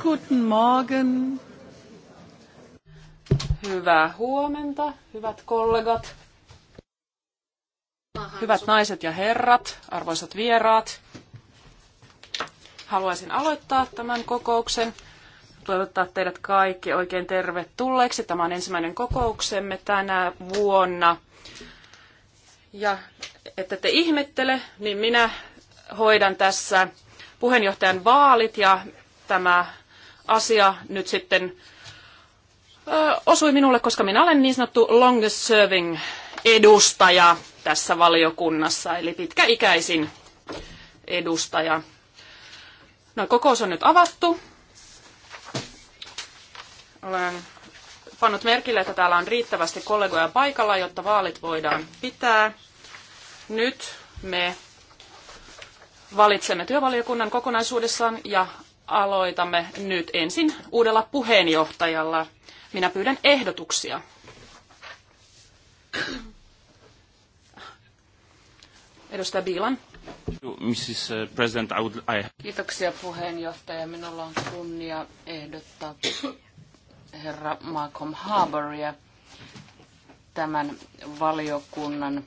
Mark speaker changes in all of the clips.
Speaker 1: Guten Morgen.
Speaker 2: Hyvää huomenta, hyvät kollegat. Hyvät naiset ja herrat, arvoisat vieraat. Haluaisin aloittaa tämän kokouksen. Toivottaa teidät kaikki oikein tervetulleeksi. Tämä on ensimmäinen kokouksemme tänä vuonna. Ja että te ihmettele, niin minä hoidan tässä puheenjohtajan vaalit ja tämä asia nyt sitten osui minulle, koska minä olen niin sanottu longest serving edustaja tässä valiokunnassa, eli pitkäikäisin edustaja. No, kokous on nyt avattu. Olen pannut merkille, että täällä on riittävästi kollegoja paikalla, jotta vaalit voidaan pitää. Nyt me valitsemme työvaliokunnan kokonaisuudessaan ja aloitamme nyt ensin uudella puheenjohtajalla. Minä pyydän ehdotuksia.
Speaker 3: Edustaja Biilan.
Speaker 4: Mrs. Uh, President, I would, I...
Speaker 3: Kiitoksia puheenjohtaja. Minulla on kunnia ehdottaa herra Malcolm Harbouria tämän valiokunnan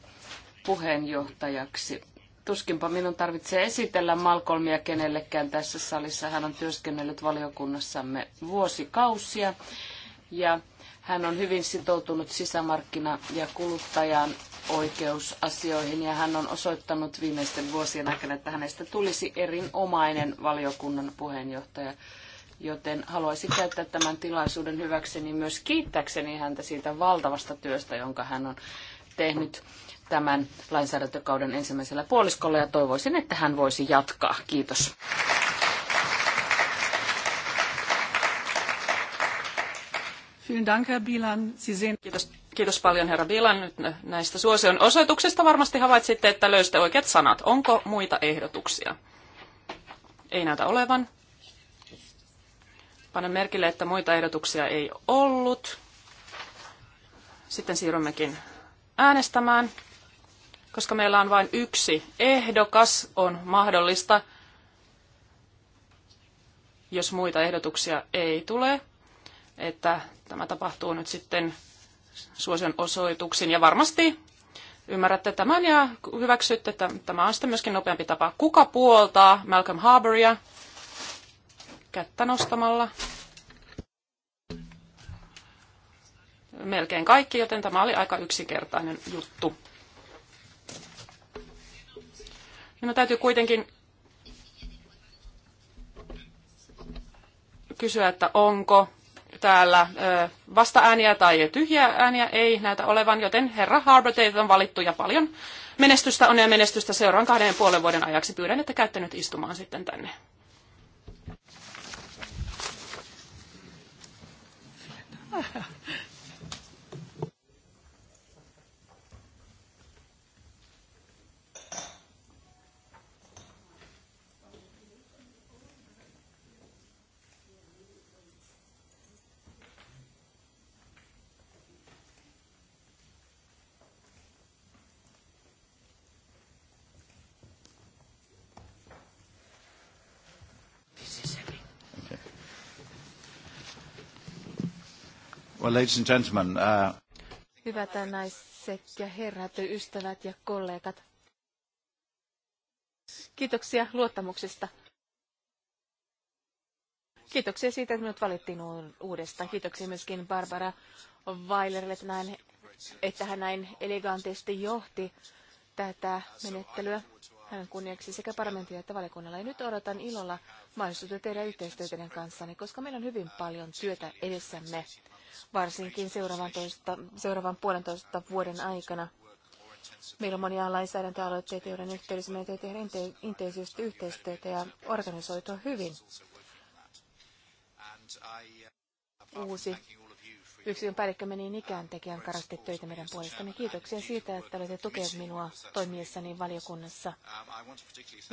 Speaker 3: puheenjohtajaksi. Tuskinpa minun tarvitsee esitellä Malcolmia kenellekään tässä salissa. Hän on työskennellyt valiokunnassamme vuosikausia ja hän on hyvin sitoutunut sisämarkkina- ja kuluttajan oikeusasioihin ja hän on osoittanut viimeisten vuosien aikana, että hänestä tulisi erinomainen valiokunnan puheenjohtaja. Joten haluaisin käyttää tämän tilaisuuden hyväkseni myös kiittäkseni häntä siitä valtavasta työstä, jonka hän on tehnyt tämän lainsäädäntökauden ensimmäisellä puoliskolla ja toivoisin, että hän voisi jatkaa. Kiitos.
Speaker 2: Kiitos, kiitos paljon herra Bilan nyt näistä suosion osoituksista. Varmasti havaitsitte, että löysitte oikeat sanat. Onko muita ehdotuksia? Ei näytä olevan. Panen merkille, että muita ehdotuksia ei ollut. Sitten siirrymmekin äänestämään koska meillä on vain yksi ehdokas, on mahdollista, jos muita ehdotuksia ei tule, että tämä tapahtuu nyt sitten suosion osoituksin. Ja varmasti ymmärrätte tämän ja hyväksytte, että tämä on sitten myöskin nopeampi tapa. Kuka puoltaa Malcolm Harbouria? Kättä nostamalla. Melkein kaikki, joten tämä oli aika yksinkertainen juttu. Minun no, täytyy kuitenkin kysyä, että onko täällä vasta-ääniä tai tyhjiä ääniä ei näytä olevan, joten herra Harbour, teitä on valittu ja paljon menestystä, on ja menestystä seuraan kahden ja puolen vuoden ajaksi. Pyydän, että käytte nyt istumaan sitten tänne.
Speaker 1: Yeah.
Speaker 5: ladies and gentlemen, uh,
Speaker 6: Hyvät naiset ja herrat, ystävät ja kollegat. Kiitoksia luottamuksesta. Kiitoksia siitä, että minut valittiin uudestaan. Kiitoksia myöskin Barbara Weilerille, että, näin, että hän näin elegantisti johti tätä menettelyä hänen kunniaksi sekä parlamentille että valiokunnalle. Ja nyt odotan ilolla mahdollisuutta tehdä yhteistyötä teidän kanssanne, koska meillä on hyvin paljon työtä edessämme varsinkin seuraavan, toista, seuraavan puolentoista vuoden aikana. Meillä on monia lainsäädäntöaloitteita, joiden yhteydessä meidän täytyy tehdä intensiivisesti yhteistyötä ja organisoitua hyvin. Uusi Yksikön päällikkömme niin ikään tekijän ankarasti töitä meidän puolestamme. Kiitoksia siitä, että olette tukeneet minua toimiessani valiokunnassa.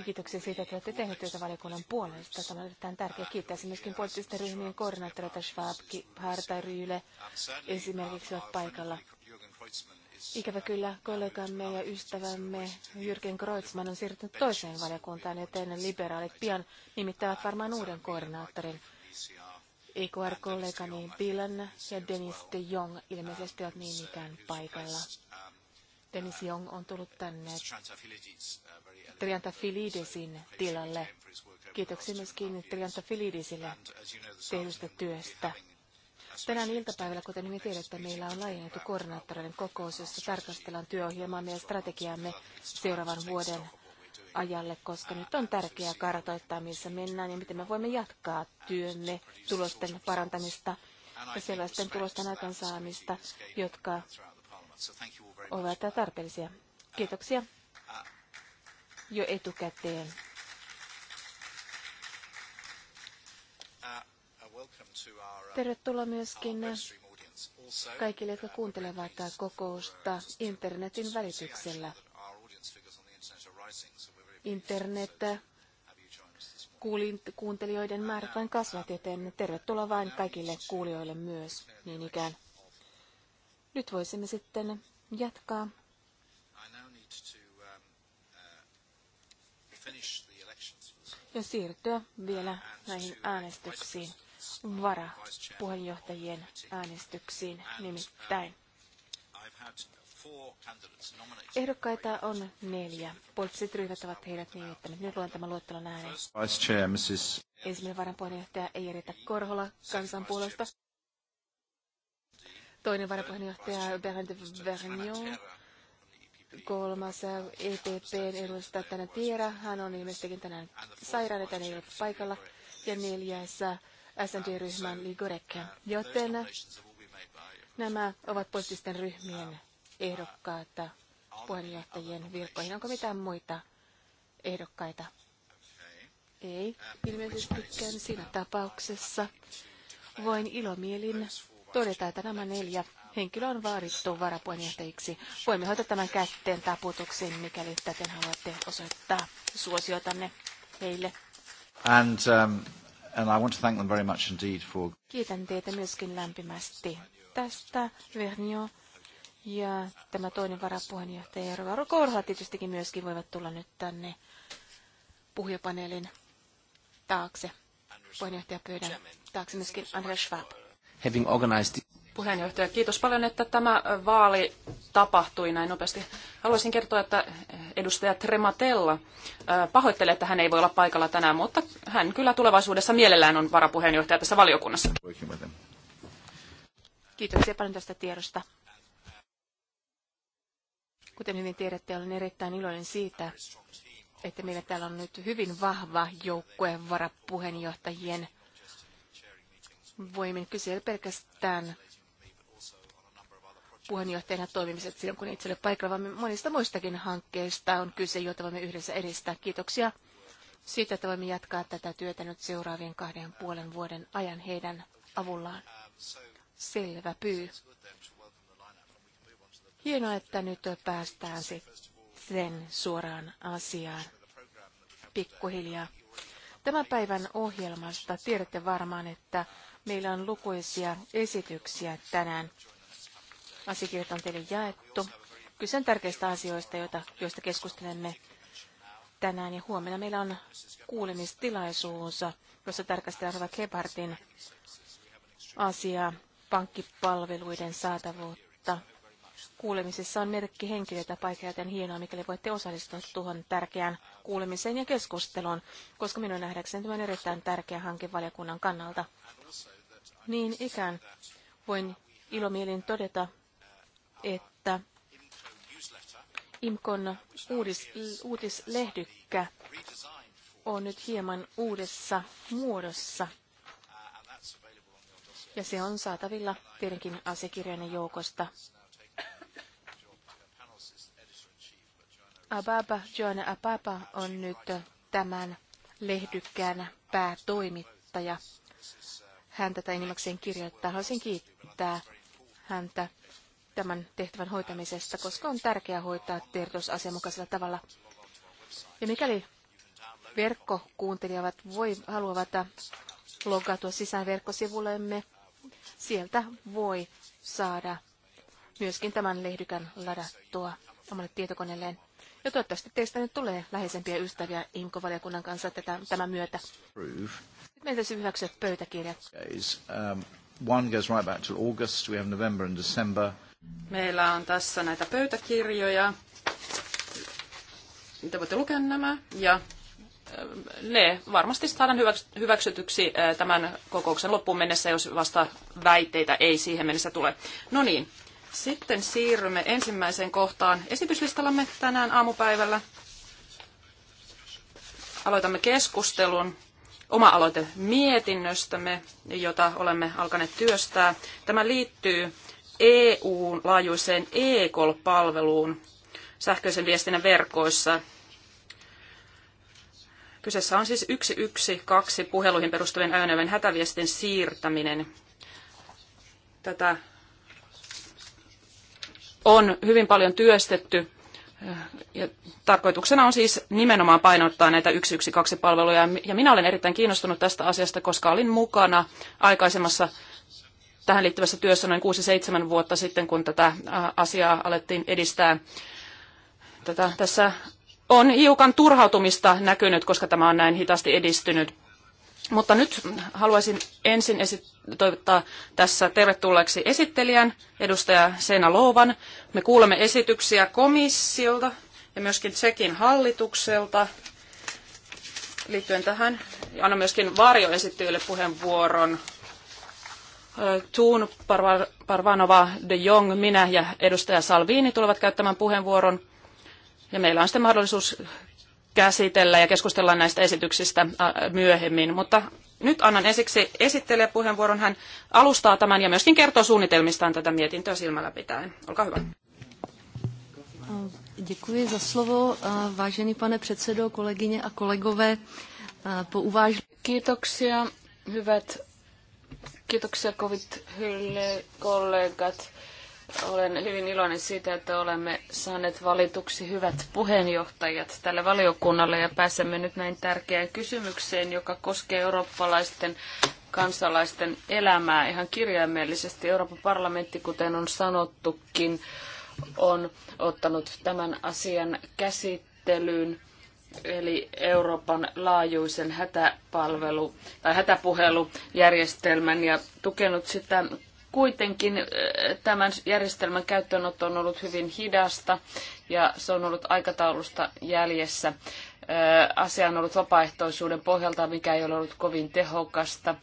Speaker 6: kiitoksia siitä, että olette tehneet työtä valiokunnan puolesta. Tämä on erittäin tärkeää. Kiittäisin myöskin poliittisten ryhmien koordinaattoreita Schwab, Harta, Ryyle esimerkiksi ovat paikalla. Ikävä kyllä kollegamme ja ystävämme Jürgen Kreutzmann on siirtynyt toiseen valiokuntaan, joten liberaalit pian nimittävät varmaan uuden koordinaattorin. EQR-kollegani Bilan ja Dennis de Jong ilmeisesti ovat niin ikään paikalla. Dennis Jong on tullut tänne Trianta tilalle. Kiitoksia myöskin Trianta Filidisille tehdystä työstä. Tänään iltapäivällä, kuten hyvin tiedätte, meillä on laajennettu koordinaattoreiden kokous, jossa tarkastellaan työohjelmaamme ja strategiamme seuraavan vuoden ajalle, koska nyt on tärkeää kartoittaa, missä mennään ja miten me voimme jatkaa työmme tulosten parantamista ja sellaisten tulosten aikaansaamista, jotka ovat tarpeellisia. Kiitoksia jo etukäteen.
Speaker 5: Tervetuloa myöskin
Speaker 6: kaikille, jotka kuuntelevat kokousta internetin välityksellä
Speaker 1: internet
Speaker 6: kuuntelijoiden määrä vain kasvat, joten tervetuloa vain kaikille kuulijoille myös, niin ikään. Nyt voisimme sitten jatkaa.
Speaker 1: Ja siirtyä
Speaker 6: vielä näihin äänestyksiin, varapuheenjohtajien äänestyksiin nimittäin. Ehdokkaita on neljä. Poliittiset ryhmät ovat heidät nimittäneet. Nyt luen tämän luettelon ääneen. Ensimmäinen varapuheenjohtaja Eirita Korhola kansanpuolesta. Toinen varapuheenjohtaja Bernd Vernion. E Kolmas äh, EPP edustaja tänä Tiera. Hän on ilmeisesti tänään sairaan, että ei ole paikalla. Ja neljäs äh, SND-ryhmän Ligorek. Joten nämä ovat poliittisten ryhmien uh, ehdokkaita puheenjohtajien virkoihin. Onko mitään muita ehdokkaita? Ei, ilmeisestikään siinä tapauksessa. Voin ilomielin todeta, että nämä neljä henkilöä on vaadittu varapuheenjohtajiksi. Voimme hoitaa tämän kätteen taputuksen, mikäli täten haluatte osoittaa suosiotanne heille.
Speaker 5: And, um, and I want to thank them very much indeed for...
Speaker 6: Kiitän teitä myöskin lämpimästi tästä, Vernio ja tämä toinen varapuheenjohtaja Jarva Korha tietystikin myöskin voivat tulla nyt tänne puhujapaneelin taakse. pyydän taakse myöskin Andreas Schwab. Puheenjohtaja,
Speaker 2: kiitos paljon, että tämä vaali tapahtui näin nopeasti. Haluaisin kertoa, että edustaja Trematella pahoittelee, että hän ei voi olla paikalla tänään, mutta hän kyllä tulevaisuudessa mielellään on varapuheenjohtaja tässä valiokunnassa.
Speaker 6: Kiitoksia paljon tästä tiedosta. Kuten hyvin tiedätte, olen erittäin iloinen siitä, että meillä täällä on nyt hyvin vahva joukkue varapuheenjohtajien voimin kysyä pelkästään puheenjohtajana toimimiset silloin, kun itselle paikalla, vaan monista muistakin hankkeista on kyse, joita voimme yhdessä edistää. Kiitoksia siitä, että voimme jatkaa tätä työtä nyt seuraavien kahden puolen vuoden ajan heidän avullaan. Selvä pyy. Hienoa, että nyt päästään sitten suoraan asiaan pikkuhiljaa. Tämän päivän ohjelmasta tiedätte varmaan, että meillä on lukuisia esityksiä tänään. Asiakirjat on teille jaettu. Kyse on tärkeistä asioista, joita, joista keskustelemme tänään ja huomenna. Meillä on kuulemistilaisuus, jossa tarkastellaan Rova Gebhardin asiaa, pankkipalveluiden saatavuutta kuulemisissa on merkki henkilöitä paikalla, joten hienoa, mikäli voitte osallistua tuohon tärkeään kuulemiseen ja keskusteluun, koska minun nähdäkseni tämä on erittäin tärkeä hanke valiokunnan kannalta. Niin ikään voin ilomielin todeta, että IMKON uudis, uutislehdykkä on nyt hieman uudessa muodossa. Ja se on saatavilla tietenkin asiakirjojen joukosta Ababa, Joanna Ababa on nyt tämän lehdykkään päätoimittaja. Hän tätä enimmäkseen kirjoittaa. Haluaisin kiittää häntä tämän tehtävän hoitamisesta, koska on tärkeää hoitaa tiedotus asianmukaisella tavalla. Ja mikäli verkkokuuntelijat voi, haluavat loggautua sisään verkkosivullemme, sieltä voi saada myöskin tämän lehdykän ladattua omalle tietokoneelleen. Ja toivottavasti teistä nyt tulee läheisempiä ystäviä imkovaliokunnan kanssa tätä, tämän myötä. Nyt meidän täytyy hyväksyä pöytäkirjat.
Speaker 5: Um,
Speaker 2: Meillä on tässä näitä pöytäkirjoja. Te voitte lukea nämä ja ähm, ne varmasti saadaan hyväksytyksi äh, tämän kokouksen loppuun mennessä, jos vasta väitteitä ei siihen mennessä tule. No niin, sitten siirrymme ensimmäiseen kohtaan esityslistallamme tänään aamupäivällä. Aloitamme keskustelun oma aloite mietinnöstämme, jota olemme alkaneet työstää. Tämä liittyy EU-laajuiseen e-kol-palveluun sähköisen viestinnän verkoissa. Kyseessä on siis 112 puheluihin perustuvien ajoneuvojen hätäviestin siirtäminen. Tätä on hyvin paljon työstetty. Eh, ja tarkoituksena on siis nimenomaan painottaa näitä 112-palveluja. Ja minä olen erittäin kiinnostunut tästä asiasta, koska olin mukana aikaisemmassa tähän liittyvässä työssä noin 6-7 vuotta sitten, kun tätä asiaa alettiin edistää. Tätä, tässä on hiukan turhautumista näkynyt, koska tämä on näin hitaasti edistynyt. Mutta nyt haluaisin ensin esit- toivottaa tässä tervetulleeksi esittelijän, edustaja Seena Loovan. Me kuulemme esityksiä komissiolta ja myöskin Tsekin hallitukselta liittyen tähän. Ja annan myöskin varjoesittäjille puheenvuoron. Äh, Tuun Parvanova de Jong, minä ja edustaja Salvini tulevat käyttämään puheenvuoron. Ja meillä on sitten mahdollisuus käsitellä ja keskustella näistä esityksistä äh, myöhemmin, mutta nyt annan ensiksi esittelijä puheenvuoron. Hän alustaa tämän ja myöskin kertoo suunnitelmistaan tätä mietintöä silmällä pitäen. Olkaa hyvä.
Speaker 6: Äh, děkuji za slovo, äh, vážený pane předsedo, kolegyně a kolegové. Po uváž... Kiitoksia,
Speaker 3: hyvät, kiitoksia kovit hylle kollegat. Olen hyvin iloinen siitä, että olemme saaneet valituksi hyvät puheenjohtajat tälle valiokunnalle ja pääsemme nyt näin tärkeään kysymykseen, joka koskee eurooppalaisten kansalaisten elämää ihan kirjaimellisesti. Euroopan parlamentti, kuten on sanottukin, on ottanut tämän asian käsittelyyn eli Euroopan laajuisen hätäpalvelu- tai hätäpuhelujärjestelmän ja tukenut sitä Kuitenkin äh, tämän järjestelmän käyttöönotto on ollut hyvin hidasta ja se on ollut aikataulusta jäljessä. Äh, asia on ollut vapaaehtoisuuden pohjalta, mikä ei ole ollut kovin tehokasta. Äh,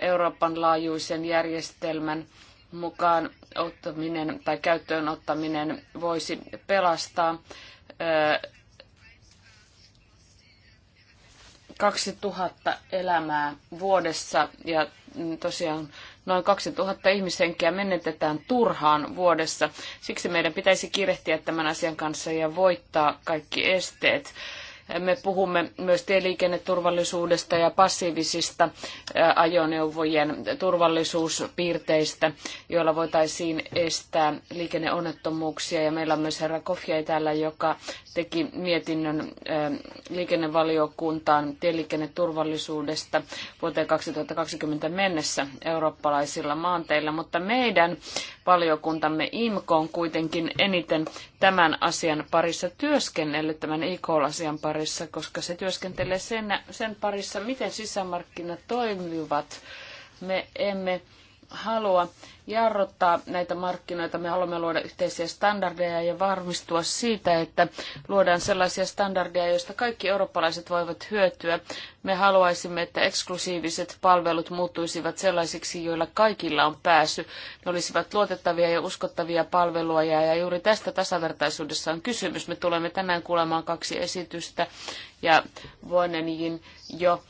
Speaker 3: Euroopan laajuisen järjestelmän mukaan ottaminen tai käyttöön ottaminen voisi pelastaa 2000 elämää vuodessa ja mm, tosiaan Noin 2000 ihmishenkeä menetetään turhaan vuodessa. Siksi meidän pitäisi kiirehtiä tämän asian kanssa ja voittaa kaikki esteet. Me puhumme myös tieliikenneturvallisuudesta ja passiivisista ajoneuvojen turvallisuuspiirteistä, joilla voitaisiin estää liikenneonnettomuuksia. Ja meillä on myös herra Kofjei täällä, joka teki mietinnön liikennevaliokuntaan tieliikenneturvallisuudesta vuoteen 2020 mennessä eurooppalaisilla maanteilla. Mutta meidän valiokuntamme IMKO on kuitenkin eniten tämän asian parissa työskennellyt, tämän IK-asian parissa parissa, koska se työskentelee sen, sen parissa, miten sisämarkkinat toimivat. Me emme halua jarruttaa näitä markkinoita. Me haluamme luoda yhteisiä standardeja ja varmistua siitä, että luodaan sellaisia standardeja, joista kaikki eurooppalaiset voivat hyötyä. Me haluaisimme, että eksklusiiviset palvelut muuttuisivat sellaisiksi, joilla kaikilla on pääsy. Ne olisivat luotettavia ja uskottavia palveluja ja juuri tästä tasavertaisuudessa on kysymys. Me tulemme tänään kuulemaan kaksi esitystä ja Vuonenjin jo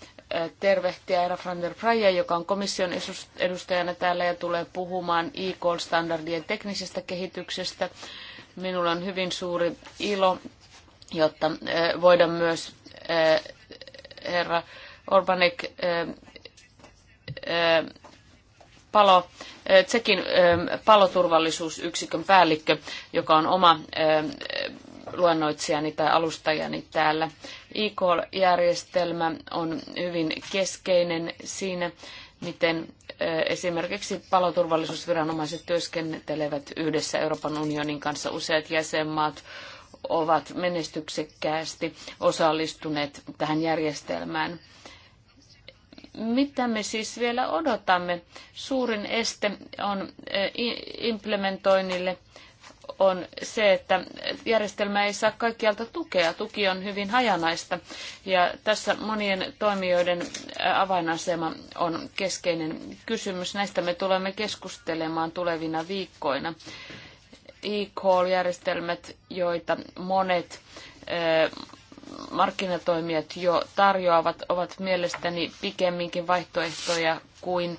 Speaker 3: tervehtiä Herra van der Praia, joka on komission edustajana täällä ja tulee puhumaan IK-standardien teknisestä kehityksestä. Minulla on hyvin suuri ilo, jotta eh, voidaan myös eh, herra Orbanek eh, palo, Tsekin paloturvallisuusyksikön päällikkö, joka on oma luennoitsijani tai alustajani täällä. IK-järjestelmä on hyvin keskeinen siinä, miten esimerkiksi paloturvallisuusviranomaiset työskentelevät yhdessä Euroopan unionin kanssa. Useat jäsenmaat ovat menestyksekkäästi osallistuneet tähän järjestelmään. Mitä me siis vielä odotamme? Suurin este on implementoinnille on se, että järjestelmä ei saa kaikkialta tukea. Tuki on hyvin hajanaista ja tässä monien toimijoiden avainasema on keskeinen kysymys. Näistä me tulemme keskustelemaan tulevina viikkoina. E-call-järjestelmät, joita monet markkinatoimijat jo tarjoavat, ovat mielestäni pikemminkin vaihtoehtoja kuin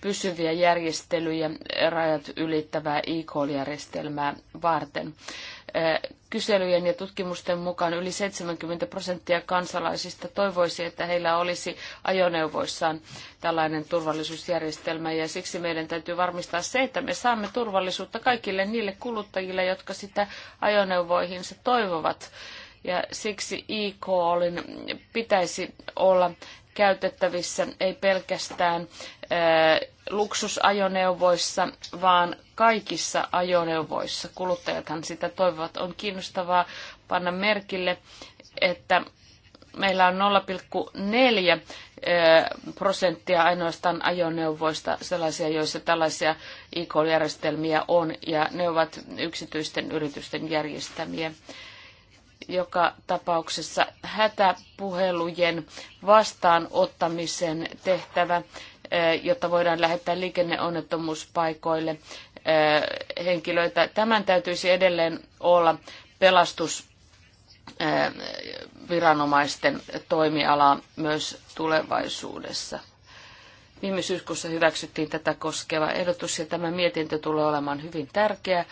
Speaker 3: pysyviä järjestelyjä rajat ylittävää e-call-järjestelmää varten. Kyselyjen ja tutkimusten mukaan yli 70 prosenttia kansalaisista toivoisi, että heillä olisi ajoneuvoissaan tällainen turvallisuusjärjestelmä ja siksi meidän täytyy varmistaa se, että me saamme turvallisuutta kaikille niille kuluttajille, jotka sitä ajoneuvoihinsa toivovat ja siksi e-callin pitäisi olla käytettävissä ei pelkästään äh, luksusajoneuvoissa, vaan kaikissa ajoneuvoissa. Kuluttajathan sitä toivovat. On kiinnostavaa panna merkille, että meillä on 0,4 äh, prosenttia ainoastaan ajoneuvoista sellaisia, joissa tällaisia e-call-järjestelmiä on, ja ne ovat yksityisten yritysten järjestämiä joka tapauksessa hätäpuhelujen vastaanottamisen tehtävä, eh, jotta voidaan lähettää liikenneonnettomuuspaikoille eh, henkilöitä. Tämän täytyisi edelleen olla pelastusviranomaisten eh, toimialaa myös tulevaisuudessa. Viime syyskuussa hyväksyttiin tätä koskeva ehdotus ja tämä mietintö tulee olemaan hyvin tärkeä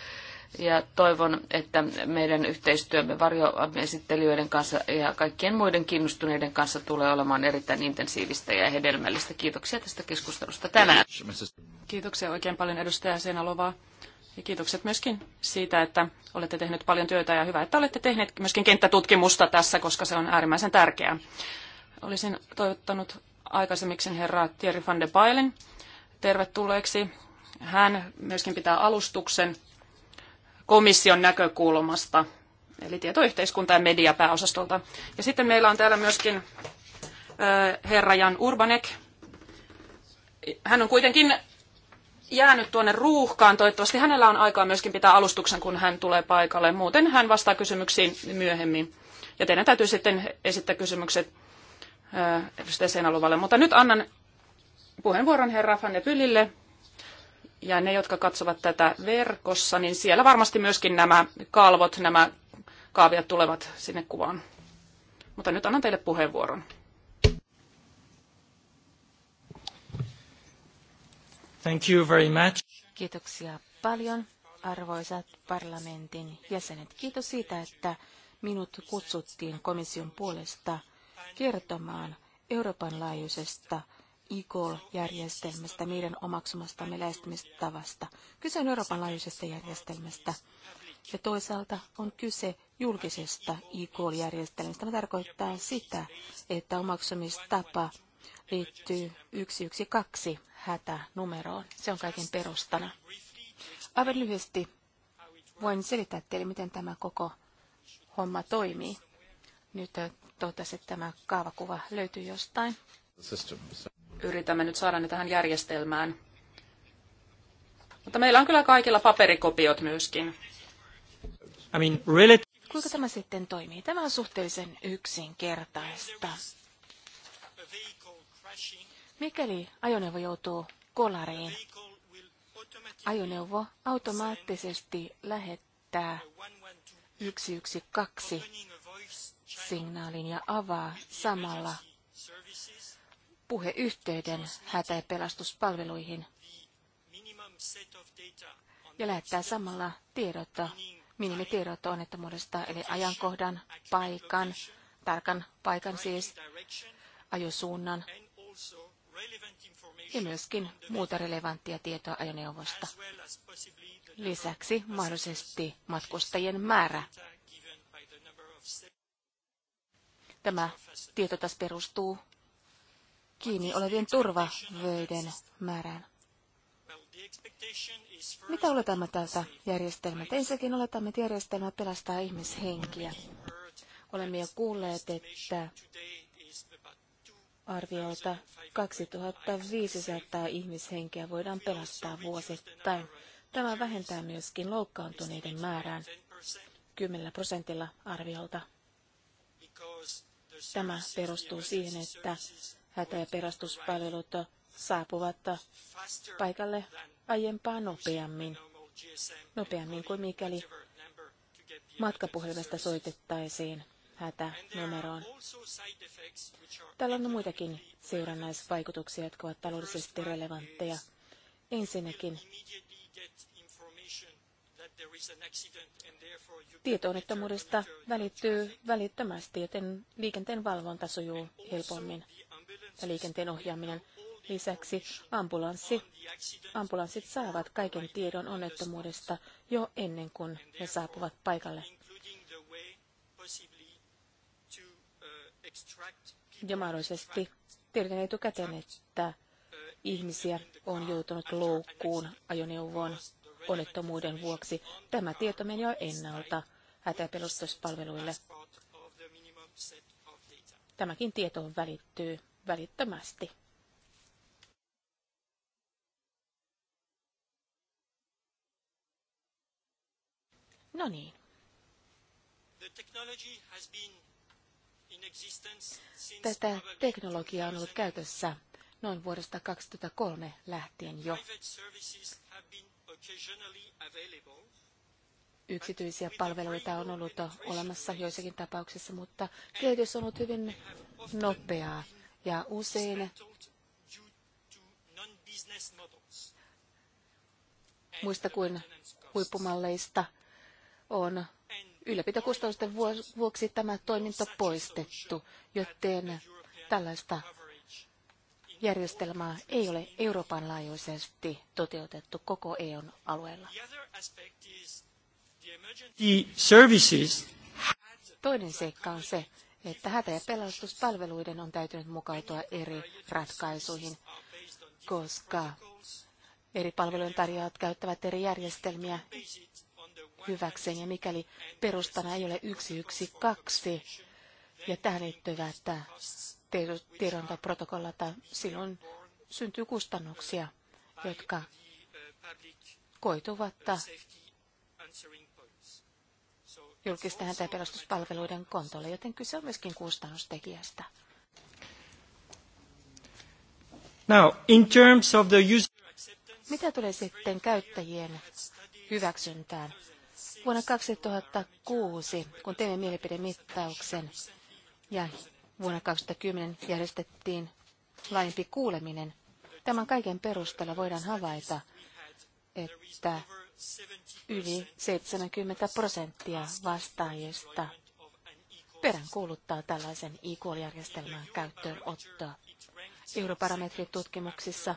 Speaker 3: ja toivon, että meidän yhteistyömme varjoesittelijöiden kanssa ja kaikkien muiden kiinnostuneiden kanssa tulee olemaan erittäin intensiivistä ja hedelmällistä. Kiitoksia tästä keskustelusta
Speaker 5: tänään.
Speaker 2: Kiitoksia oikein paljon edustaja Seenalovaa. Ja kiitokset myöskin siitä, että olette tehneet paljon työtä ja hyvä, että olette tehneet myöskin kenttätutkimusta tässä, koska se on äärimmäisen tärkeää. Olisin toivottanut aikaisemmiksi herra Thierry van de Bailen tervetulleeksi. Hän myöskin pitää alustuksen komission näkökulmasta, eli tietoyhteiskunta- ja mediapääosastolta. Ja sitten meillä on täällä myöskin herra Jan Urbanek. Hän on kuitenkin jäänyt tuonne ruuhkaan. Toivottavasti hänellä on aikaa myöskin pitää alustuksen, kun hän tulee paikalle. Muuten hän vastaa kysymyksiin myöhemmin. Ja teidän täytyy sitten esittää kysymykset edustaja Seinaluvalle. Mutta nyt annan puheenvuoron herra Fanne Pylille, ja ne, jotka katsovat tätä verkossa, niin siellä varmasti myöskin nämä kalvot, nämä kaaviat tulevat sinne kuvaan. Mutta nyt annan teille puheenvuoron.
Speaker 1: Thank you very much.
Speaker 6: Kiitoksia paljon, arvoisat parlamentin jäsenet. Kiitos siitä, että minut kutsuttiin komission puolesta kertomaan Euroopan laajuisesta ICOL-järjestelmästä, meidän omaksumastamme lähestymistavasta. Kyse on Euroopan laajuisesta järjestelmästä. Ja toisaalta on kyse julkisesta ICOL-järjestelmästä. Tämä tarkoittaa sitä, että omaksumistapa liittyy 112 hätänumeroon. Se on kaiken perustana. Aivan lyhyesti voin selittää teille, miten tämä koko homma toimii. Nyt toivottavasti tämä kaavakuva löytyy jostain
Speaker 2: yritämme nyt saada ne tähän järjestelmään. Mutta meillä on kyllä kaikilla paperikopiot myöskin.
Speaker 1: I mean, really...
Speaker 6: Kuinka tämä sitten toimii? Tämä on suhteellisen yksinkertaista. Mikäli ajoneuvo joutuu kolariin, ajoneuvo automaattisesti lähettää 112 signaalin ja avaa samalla puheyhteyden hätä- ja pelastuspalveluihin ja lähettää samalla tiedot, minimitiedot onnettomuudesta, eli ajankohdan, paikan, tarkan paikan siis, ajosuunnan ja myöskin muuta relevanttia tietoa ajoneuvosta. Lisäksi mahdollisesti matkustajien määrä. Tämä tieto taas perustuu kiinni olevien turvavöiden määrään. Mitä oletamme tältä järjestelmältä? Ensinnäkin oletamme, että järjestelmä pelastaa ihmishenkiä. Olemme jo kuulleet, että arviolta 2500 ihmishenkeä voidaan pelastaa vuosittain. Tämä vähentää myöskin loukkaantuneiden määrään 10 prosentilla arviolta. Tämä perustuu siihen, että hätä- ja pelastuspalvelut saapuvat paikalle aiempaa nopeammin, nopeammin kuin mikäli matkapuhelimesta soitettaisiin hätänumeroon. Täällä on muitakin seurannaisvaikutuksia, jotka ovat taloudellisesti relevantteja. Ensinnäkin tietoonnettomuudesta välittyy välittömästi, joten liikenteen valvonta sujuu helpommin ja liikenteen ohjaaminen. Lisäksi ambulanssi, ambulanssit saavat kaiken tiedon onnettomuudesta jo ennen kuin he saapuvat paikalle. Ja mahdollisesti tiedetään etukäteen, että ihmisiä on joutunut loukkuun ajoneuvon onnettomuuden vuoksi. Tämä tieto meni jo ennalta hätäpelustuspalveluille. Tämäkin tieto välittyy välittömästi. No niin. Tätä teknologiaa on ollut käytössä noin vuodesta 2003 lähtien jo. Yksityisiä palveluita on ollut olemassa joissakin tapauksissa, mutta kehitys on ollut hyvin nopeaa ja usein muista kuin huippumalleista on ylläpitokustannusten vuoksi tämä toiminto poistettu, joten tällaista järjestelmää ei ole Euroopan laajuisesti toteutettu koko EUn alueella. Toinen seikka on se, että hätä- ja pelastuspalveluiden on täytynyt mukautua eri ratkaisuihin, koska eri palvelujen tarjoajat käyttävät eri järjestelmiä hyväkseen, ja mikäli perustana ei ole 112 ja tähän liittyvät tiedon protokollata, silloin syntyy kustannuksia, jotka koituvat
Speaker 1: julkista häntä ja
Speaker 6: pelastuspalveluiden kontolle, joten kyse on myöskin kustannustekijästä.
Speaker 1: Now, in terms of the user...
Speaker 6: Mitä tulee sitten käyttäjien hyväksyntään? Vuonna 2006, kun teimme mielipidemittauksen ja vuonna 2010 järjestettiin laajempi kuuleminen, tämän kaiken perusteella voidaan havaita, että Yli 70 prosenttia vastaajista peräänkuuluttaa tällaisen IQ-järjestelmän käyttöönottoa. Europarametritutkimuksissa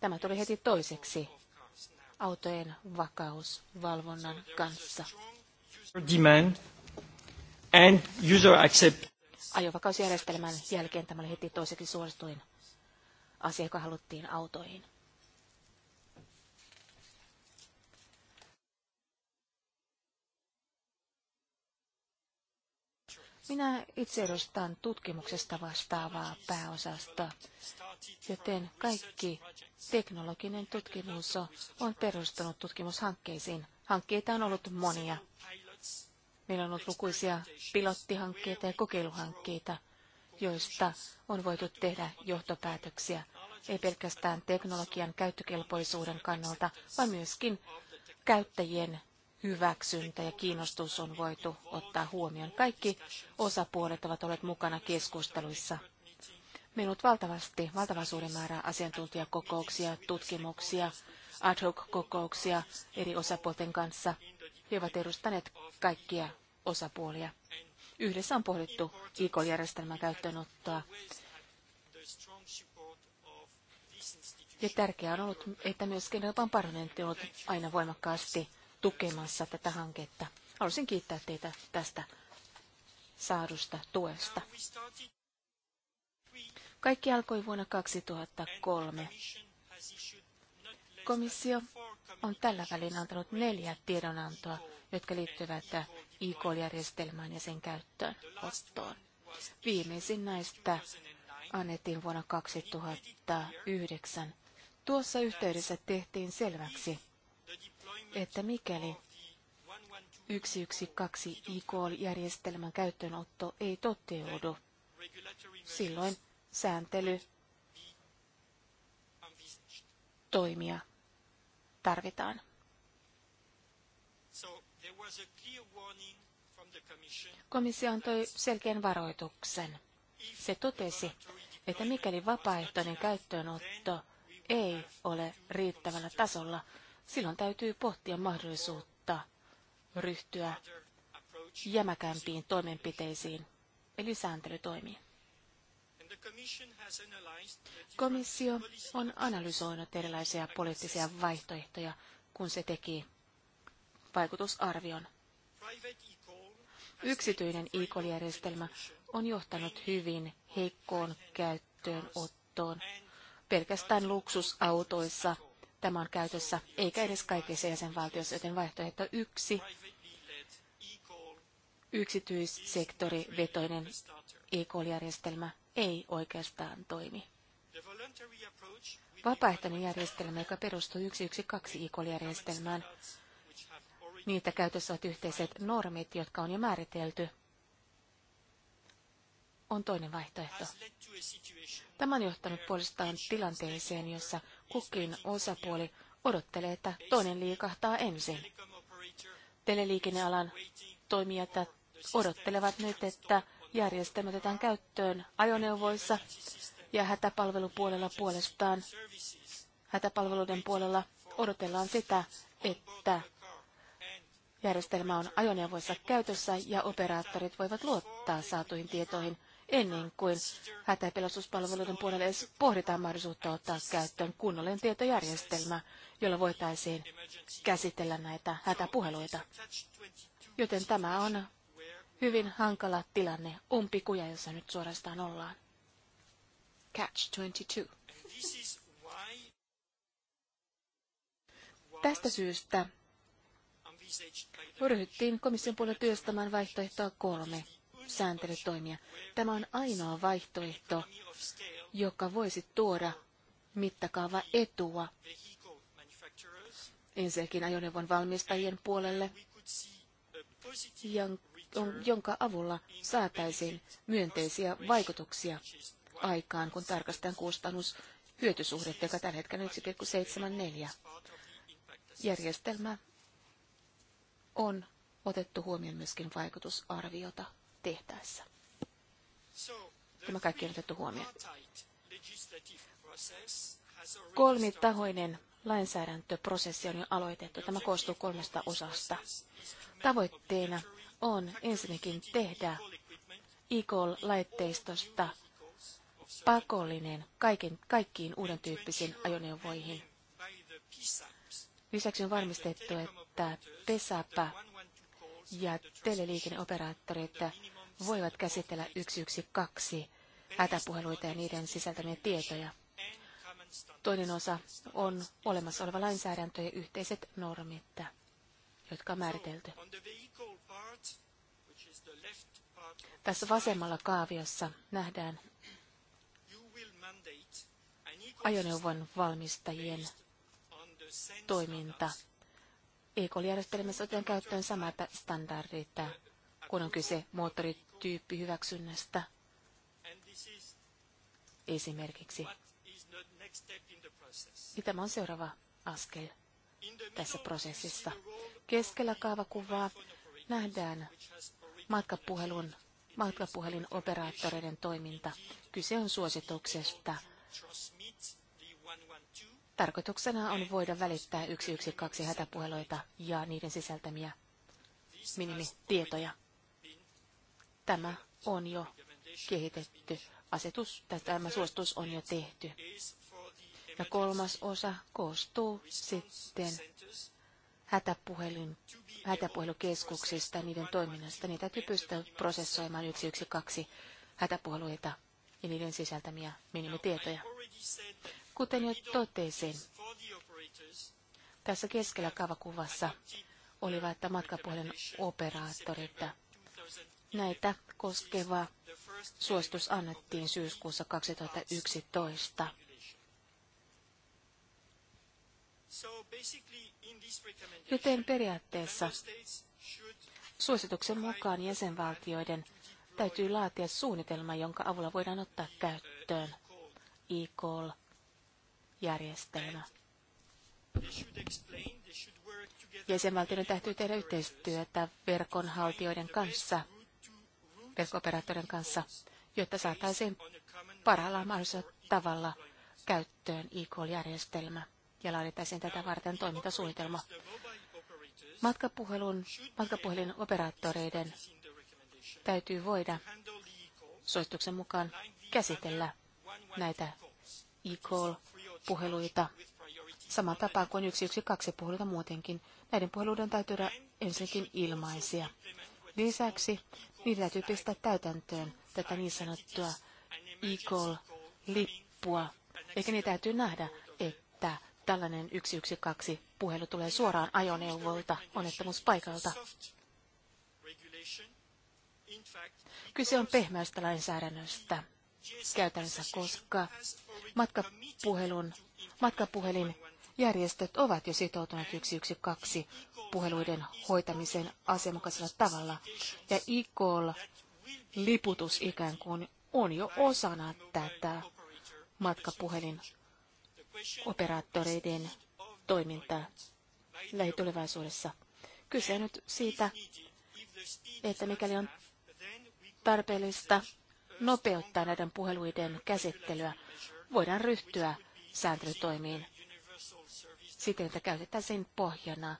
Speaker 6: tämä tuli heti toiseksi autojen vakausvalvonnan kanssa.
Speaker 1: Demand and user accept.
Speaker 6: Ajovakausjärjestelmän jälkeen tämä oli heti toiseksi suosituin asia, joka haluttiin autoihin. Minä itse edustan tutkimuksesta vastaavaa pääosasta, joten kaikki teknologinen tutkimus on perustunut tutkimushankkeisiin. Hankkeita on ollut monia. Meillä on ollut lukuisia pilottihankkeita ja kokeiluhankkeita, joista on voitu tehdä johtopäätöksiä, ei pelkästään teknologian käyttökelpoisuuden kannalta, vaan myöskin käyttäjien hyväksyntä ja kiinnostus on voitu ottaa huomioon. Kaikki osapuolet ovat olleet mukana keskusteluissa. on valtavasti, valtava suuri määrä asiantuntijakokouksia, tutkimuksia, ad hoc-kokouksia eri osapuolten kanssa. He ovat edustaneet kaikkia osapuolia. Yhdessä on pohdittu IK-järjestelmän e käyttöönottoa. Ja tärkeää on ollut, että myös Euroopan parlamentti on ollut aina voimakkaasti tukemassa tätä hanketta. Haluaisin kiittää teitä tästä saadusta tuesta. Kaikki alkoi vuonna 2003. Komissio on tällä välin antanut neljä tiedonantoa, jotka liittyvät IK-järjestelmään ja sen käyttöön Viimeisin näistä annettiin vuonna 2009. Tuossa yhteydessä tehtiin selväksi, että mikäli 112 IKL-järjestelmän käyttöönotto ei toteudu, silloin sääntely toimia tarvitaan. Komissio antoi selkeän varoituksen. Se totesi, että mikäli vapaaehtoinen käyttöönotto ei ole riittävällä tasolla, silloin täytyy pohtia mahdollisuutta ryhtyä jämäkämpiin toimenpiteisiin, eli sääntelytoimiin. Komissio on analysoinut erilaisia poliittisia vaihtoehtoja, kun se teki vaikutusarvion. Yksityinen e-call-järjestelmä on johtanut hyvin heikkoon käyttöönottoon. Pelkästään luksusautoissa tämä on käytössä, eikä edes kaikissa jäsenvaltioissa, joten vaihtoehto yksi, yksityissektorivetoinen e-call-järjestelmä ei oikeastaan toimi. Vapaaehtoinen järjestelmä, joka perustuu 112 e-call-järjestelmään, niitä käytössä ovat yhteiset normit, jotka on jo määritelty on toinen vaihtoehto. Tämä on johtanut puolestaan tilanteeseen, jossa kukin osapuoli odottelee, että toinen liikahtaa ensin. Teleliikennealan toimijat odottelevat nyt, että järjestelmät otetaan käyttöön ajoneuvoissa ja hätäpalvelupuolella puolestaan hätäpalveluiden puolella odotellaan sitä, että järjestelmä on ajoneuvoissa käytössä ja operaattorit voivat luottaa saatuihin tietoihin ennen kuin hätä- ja pelastuspalveluiden puolelle edes pohditaan mahdollisuutta ottaa käyttöön kunnollinen tietojärjestelmä, jolla voitaisiin käsitellä näitä hätäpuheluita. Joten tämä on hyvin hankala tilanne, umpikuja, jossa nyt suorastaan ollaan. Catch 22. Tästä syystä ryhdyttiin komission puolella työstämään vaihtoehtoa kolme sääntelytoimia. Tämä on ainoa vaihtoehto, joka voisi tuoda mittakaava etua ensinnäkin ajoneuvon valmistajien puolelle, jonka avulla saataisiin myönteisiä vaikutuksia aikaan, kun tarkastetaan kustannus hyötysuhdetta, joka tällä hetkellä 1,74. Järjestelmä on otettu huomioon myöskin vaikutusarviota tehtäessä. Tämä kaikki on otettu huomioon. Kolmitahoinen lainsäädäntöprosessi on jo aloitettu. Tämä koostuu kolmesta osasta. Tavoitteena on ensinnäkin tehdä ICOL-laitteistosta pakollinen kaiken, kaikkiin uuden tyyppisiin ajoneuvoihin. Lisäksi on varmistettu, että PESAPA ja teleliikenneoperaattorit voivat käsitellä 112 hätäpuheluita ja niiden sisältämiä tietoja. Toinen osa on olemassa oleva lainsäädäntö ja yhteiset normit, jotka on määritelty. Tässä vasemmalla kaaviossa nähdään ajoneuvon valmistajien toiminta EK-järjestelmässä otetaan käyttöön samat standardit, kun on kyse moottorityyppihyväksynnästä esimerkiksi. Ja tämä on seuraava askel tässä prosessissa. Keskellä kaavakuvaa nähdään matkapuhelun, matkapuhelin operaattoreiden toiminta. Kyse on suosituksesta Tarkoituksena on voida välittää 112 hätäpuheluita ja niiden sisältämiä minimitietoja. Tämä on jo kehitetty asetus, tämä suostus on jo tehty. Ja kolmas osa koostuu sitten hätäpuhelin, hätäpuhelukeskuksista, niiden toiminnasta. Niitä täytyy pystyä prosessoimaan 112 hätäpuheluita ja niiden sisältämiä minimitietoja. Kuten jo totesin, tässä keskellä kavakuvassa olivat matkapuhelin operaattorit. Näitä koskeva suositus annettiin syyskuussa 2011. Joten periaatteessa suosituksen mukaan jäsenvaltioiden täytyy laatia suunnitelma, jonka avulla voidaan ottaa käyttöön e järjestelmä. Jäsenvaltioiden täytyy tehdä yhteistyötä verkonhaltijoiden kanssa, verkkooperaattoreiden kanssa, jotta saataisiin parhaalla mahdollisella tavalla käyttöön e-call-järjestelmä ja laadittaisiin tätä varten toimintasuunnitelma. Matkapuhelun, operaattoreiden täytyy voida suosituksen mukaan käsitellä näitä e-call puheluita. Sama tapa kuin 112 puheluita muutenkin. Näiden puheluiden täytyy olla ensinnäkin ilmaisia. Lisäksi niiden täytyy pistää täytäntöön tätä niin sanottua e lippua Eikä niitä täytyy nähdä, että tällainen 112 puhelu tulee suoraan ajoneuvolta onnettomuuspaikalta. Kyse on pehmeästä lainsäädännöstä, käytännössä, koska matkapuhelun, matkapuhelin järjestöt ovat jo sitoutuneet 112 puheluiden hoitamiseen asianmukaisella tavalla Ja ICOL-liputus ikään kuin on jo osana tätä matkapuhelin operaattoreiden toimintaa lähitulevaisuudessa. Kyse on nyt siitä, että mikäli on tarpeellista nopeuttaa näiden puheluiden käsittelyä, voidaan ryhtyä sääntelytoimiin siten, että käytetään sen pohjana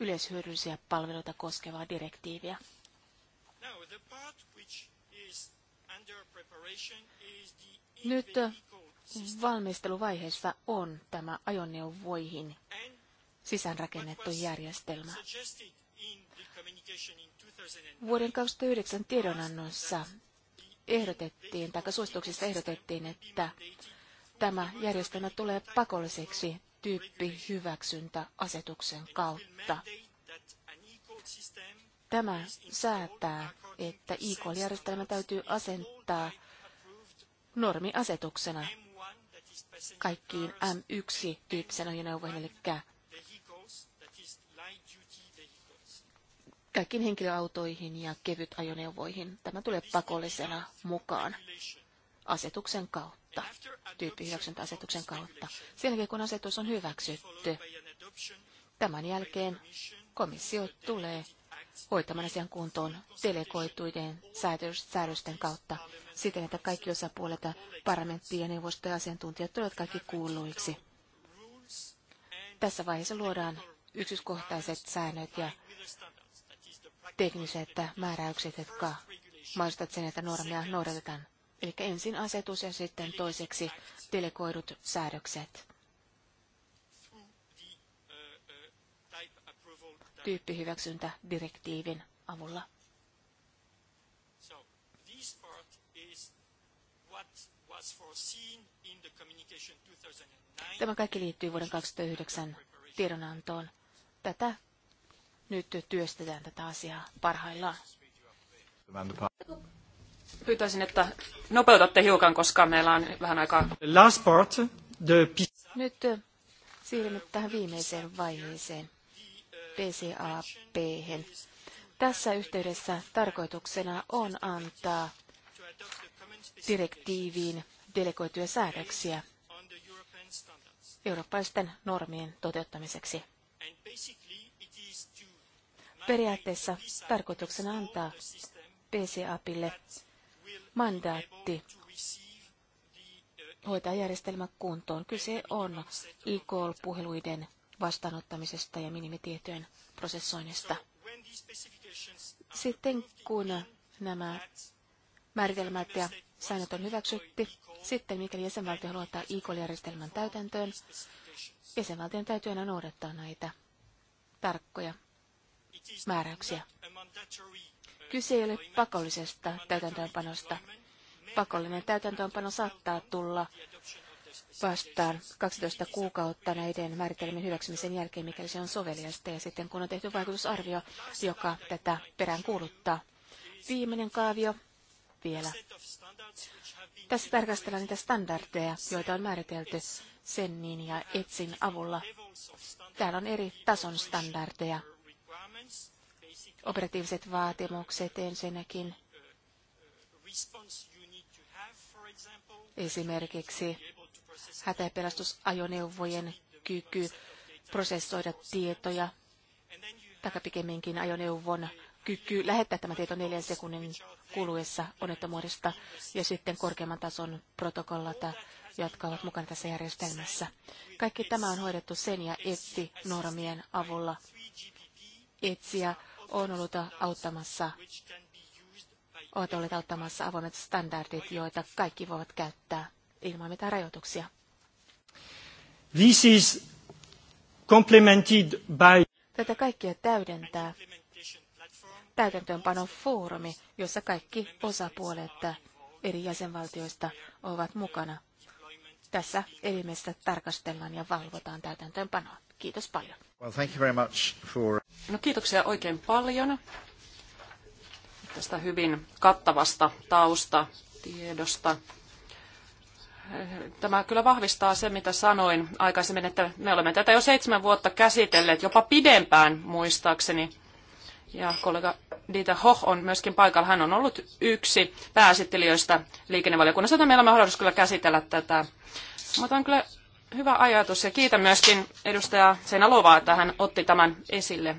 Speaker 6: yleishyödyllisiä palveluita koskevaa direktiiviä. Nyt valmisteluvaiheessa on tämä ajoneuvoihin sisäänrakennettu järjestelmä. Vuoden 2009 tiedonannossa ehdotettiin, tai suosituksissa ehdotettiin, että tämä järjestelmä tulee pakolliseksi tyyppihyväksyntäasetuksen kautta. Tämä säätää, että ikl e järjestelmä täytyy asentaa normiasetuksena kaikkiin M1-tyyppisen ajoneuvoihin, eli kaikkiin henkilöautoihin ja kevytajoneuvoihin. Tämä tulee pakollisena mukaan asetuksen kautta, asetuksen kautta. Sen jälkeen, kun asetus on hyväksytty, tämän jälkeen komissio tulee hoitamaan asian kuntoon delegoituiden säädösten kautta siten, että kaikki osapuolet, parlamentti ja neuvosto ja asiantuntijat tulevat kaikki kuulluiksi. Tässä vaiheessa luodaan yksityiskohtaiset säännöt ja tekniset määräykset, jotka mahdollistavat sen, että normia noudatetaan. Eli ensin asetus ja sitten toiseksi delegoidut säädökset. Tyyppihyväksyntä direktiivin avulla. Tämä kaikki liittyy vuoden 2009 tiedonantoon. Tätä nyt työstetään tätä asiaa parhaillaan. Pyytäisin, että nopeutatte
Speaker 2: hiukan, koska meillä
Speaker 6: on vähän aikaa.
Speaker 1: Last part, the...
Speaker 6: Nyt siirrymme tähän viimeiseen vaiheeseen, pcap -hen. Tässä yhteydessä tarkoituksena on antaa direktiiviin delegoituja säädöksiä eurooppalaisten normien toteuttamiseksi. Periaatteessa tarkoituksena antaa PCAPille mandaatti hoitaa järjestelmä kuntoon. Kyse on e-call-puheluiden vastaanottamisesta ja minimitietojen prosessoinnista. Sitten kun nämä määritelmät ja säännöt on hyväksytty, sitten mikäli jäsenvaltio haluaa ottaa e-call-järjestelmän täytäntöön, jäsenvaltion täytyy aina noudattaa näitä tarkkoja määräyksiä. Kyse ei ole pakollisesta täytäntöönpanosta. Pakollinen täytäntöönpano saattaa tulla vastaan 12 kuukautta näiden määritelmien hyväksymisen jälkeen, mikäli se on soveliasta, ja sitten kun on tehty vaikutusarvio, joka tätä perään kuuluttaa. Viimeinen kaavio vielä. Tässä tarkastellaan niitä standardeja, joita on määritelty Sennin ja Etsin avulla. Täällä on eri tason standardeja, operatiiviset vaatimukset ensinnäkin. Esimerkiksi hätä- ja pelastusajoneuvojen kyky prosessoida tietoja, tai pikemminkin ajoneuvon kyky lähettää tämä tieto neljän sekunnin kuluessa onnettomuudesta, ja sitten korkeamman tason protokollata, jotka ovat mukana tässä järjestelmässä. Kaikki tämä on hoidettu sen ja etsi normien avulla. Etsiä on ollut auttamassa, ovat olleet auttamassa avoimet standardit, joita kaikki voivat käyttää ilman mitään rajoituksia.
Speaker 1: This is complemented by...
Speaker 6: Tätä kaikkia täydentää täytäntöönpanon foorumi, jossa kaikki osapuolet eri jäsenvaltioista ovat mukana. Tässä elimessä tarkastellaan ja valvotaan täytäntöönpanoa. Kiitos paljon.
Speaker 5: Well, thank you very much for...
Speaker 6: No kiitoksia oikein paljon
Speaker 2: tästä hyvin kattavasta taustatiedosta. Tämä kyllä vahvistaa se, mitä sanoin aikaisemmin, että me olemme tätä jo seitsemän vuotta käsitelleet, jopa pidempään muistaakseni. Ja kollega Dieter Hoch on myöskin paikalla. Hän on ollut yksi pääsittelijöistä liikennevaliokunnassa, että meillä on mahdollisuus kyllä käsitellä tätä. Mä otan kyllä hyvä ajatus ja kiitän myöskin edustaja Seinalovaa, että hän otti tämän esille.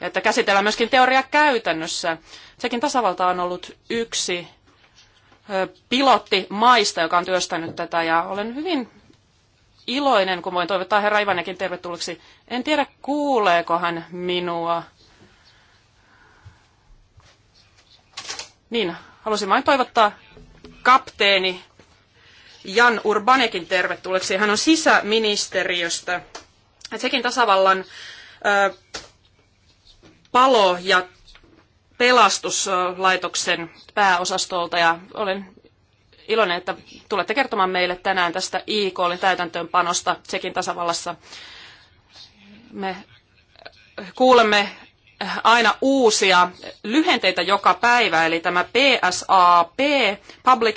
Speaker 2: Ja että käsitellään myöskin teoria käytännössä. Sekin tasavalta on ollut yksi pilotti maista, joka on työstänyt tätä ja olen hyvin iloinen, kun voin toivottaa herra Ivanekin tervetulleeksi. En tiedä, kuuleeko hän minua. Niin, halusin vain toivottaa kapteeni Jan Urbanekin tervetulleeksi. Hän on sisäministeriöstä, sekin tasavallan ö, palo- ja pelastuslaitoksen pääosastolta ja olen iloinen, että tulette kertomaan meille tänään tästä IKLin täytäntöönpanosta Tsekin tasavallassa. Me kuulemme aina uusia lyhenteitä joka päivä, eli tämä PSAP, Public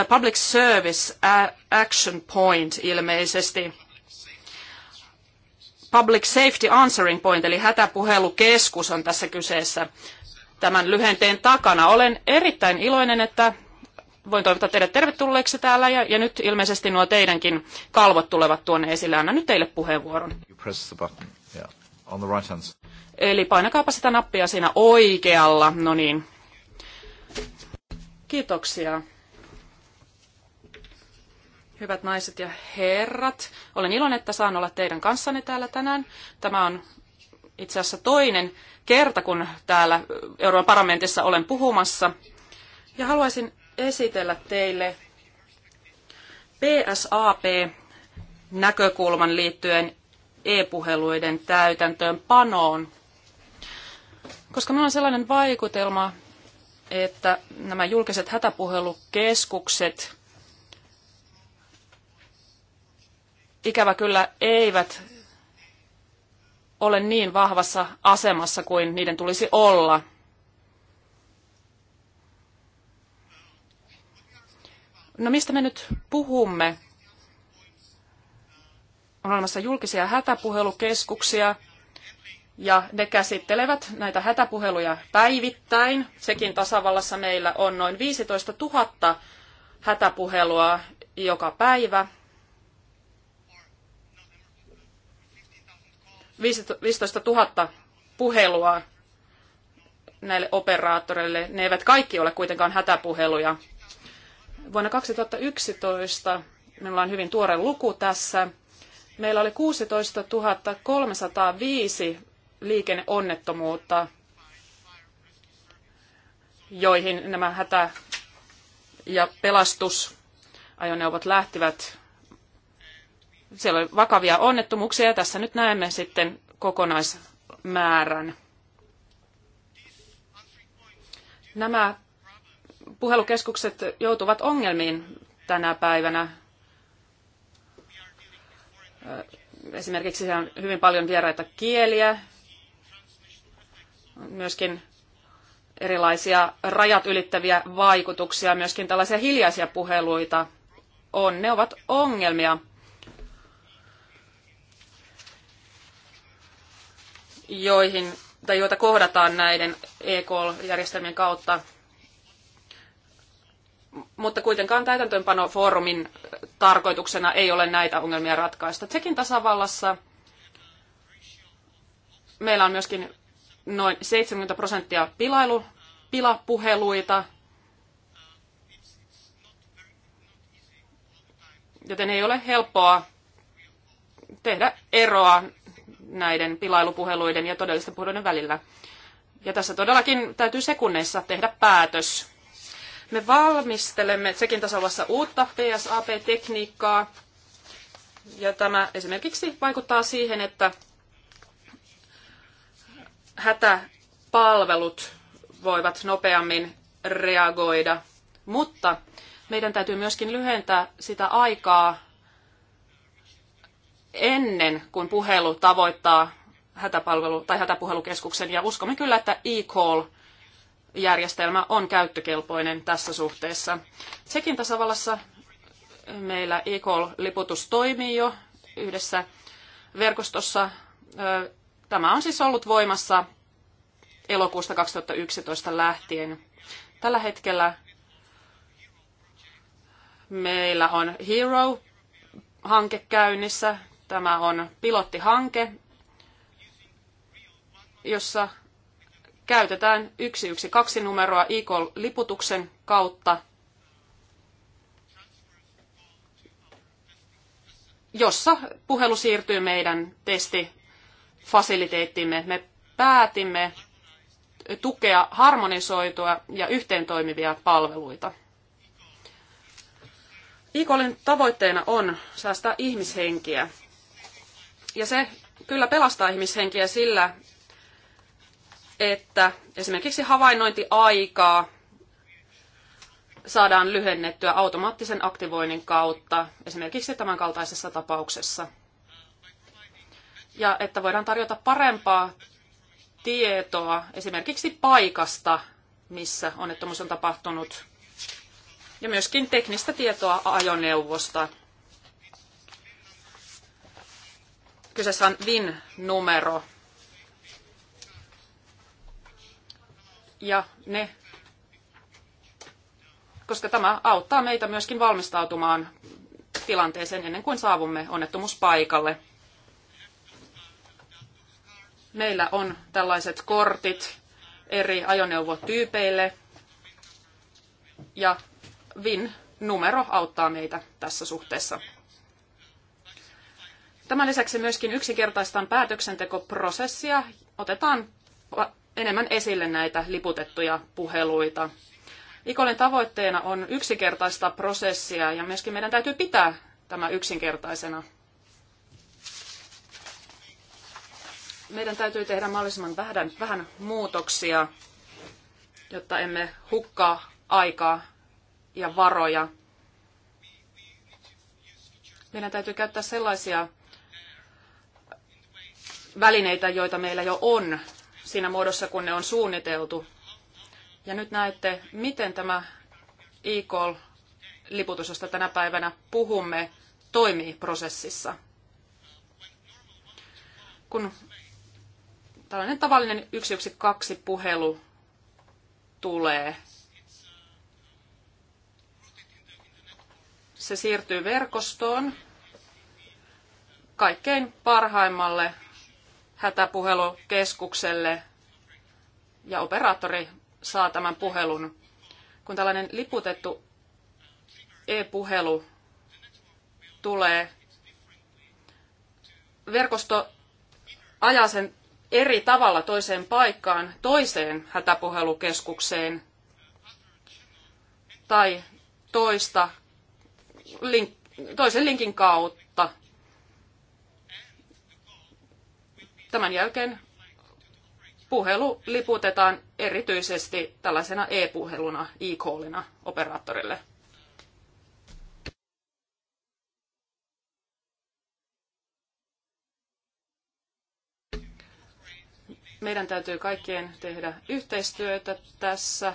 Speaker 2: Uh, public Service Action Point ilmeisesti. Public Safety Answering Point, eli hätäpuhelukeskus on tässä kyseessä tämän lyhenteen takana. Olen erittäin iloinen, että voin toivottaa teidät tervetulleeksi täällä ja, ja nyt ilmeisesti nuo teidänkin kalvot tulevat tuonne esille. Annan nyt teille puheenvuoron.
Speaker 5: Yeah. Right
Speaker 2: Eli painakaapa sitä nappia siinä oikealla. No niin. Kiitoksia. Hyvät naiset ja herrat, olen iloinen, että saan olla teidän kanssanne täällä tänään. Tämä on itse asiassa toinen kerta, kun täällä Euroopan parlamentissa olen puhumassa. Ja haluaisin esitellä teille PSAP-näkökulman liittyen e-puheluiden täytäntöön panoon. Koska minulla on sellainen vaikutelma, että nämä julkiset hätäpuhelukeskukset ikävä kyllä eivät ole niin vahvassa asemassa kuin niiden tulisi olla. No mistä me nyt puhumme? On olemassa julkisia hätäpuhelukeskuksia, ja ne käsittelevät näitä hätäpuheluja päivittäin. Sekin tasavallassa meillä on noin 15 000 hätäpuhelua joka päivä. 15 000 puhelua näille operaattoreille. Ne eivät kaikki ole kuitenkaan hätäpuheluja. Vuonna 2011, minulla on hyvin tuore luku tässä, meillä oli 16 305 liikenneonnettomuutta, joihin nämä hätä- ja pelastusajoneuvot lähtivät siellä oli vakavia onnettomuuksia ja tässä nyt näemme sitten kokonaismäärän. Nämä puhelukeskukset joutuvat ongelmiin tänä päivänä. Esimerkiksi siellä on hyvin paljon vieraita kieliä, myöskin erilaisia rajat ylittäviä vaikutuksia, myöskin tällaisia hiljaisia puheluita on. Ne ovat ongelmia joihin, tai joita kohdataan näiden EK-järjestelmien kautta. Mutta kuitenkaan täytäntöönpanofoorumin tarkoituksena ei ole näitä ongelmia ratkaista. Tsekin tasavallassa meillä on myöskin noin 70 prosenttia pilailu, pilapuheluita, joten ei ole helppoa tehdä eroa näiden pilailupuheluiden ja todellisten puheluiden välillä. Ja tässä todellakin täytyy sekunneissa tehdä päätös. Me valmistelemme sekin tasavassa uutta PSAP-tekniikkaa, ja tämä esimerkiksi vaikuttaa siihen, että hätäpalvelut voivat nopeammin reagoida, mutta meidän täytyy myöskin lyhentää sitä aikaa, ennen kuin puhelu tavoittaa hätäpalvelu tai hätäpuhelukeskuksen ja uskomme kyllä, että e-call järjestelmä on käyttökelpoinen tässä suhteessa. Sekin tasavallassa meillä e-call-liputus toimii jo yhdessä verkostossa. Tämä on siis ollut voimassa elokuusta 2011 lähtien. Tällä hetkellä meillä on Hero hanke käynnissä. Tämä on pilottihanke, jossa käytetään 112 numeroa IK-liputuksen kautta, jossa puhelu siirtyy meidän testifasiliteettimme. Me päätimme tukea harmonisoitua ja yhteentoimivia palveluita. IKOLin tavoitteena on säästää ihmishenkiä ja se kyllä pelastaa ihmishenkiä sillä, että esimerkiksi havainnointiaikaa saadaan lyhennettyä automaattisen aktivoinnin kautta, esimerkiksi tämän kaltaisessa tapauksessa. Ja että voidaan tarjota parempaa tietoa esimerkiksi paikasta, missä onnettomuus on tapahtunut, ja myöskin teknistä tietoa ajoneuvosta – Kyseessä on VIN-numero. Ja ne, koska tämä auttaa meitä myöskin valmistautumaan tilanteeseen ennen kuin saavumme onnettomuuspaikalle. Meillä on tällaiset kortit eri ajoneuvotyypeille ja VIN-numero auttaa meitä tässä suhteessa. Tämän lisäksi myöskin yksinkertaistaan päätöksentekoprosessia. Otetaan enemmän esille näitä liputettuja puheluita. Ikolin tavoitteena on yksinkertaistaa prosessia ja myöskin meidän täytyy pitää tämä yksinkertaisena. Meidän täytyy tehdä mahdollisimman vähän, vähän muutoksia, jotta emme hukkaa aikaa ja varoja. Meidän täytyy käyttää sellaisia välineitä, joita meillä jo on siinä muodossa, kun ne on suunniteltu. Ja nyt näette, miten tämä e-call-liputus, josta tänä päivänä puhumme, toimii prosessissa. Kun tällainen tavallinen 112 puhelu tulee, se siirtyy verkostoon kaikkein parhaimmalle hätäpuhelukeskukselle ja operaattori saa tämän puhelun. Kun tällainen liputettu e-puhelu tulee, verkosto ajaa sen eri tavalla toiseen paikkaan, toiseen hätäpuhelukeskukseen tai toista link, toisen linkin kautta Tämän jälkeen puhelu liputetaan erityisesti tällaisena e-puheluna, e-callina
Speaker 1: operaattorille.
Speaker 2: Meidän täytyy kaikkien tehdä yhteistyötä tässä,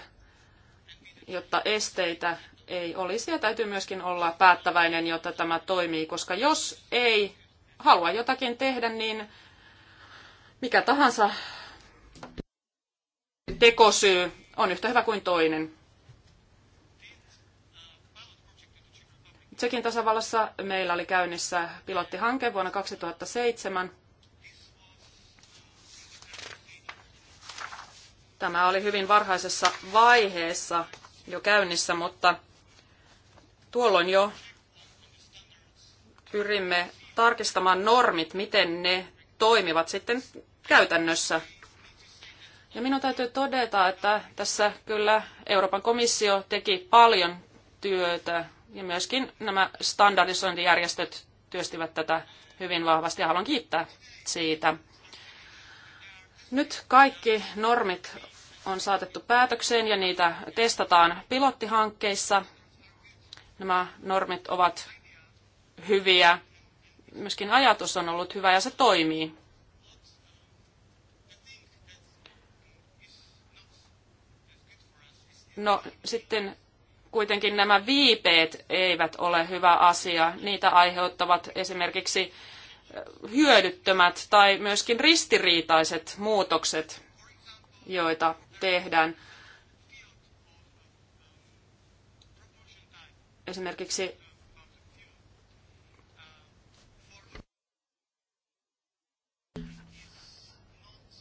Speaker 2: jotta esteitä ei olisi. Ja täytyy myöskin olla päättäväinen, jotta tämä toimii, koska jos ei halua jotakin tehdä, niin mikä tahansa tekosyy on yhtä hyvä kuin toinen. Tsekin tasavallassa meillä oli käynnissä pilottihanke vuonna 2007. Tämä oli hyvin varhaisessa vaiheessa jo käynnissä, mutta tuolloin jo pyrimme tarkistamaan normit, miten ne toimivat sitten käytännössä. Ja minun täytyy todeta, että tässä kyllä Euroopan komissio teki paljon työtä ja myöskin nämä standardisointijärjestöt työstivät tätä hyvin vahvasti ja haluan kiittää siitä. Nyt kaikki normit on saatettu päätökseen ja niitä testataan pilottihankkeissa. Nämä normit ovat hyviä myöskin ajatus on ollut hyvä ja se toimii. No sitten kuitenkin nämä viipeet eivät ole hyvä asia. Niitä aiheuttavat esimerkiksi hyödyttömät tai myöskin ristiriitaiset muutokset, joita tehdään. Esimerkiksi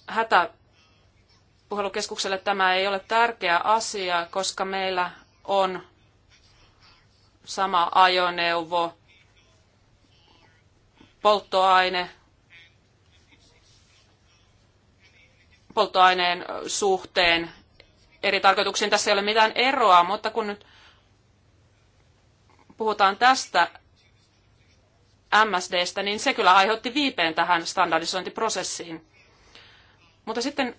Speaker 2: hätäpuhelukeskukselle tämä ei ole tärkeä asia, koska meillä on sama ajoneuvo, polttoaine, polttoaineen suhteen eri tarkoituksiin. Tässä ei ole mitään eroa, mutta kun nyt puhutaan tästä MSDstä, niin se kyllä aiheutti viipeen tähän standardisointiprosessiin. Mutta sitten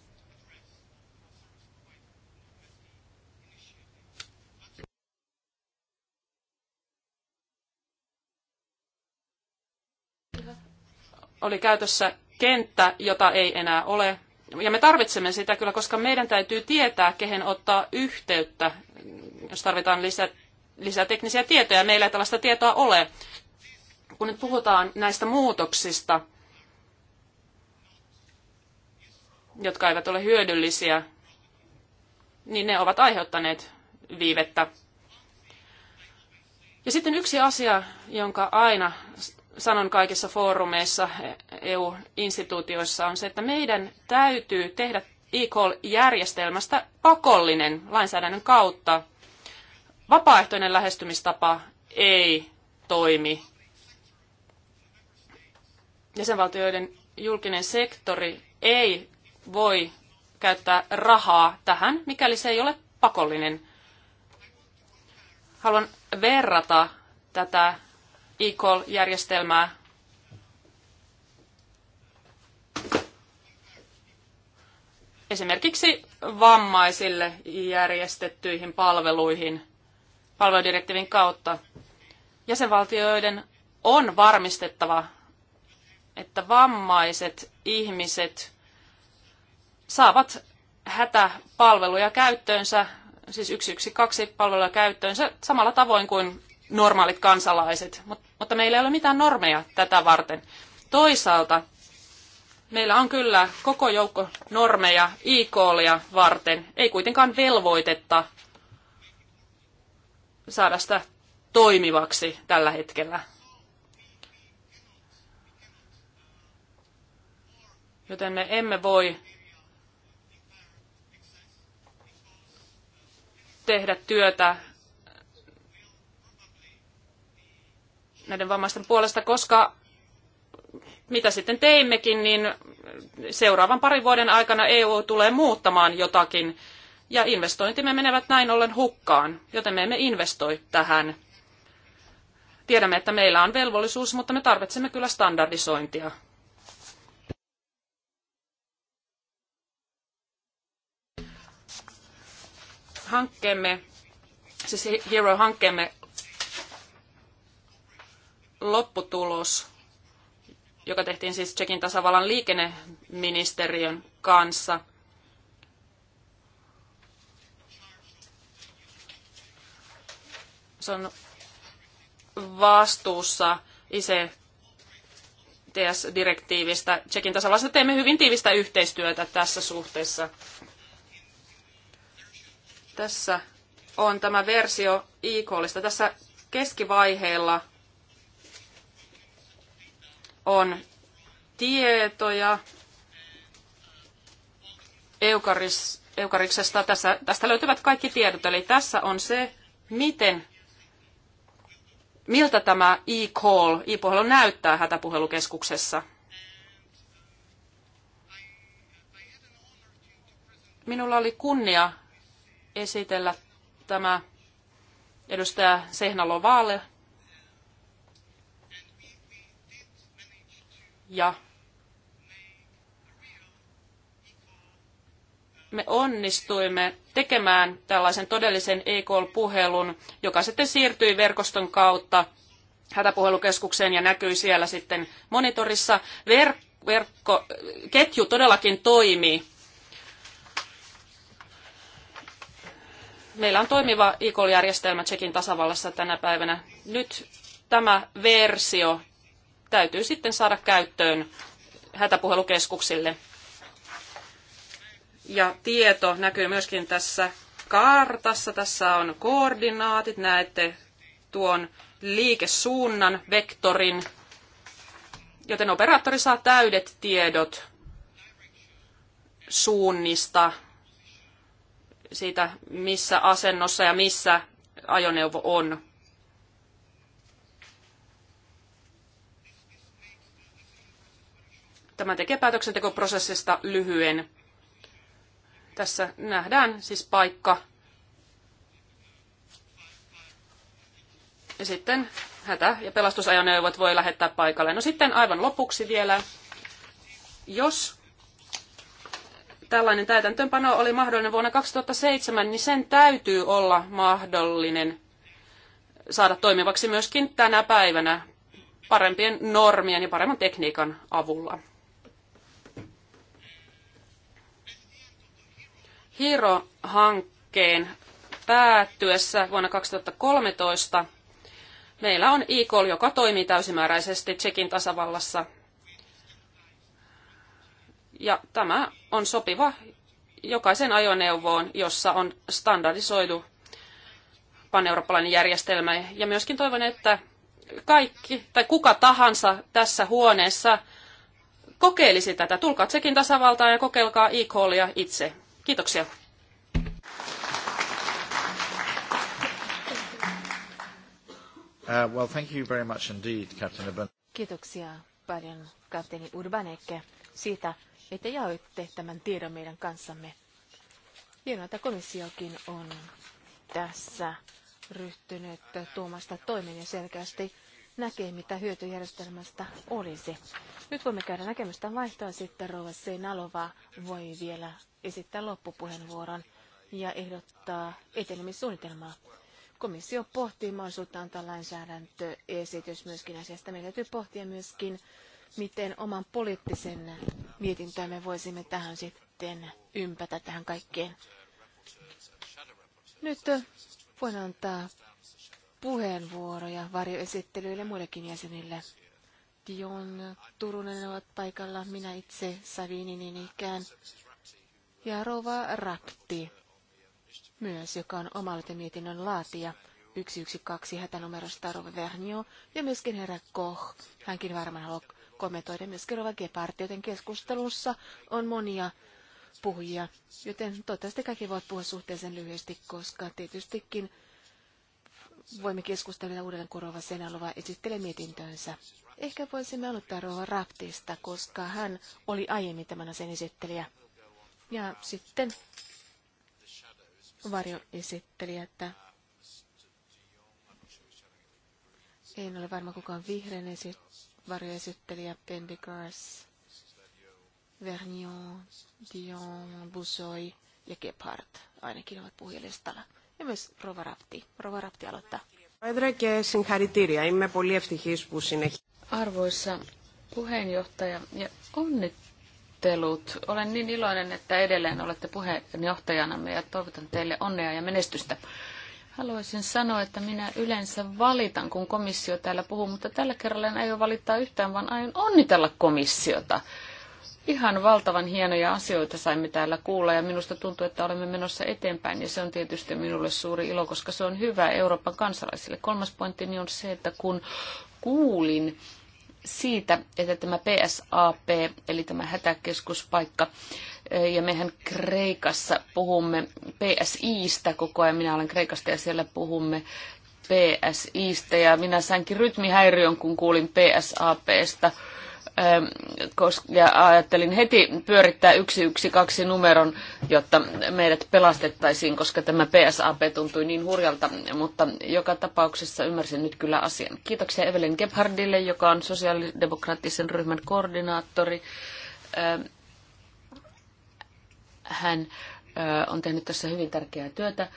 Speaker 2: oli käytössä kenttä, jota ei enää ole. Ja me tarvitsemme sitä kyllä, koska meidän täytyy tietää, kehen ottaa yhteyttä, jos tarvitaan lisä, lisää teknisiä tietoja. Meillä ei tällaista tietoa ole. Kun nyt puhutaan näistä muutoksista, jotka eivät ole hyödyllisiä, niin ne ovat aiheuttaneet viivettä. Ja sitten yksi asia, jonka aina sanon kaikissa foorumeissa EU-instituutioissa, on se, että meidän täytyy tehdä e-call-järjestelmästä pakollinen lainsäädännön kautta. Vapaaehtoinen lähestymistapa ei toimi. Jäsenvaltioiden julkinen sektori ei voi käyttää rahaa tähän, mikäli se ei ole pakollinen. Haluan verrata tätä e-call-järjestelmää esimerkiksi vammaisille järjestettyihin palveluihin palveludirektiivin kautta. Jäsenvaltioiden on varmistettava, että vammaiset ihmiset saavat hätäpalveluja käyttöönsä, siis 112 palveluja käyttöönsä samalla tavoin kuin normaalit kansalaiset, Mut, mutta meillä ei ole mitään normeja tätä varten. Toisaalta meillä on kyllä koko joukko normeja IKLia varten, ei kuitenkaan velvoitetta saada sitä toimivaksi tällä hetkellä. Joten me emme voi tehdä työtä näiden vammaisten puolesta, koska mitä sitten teimmekin, niin seuraavan parin vuoden aikana EU tulee muuttamaan jotakin ja investointimme menevät näin ollen hukkaan, joten me emme investoi tähän. Tiedämme, että meillä on velvollisuus, mutta me tarvitsemme kyllä standardisointia. hankkeemme, siis Hero-hankkeemme lopputulos, joka tehtiin siis Tsekin tasavallan liikenneministeriön kanssa, se on vastuussa itse TS-direktiivistä. Tsekin tasavallassa teemme hyvin tiivistä yhteistyötä tässä suhteessa. Tässä on tämä versio e Tässä keskivaiheella on tietoja Eukaris, Eukariksesta. Tässä, tästä löytyvät kaikki tiedot. Eli tässä on se, miten, miltä tämä e-call, e-puhelu näyttää hätäpuhelukeskuksessa. Minulla oli kunnia esitellä tämä edustaja Sehnalovaalle. Ja me onnistuimme tekemään tällaisen todellisen e-call-puhelun, joka sitten siirtyi verkoston kautta hätäpuhelukeskukseen ja näkyy siellä sitten monitorissa. Ver- ketju todellakin toimii meillä on toimiva ICOL-järjestelmä Tsekin tasavallassa tänä päivänä. Nyt tämä versio täytyy sitten saada käyttöön hätäpuhelukeskuksille. Ja tieto näkyy myöskin tässä kartassa. Tässä on koordinaatit. Näette tuon liikesuunnan, vektorin, joten operaattori saa täydet tiedot suunnista siitä, missä asennossa ja missä ajoneuvo on. Tämä tekee päätöksentekoprosessista lyhyen. Tässä nähdään siis paikka. Ja sitten hätä- ja pelastusajoneuvot voi lähettää paikalle. No sitten aivan lopuksi vielä, jos tällainen täytäntöönpano oli mahdollinen vuonna 2007, niin sen täytyy olla mahdollinen saada toimivaksi myöskin tänä päivänä parempien normien ja paremman tekniikan avulla. Hiro-hankkeen päättyessä vuonna 2013 meillä on IKOL, e joka toimii täysimääräisesti Tsekin tasavallassa ja tämä on sopiva jokaisen ajoneuvoon, jossa on standardisoitu paneurooppalainen järjestelmä. Ja myöskin toivon, että kaikki tai kuka tahansa tässä huoneessa kokeilisi tätä. Tulkaa sekin tasavaltaan ja kokeilkaa e itse. Kiitoksia.
Speaker 5: Uh, well, thank you very much indeed, Captain Urban.
Speaker 6: Kiitoksia paljon, kapteeni Urbanek, siitä, että jaoitte tämän tiedon meidän kanssamme. Hienoa, että komissiokin on tässä ryhtynyt tuomasta toimen ja selkeästi näkee, mitä hyötyjärjestelmästä olisi. Nyt voimme käydä näkemystä vaihtoa sitten Rouva Seinalova voi vielä esittää loppupuheenvuoron ja ehdottaa etenemissuunnitelmaa. Komissio pohtii mahdollisuutta antaa lainsäädäntöesitys myöskin asiasta. Meidän täytyy pohtia myöskin miten oman poliittisen mietintömme voisimme tähän sitten ympätä tähän kaikkeen. Nyt äh, voin antaa puheenvuoroja varjoesittelyille muillekin jäsenille. Dion Turunen ovat paikalla, minä itse Savini niin ikään. Ja Rova Rapti myös, joka on omalta mietinnön laatija. 112 hätänumerosta Rova Vernio ja myöskin herra Koch. Hänkin varmaan haluaa kommentoida myös Kerova Gepard, joten keskustelussa on monia puhujia, joten toivottavasti kaikki voivat puhua suhteellisen lyhyesti, koska tietystikin voimme keskustella uudelleen, kun Rova Senalova esittelee mietintönsä. Ehkä voisimme aloittaa Rova Raptista, koska hän oli aiemmin tämän asian esittelijä. Ja sitten varjo esitteli, että en ole varma kukaan vihreän esittelijä varjoesittelijä Pendergrass, Vernion, Dion, Busoi ja Gebhardt ainakin ovat puhujalistalla. Ja myös Rova Rapti. Rova Rapti aloittaa. Arvoisa puheenjohtaja ja
Speaker 3: onnittelut. Olen niin iloinen, että edelleen olette puheenjohtajanamme ja toivotan teille onnea ja menestystä. Haluaisin sanoa, että minä yleensä valitan, kun komissio täällä puhuu, mutta tällä kerralla en aio valittaa yhtään, vaan aion onnitella komissiota. Ihan valtavan hienoja asioita saimme täällä kuulla ja minusta tuntuu, että olemme menossa eteenpäin ja se on tietysti minulle suuri ilo, koska se on hyvä Euroopan kansalaisille. Kolmas pointti niin on se, että kun kuulin siitä, että tämä PSAP, eli tämä hätäkeskuspaikka, ja mehän Kreikassa puhumme PSIstä koko ajan. Minä olen Kreikasta ja siellä puhumme PSIstä. Ja minä sainkin rytmihäiriön, kun kuulin PSAPstä. Ja ajattelin heti pyörittää 112 numeron, jotta meidät pelastettaisiin, koska tämä PSAP tuntui niin hurjalta. Mutta joka tapauksessa ymmärsin nyt kyllä asian. Kiitoksia Evelyn Gebhardille, joka on sosiaalidemokraattisen ryhmän koordinaattori hän on tehnyt tässä hyvin tärkeää työtä.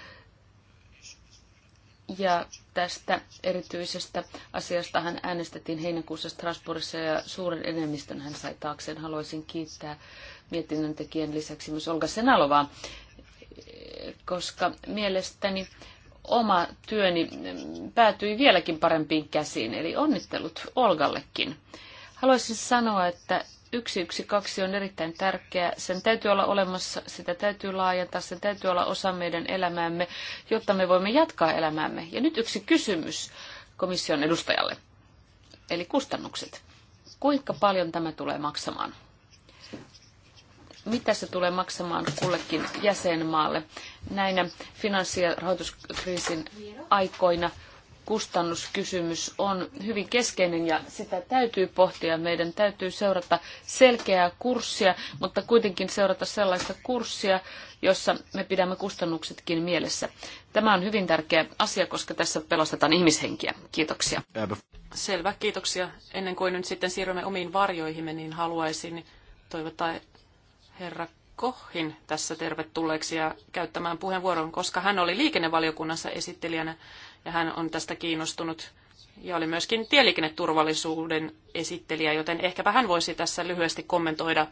Speaker 3: Ja tästä erityisestä asiasta hän äänestettiin heinäkuussa Strasbourgissa ja suuren enemmistön hän sai taakseen. Haluaisin kiittää mietinnön tekijän lisäksi myös Olga Senalovaa, koska mielestäni oma työni päätyi vieläkin parempiin käsiin, eli onnittelut Olgallekin. Haluaisin sanoa, että 112 on erittäin tärkeä. Sen täytyy olla olemassa, sitä täytyy laajentaa, sen täytyy olla osa meidän elämäämme, jotta me voimme jatkaa elämäämme. Ja nyt yksi kysymys komission edustajalle, eli kustannukset. Kuinka paljon tämä tulee maksamaan? Mitä se tulee maksamaan kullekin jäsenmaalle näinä finanssi- ja rahoituskriisin aikoina? kustannuskysymys on hyvin keskeinen ja sitä täytyy pohtia. Meidän täytyy seurata selkeää kurssia, mutta kuitenkin seurata sellaista kurssia, jossa me pidämme kustannuksetkin mielessä. Tämä on hyvin tärkeä asia, koska tässä pelastetaan ihmishenkiä. Kiitoksia.
Speaker 2: Selvä, kiitoksia. Ennen kuin nyt sitten siirrymme omiin varjoihimme, niin haluaisin toivottaa herra Kohin tässä tervetulleeksi ja käyttämään puheenvuoron, koska hän oli liikennevaliokunnassa esittelijänä ja hän on tästä kiinnostunut ja oli myöskin tieliikenneturvallisuuden esittelijä, joten ehkäpä hän voisi tässä lyhyesti kommentoida,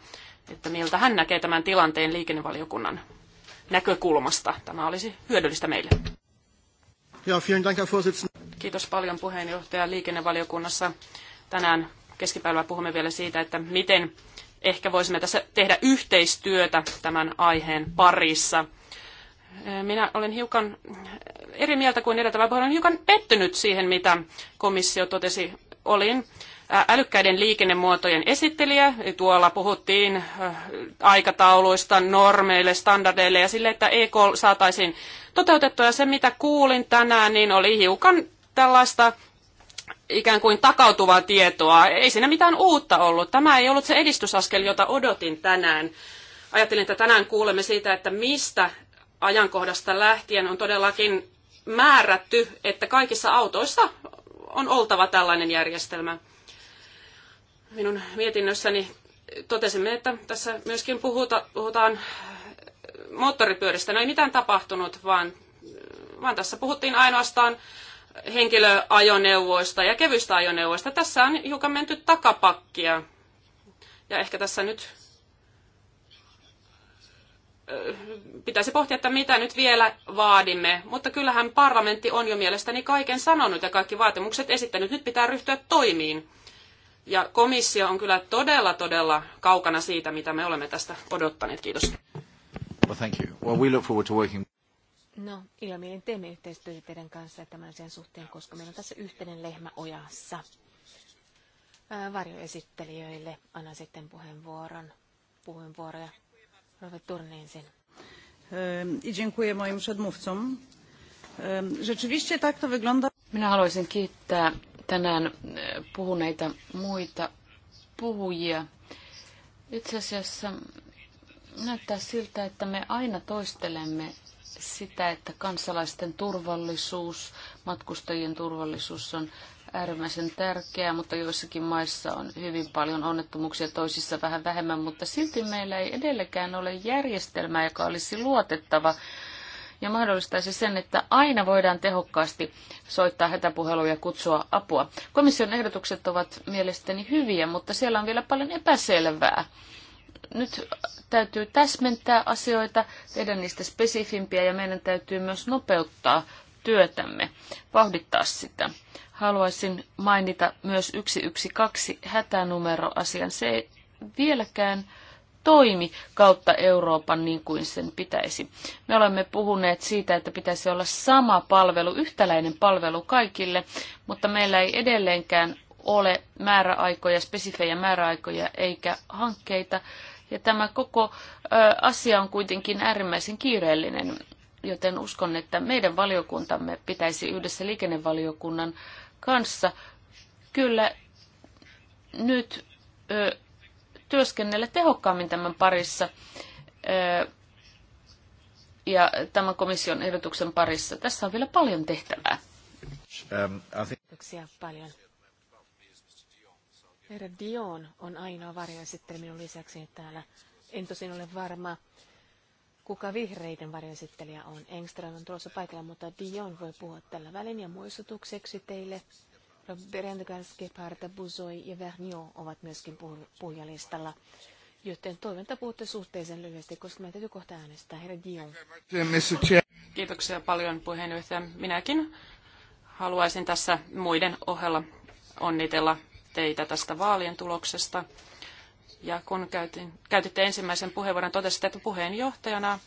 Speaker 2: että miltä hän näkee tämän tilanteen liikennevaliokunnan näkökulmasta. Tämä olisi hyödyllistä meille.
Speaker 5: Ja, Dank, Herr
Speaker 2: Kiitos paljon puheenjohtaja liikennevaliokunnassa. Tänään keskipäivällä puhumme vielä siitä, että miten ehkä voisimme tässä tehdä yhteistyötä tämän aiheen parissa – minä olen hiukan eri mieltä kuin edeltävä puhuja olen hiukan pettynyt siihen, mitä komissio totesi. Olin älykkäiden liikennemuotojen esittelijä. Tuolla puhuttiin aikatauluista, normeille, standardeille ja sille, että EK saataisiin toteutettua. Ja se, mitä kuulin tänään, niin oli hiukan tällaista ikään kuin takautuvaa tietoa. Ei siinä mitään uutta ollut. Tämä ei ollut se edistysaskel, jota odotin tänään. Ajattelin, että tänään kuulemme siitä, että mistä ajankohdasta lähtien on todellakin määrätty, että kaikissa autoissa on oltava tällainen järjestelmä. Minun mietinnössäni totesimme, että tässä myöskin puhuta, puhutaan moottoripyöristä. No ei mitään tapahtunut, vaan, vaan tässä puhuttiin ainoastaan henkilöajoneuvoista ja kevyistä ajoneuvoista. Tässä on hiukan menty takapakkia. Ja ehkä tässä nyt pitäisi pohtia, että mitä nyt vielä vaadimme. Mutta kyllähän parlamentti on jo mielestäni kaiken sanonut ja kaikki vaatimukset esittänyt. Nyt pitää ryhtyä toimiin. Ja komissio on kyllä todella, todella kaukana siitä, mitä me olemme tästä odottaneet. Kiitos.
Speaker 5: Well, thank you. Well, we look forward to working.
Speaker 6: No, ilomielin teemme yhteistyötä teidän kanssa tämän asian suhteen, koska meillä on tässä yhteinen lehmä ojassa. Varjoesittelijöille annan sitten puheenvuoron, puheenvuoroja Rova Turninsin.
Speaker 3: Ehm, I dziękuję moim przedmówcom. Ehm, rzeczywiście tak to wygląda. Minä haluaisin kiittää tänään e, puhuneita muita puhujia. Itse asiassa näyttää siltä, että me aina toistelemme sitä, että kansalaisten turvallisuus, matkustajien turvallisuus on äärimmäisen tärkeää, mutta joissakin maissa on hyvin paljon onnettomuuksia, toisissa vähän vähemmän, mutta silti meillä ei edelläkään ole järjestelmää, joka olisi luotettava ja mahdollistaisi sen, että aina voidaan tehokkaasti soittaa hätäpuheluja ja kutsua apua. Komission ehdotukset ovat mielestäni hyviä, mutta siellä on vielä paljon epäselvää. Nyt täytyy täsmentää asioita, tehdä niistä spesifimpiä ja meidän täytyy myös nopeuttaa työtämme, vauhdittaa sitä haluaisin mainita myös 112 hätänumeroasian. Se ei vieläkään toimi kautta Euroopan niin kuin sen pitäisi. Me olemme puhuneet siitä, että pitäisi olla sama palvelu, yhtäläinen palvelu kaikille, mutta meillä ei edelleenkään ole määräaikoja, spesifejä määräaikoja eikä hankkeita. Ja tämä koko ö, asia on kuitenkin äärimmäisen kiireellinen, joten uskon, että meidän valiokuntamme pitäisi yhdessä liikennevaliokunnan kanssa kyllä nyt ö, työskennellä tehokkaammin tämän parissa ö, ja tämän komission ehdotuksen
Speaker 6: parissa. Tässä on vielä paljon tehtävää. Ähm, Kiitoksia paljon. Herra Dion on ainoa varjoesittely minun lisäksi täällä. En tosin ole varma, kuka vihreiden varjoesittelijä on. Engström on tulossa paikalla, mutta Dion voi puhua tällä välin ja muistutukseksi teille. Berendegans, Gephardt, Buzoi ja Vernio ovat myöskin puhujalistalla. Joten toivon, että puhutte suhteeseen lyhyesti, koska meidän täytyy kohta äänestää. Herra Dion. Kiitoksia
Speaker 2: paljon puheenjohtaja. Minäkin haluaisin tässä muiden ohella onnitella teitä tästä vaalien tuloksesta. Ja kun käytin, käytitte ensimmäisen puheenvuoron, totesitte, että puheenjohtajana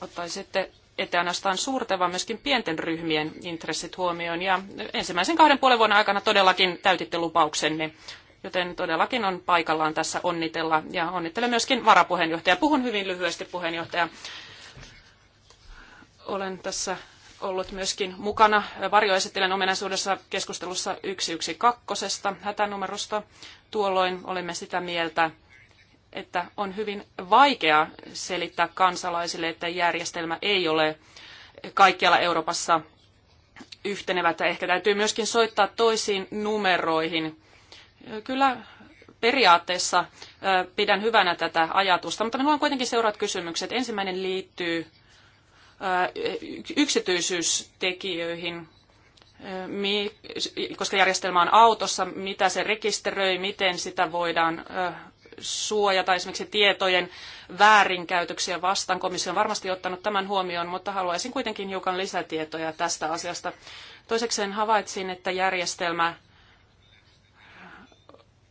Speaker 2: ottaisitte ette ainoastaan suurten, vaan myöskin pienten ryhmien intressit huomioon. Ja ensimmäisen kahden puolen vuoden aikana todellakin täytitte lupauksenne, joten todellakin on paikallaan tässä onnitella. Ja onnittelen myöskin varapuheenjohtaja. Puhun hyvin lyhyesti puheenjohtaja. Olen tässä ollut myöskin mukana varjoesittelijän ominaisuudessa keskustelussa 112 hätänumerosta. Tuolloin olimme sitä mieltä, että on hyvin vaikea selittää kansalaisille, että järjestelmä ei ole kaikkialla Euroopassa yhtenevä, että ehkä täytyy myöskin soittaa toisiin numeroihin. Kyllä periaatteessa pidän hyvänä tätä ajatusta, mutta minulla on kuitenkin seuraavat kysymykset. Ensimmäinen liittyy yksityisyystekijöihin, koska järjestelmä on autossa, mitä se rekisteröi, miten sitä voidaan suojata esimerkiksi tietojen väärinkäytöksiä vastaan. Komissio on varmasti ottanut tämän huomioon, mutta haluaisin kuitenkin hiukan lisätietoja tästä asiasta. Toisekseen havaitsin, että järjestelmä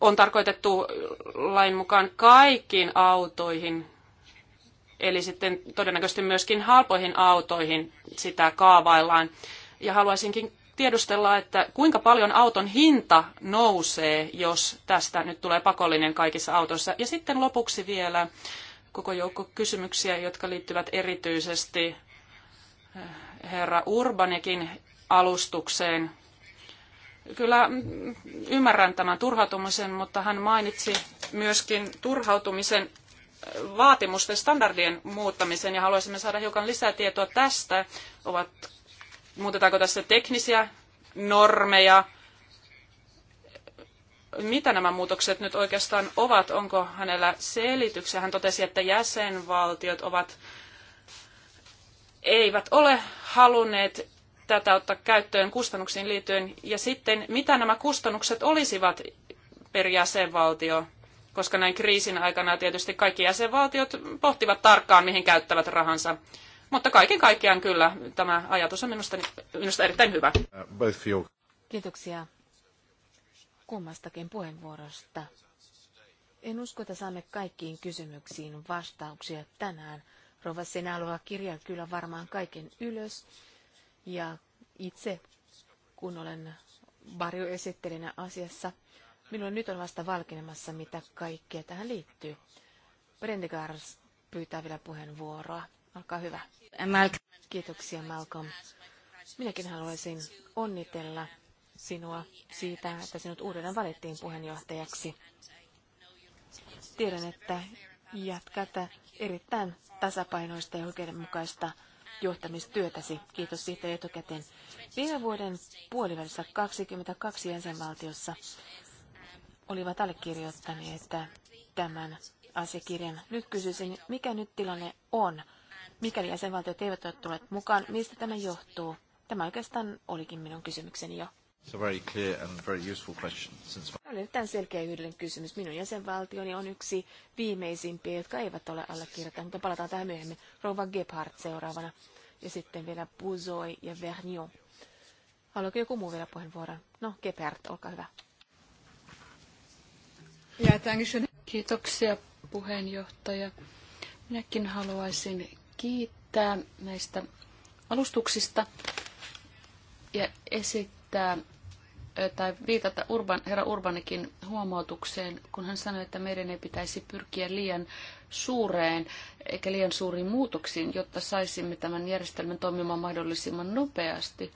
Speaker 2: on tarkoitettu lain mukaan kaikkiin autoihin, Eli sitten todennäköisesti myöskin halpoihin autoihin sitä kaavaillaan. Ja haluaisinkin tiedustella, että kuinka paljon auton hinta nousee, jos tästä nyt tulee pakollinen kaikissa autoissa. Ja sitten lopuksi vielä koko joukko kysymyksiä, jotka liittyvät erityisesti eh, herra Urbanikin alustukseen. Kyllä mm, ymmärrän tämän turhautumisen, mutta hän mainitsi myöskin turhautumisen vaatimusten standardien muuttamisen ja haluaisimme saada hiukan lisää tietoa tästä. Ovat, muutetaanko tässä teknisiä normeja? Mitä nämä muutokset nyt oikeastaan ovat? Onko hänellä selityksiä? Hän totesi, että jäsenvaltiot ovat, eivät ole halunneet tätä ottaa käyttöön kustannuksiin liittyen. Ja sitten, mitä nämä kustannukset olisivat per jäsenvaltio? koska näin kriisin aikana tietysti kaikki jäsenvaltiot pohtivat tarkkaan, mihin käyttävät rahansa. Mutta kaiken kaikkiaan kyllä tämä ajatus on minusta, minusta erittäin hyvä.
Speaker 6: Kiitoksia kummastakin puheenvuorosta. En usko, että saamme kaikkiin kysymyksiin vastauksia tänään. Rova Senalova kirjaa kyllä varmaan kaiken ylös. Ja itse, kun olen varjoesittelijänä asiassa, Minulle nyt on vasta valkenemassa, mitä kaikkea tähän liittyy. Prendegars pyytää vielä puheenvuoroa. Olkaa hyvä. Kiitoksia, Malcolm. Minäkin haluaisin onnitella sinua siitä, että sinut uudelleen valittiin puheenjohtajaksi. Tiedän, että jatkat erittäin tasapainoista ja oikeudenmukaista johtamistyötäsi. Kiitos siitä etukäteen. Viime vuoden puolivälissä 22 jäsenvaltiossa olivat allekirjoittaneet tämän asiakirjan. Nyt kysyisin, mikä nyt tilanne on, mikäli jäsenvaltiot eivät ole tulleet mukaan, mistä tämä johtuu? Tämä oikeastaan olikin minun kysymykseni jo. Tämä oli erittäin selkeä yhden kysymys. Minun jäsenvaltioni on yksi viimeisimpiä, jotka eivät ole allekirjoittaneet, mutta palataan tähän myöhemmin. Rova Gebhardt seuraavana ja sitten vielä Buzoi ja Vernio. Haluatko joku muu vielä puheenvuoron? No, Gebhardt, olkaa hyvä.
Speaker 3: Kiitoksia puheenjohtaja. Minäkin haluaisin kiittää näistä alustuksista ja esittää tai viitata Urban, herra Urbanikin huomautukseen, kun hän sanoi, että meidän ei pitäisi pyrkiä liian suureen eikä liian suuriin muutoksiin, jotta saisimme tämän järjestelmän toimimaan mahdollisimman nopeasti.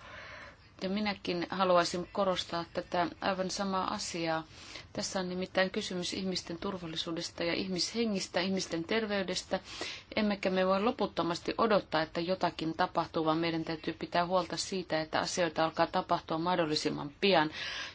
Speaker 3: Ja minäkin haluaisin korostaa tätä aivan samaa asiaa. Tässä on nimittäin kysymys ihmisten turvallisuudesta ja ihmishengistä, ihmisten terveydestä. Emmekä me voi loputtomasti odottaa, että jotakin tapahtuu, vaan meidän täytyy pitää huolta siitä, että asioita alkaa tapahtua mahdollisimman pian.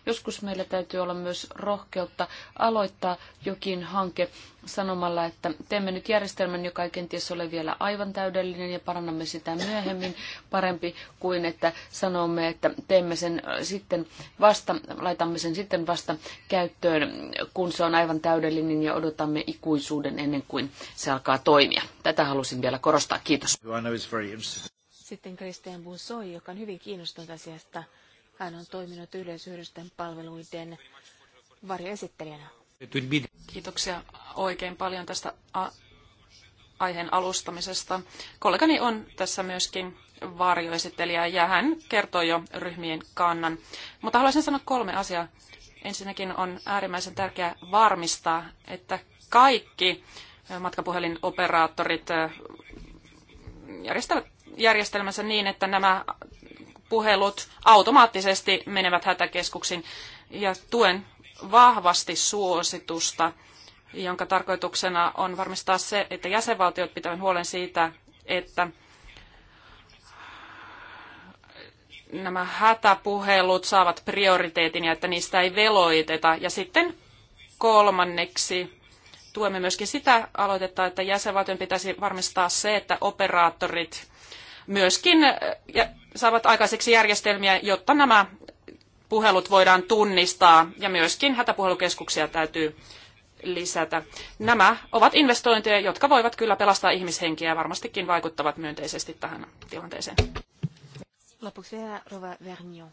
Speaker 3: Joskus meillä täytyy olla myös rohkeutta aloittaa jokin hanke sanomalla, että teemme nyt järjestelmän, joka ei kenties ole vielä aivan täydellinen ja parannamme sitä myöhemmin parempi kuin, että sanomme, että teemme sen äh, sitten vasta, laitamme sen sitten vasta käyttöön, kun se on aivan täydellinen ja odotamme ikuisuuden ennen kuin se alkaa toimia. Tätä halusin vielä korostaa. Kiitos.
Speaker 6: Sitten Christian Bunsoi, joka on hyvin kiinnostunut asiasta. Hän on toiminut yleisyhdysten palveluiden varjoesittelijänä. Kiitoksia
Speaker 2: oikein paljon tästä aiheen alustamisesta. Kollegani on tässä myöskin varjoesittelijä ja hän kertoi jo ryhmien kannan. Mutta haluaisin sanoa kolme asiaa. Ensinnäkin on äärimmäisen tärkeää varmistaa, että kaikki matkapuhelinoperaattorit järjestävät järjestelmänsä niin, että nämä puhelut automaattisesti menevät hätäkeskuksiin. Ja tuen vahvasti suositusta, jonka tarkoituksena on varmistaa se, että jäsenvaltiot pitävät huolen siitä, että nämä hätäpuhelut saavat prioriteetin ja että niistä ei veloiteta. Ja sitten kolmanneksi tuemme myöskin sitä aloitetta, että jäsenvaltion pitäisi varmistaa se, että operaattorit myöskin saavat aikaiseksi järjestelmiä, jotta nämä puhelut voidaan tunnistaa ja myöskin hätäpuhelukeskuksia täytyy lisätä. Nämä ovat investointeja, jotka voivat kyllä pelastaa ihmishenkiä ja varmastikin vaikuttavat myönteisesti tähän tilanteeseen.
Speaker 6: Lopuksi vielä Rova Vernion.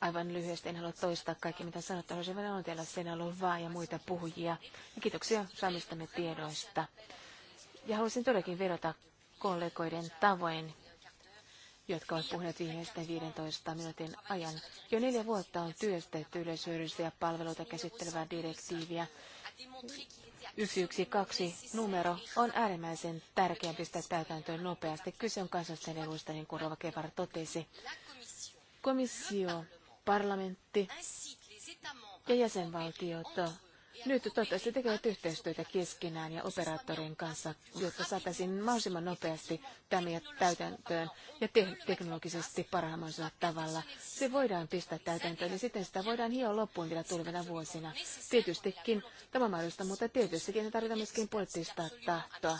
Speaker 6: Aivan lyhyesti en halua toistaa kaikki, mitä sanotte. Haluaisin vielä onnitella sen Lovaa ja muita puhujia. Ja kiitoksia saamistamme tiedoista. Ja haluaisin todellakin vedota kollegoiden tavoin jotka ovat puhuneet viimeisten 15 minuutin ajan. Jo neljä vuotta on työstetty yleishyödyllisiä palveluita käsittelevää direktiiviä. 112 numero on äärimmäisen tärkeä pistää täytäntöön nopeasti. Kyse on kansallisten eduista, niin kuin Rova totesi. Komissio, parlamentti ja jäsenvaltiot nyt toivottavasti tekevät yhteistyötä keskenään ja operaattorin kanssa, jotta saataisiin mahdollisimman nopeasti tämä täytäntöön ja te- teknologisesti parhaimmaisella tavalla. Se voidaan pistää täytäntöön ja sitten sitä voidaan hioa loppuun vielä tulevina vuosina. Tietystikin tämä on mahdollista, mutta tietystikin tarvitaan myöskin poliittista tahtoa.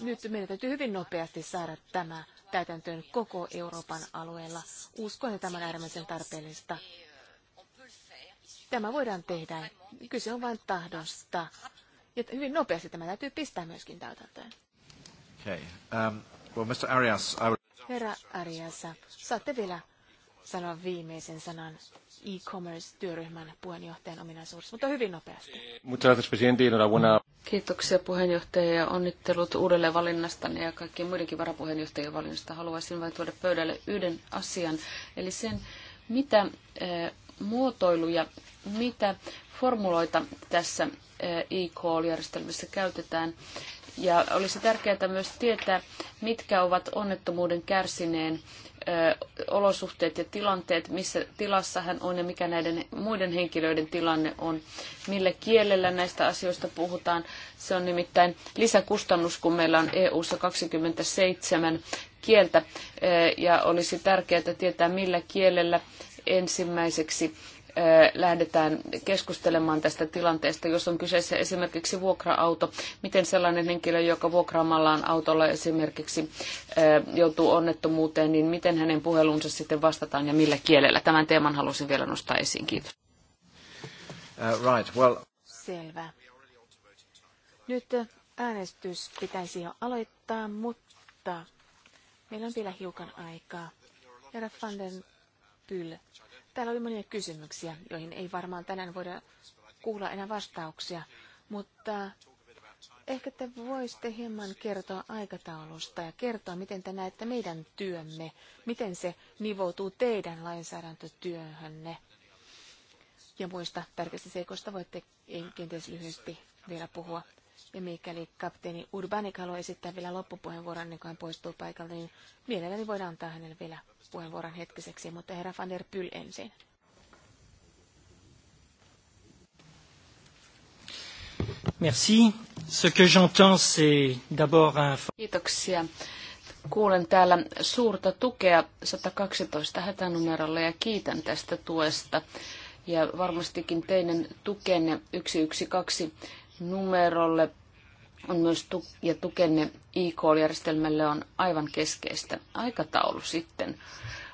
Speaker 6: Nyt meidän täytyy hyvin nopeasti saada tämä täytäntöön koko Euroopan alueella. Uskon, että tämä on äärimmäisen tarpeellista. Tämä voidaan tehdä. Kyse on vain tahdosta. Ja hyvin nopeasti tämä täytyy pistää myöskin täytäntöön.
Speaker 5: Okay. Um, well, Mr. Arias, I would...
Speaker 6: Herra Arias, saatte vielä sanoa viimeisen sanan e-commerce-työryhmän puheenjohtajan ominaisuudessa, mutta hyvin nopeasti.
Speaker 3: Kiitoksia puheenjohtaja ja onnittelut uudelleen valinnastani ja kaikkien muidenkin varapuheenjohtajien valinnasta. Haluaisin vain tuoda pöydälle yhden asian, eli sen, mitä eh, muotoiluja, mitä formuloita tässä e-call-järjestelmässä käytetään. Ja olisi tärkeää myös tietää, mitkä ovat onnettomuuden kärsineen olosuhteet ja tilanteet, missä tilassa hän on ja mikä näiden muiden henkilöiden tilanne on, millä kielellä näistä asioista puhutaan. Se on nimittäin lisäkustannus, kun meillä on EU-ssa 27 kieltä ja olisi tärkeää tietää, millä kielellä ensimmäiseksi lähdetään keskustelemaan tästä tilanteesta, jos on kyseessä esimerkiksi vuokra-auto. Miten sellainen henkilö, joka vuokraamallaan autolla esimerkiksi joutuu onnettomuuteen, niin miten hänen puhelunsa sitten vastataan ja millä kielellä? Tämän teeman halusin vielä nostaa esiin. Kiitos.
Speaker 5: Uh, right, well...
Speaker 6: Selvä. Nyt äänestys pitäisi jo aloittaa, mutta meillä on vielä hiukan aikaa. Herra Fanden, Pyl. Täällä oli monia kysymyksiä, joihin ei varmaan tänään voida kuulla enää vastauksia, mutta ehkä te voisitte hieman kertoa aikataulusta ja kertoa, miten te näette meidän työmme, miten se nivoutuu teidän lainsäädäntötyöhönne. Ja muista tärkeistä seikoista voitte kenties lyhyesti vielä puhua. Ja mikäli kapteeni Urbanik haluaa esittää vielä loppupuheenvuoron, niin kun hän poistuu paikalta, niin mielelläni voidaan antaa hänelle vielä puheenvuoron hetkiseksi, mutta herra van der Pyl ensin.
Speaker 1: Merci. Ce que j'entends, c'est d'abord un...
Speaker 6: Kiitoksia.
Speaker 3: Kuulen täällä suurta tukea 112 hätänumerolle ja kiitän tästä tuesta. Ja varmastikin teidän tukenne 112 numerolle on myös tu- ja tukenne e järjestelmälle on aivan keskeistä. Aikataulu sitten.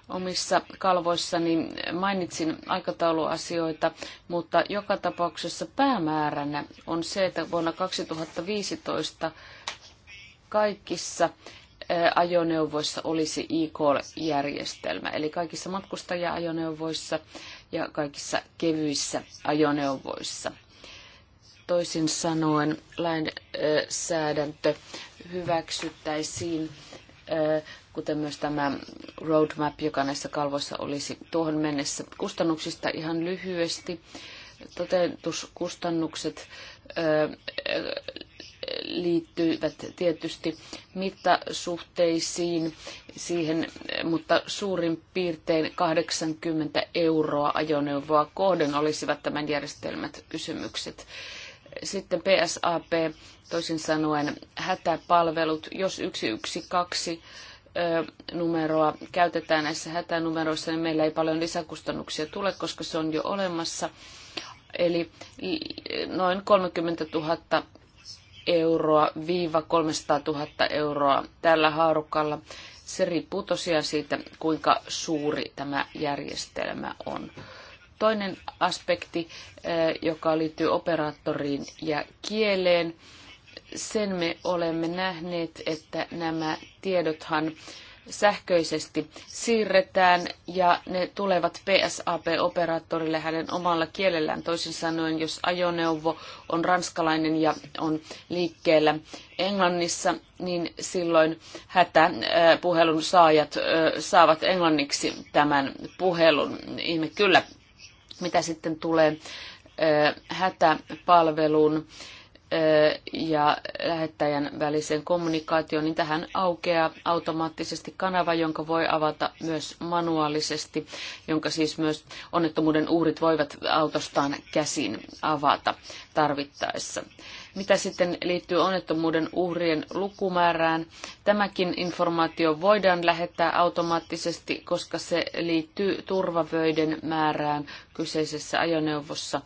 Speaker 3: Omissa kalvoissani mainitsin aikatauluasioita, mutta joka tapauksessa päämääränä on se, että vuonna 2015 kaikissa ajoneuvoissa olisi e järjestelmä eli kaikissa matkustaja-ajoneuvoissa ja kaikissa kevyissä ajoneuvoissa. Toisin sanoen lainsäädäntö hyväksyttäisiin, kuten myös tämä roadmap, joka näissä kalvoissa olisi tuohon mennessä. Kustannuksista ihan lyhyesti. Toteutuskustannukset liittyvät tietysti mittasuhteisiin siihen, mutta suurin piirtein 80 euroa ajoneuvoa kohden olisivat tämän järjestelmät kysymykset. Sitten PSAP, toisin sanoen hätäpalvelut, jos 112 numeroa käytetään näissä hätänumeroissa, niin meillä ei paljon lisäkustannuksia tule, koska se on jo olemassa. Eli noin 30 000 euroa viiva 300 000 euroa tällä haarukalla. Se riippuu tosiaan siitä, kuinka suuri tämä järjestelmä on. Toinen aspekti, joka liittyy operaattoriin ja kieleen, sen me olemme nähneet, että nämä tiedothan sähköisesti siirretään ja ne tulevat PSAP-operaattorille hänen omalla kielellään. Toisin sanoen, jos ajoneuvo on ranskalainen ja on liikkeellä Englannissa, niin silloin hätäpuhelun saajat saavat englanniksi tämän puhelun. Ihme kyllä, mitä sitten tulee hätäpalvelun ja lähettäjän väliseen kommunikaatioon, niin tähän aukeaa automaattisesti kanava, jonka voi avata myös manuaalisesti, jonka siis myös onnettomuuden uhrit voivat autostaan käsin avata tarvittaessa. Mitä sitten liittyy onnettomuuden uhrien lukumäärään? Tämäkin informaatio voidaan lähettää automaattisesti, koska se liittyy turvavöiden määrään kyseisessä ajoneuvossa.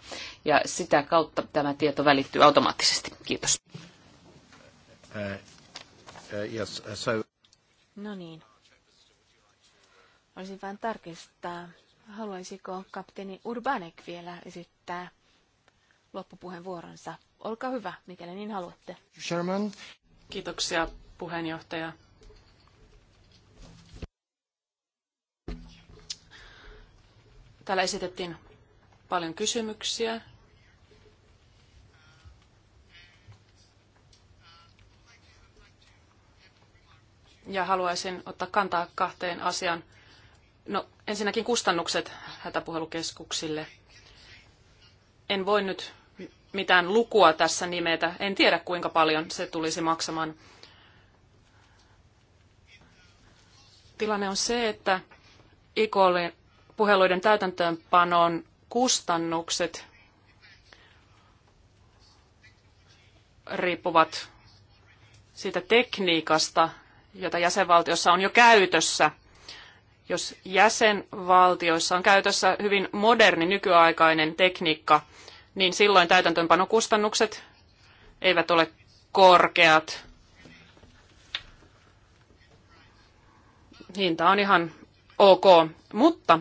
Speaker 3: Ja sitä kautta tämä tieto välittyy automaattisesti. Kiitos. Uh,
Speaker 5: uh, uh,
Speaker 6: no niin. Olisin vain tarkistaa, haluaisiko kapteeni Urbanek vielä esittää loppupuheenvuoronsa? Olkaa hyvä, mikäli niin haluatte.
Speaker 1: Sherman.
Speaker 2: Kiitoksia puheenjohtaja. Täällä esitettiin paljon kysymyksiä. Ja haluaisin ottaa kantaa kahteen asiaan. No, ensinnäkin kustannukset hätäpuhelukeskuksille. En voi nyt mitään lukua tässä nimetä. En tiedä, kuinka paljon se tulisi maksamaan. Tilanne on se, että IKOLin puheluiden täytäntöönpanon kustannukset riippuvat siitä tekniikasta, jota jäsenvaltiossa on jo käytössä. Jos jäsenvaltioissa on käytössä hyvin moderni nykyaikainen tekniikka, niin silloin täytäntöönpanokustannukset eivät ole korkeat. Hinta on ihan ok, mutta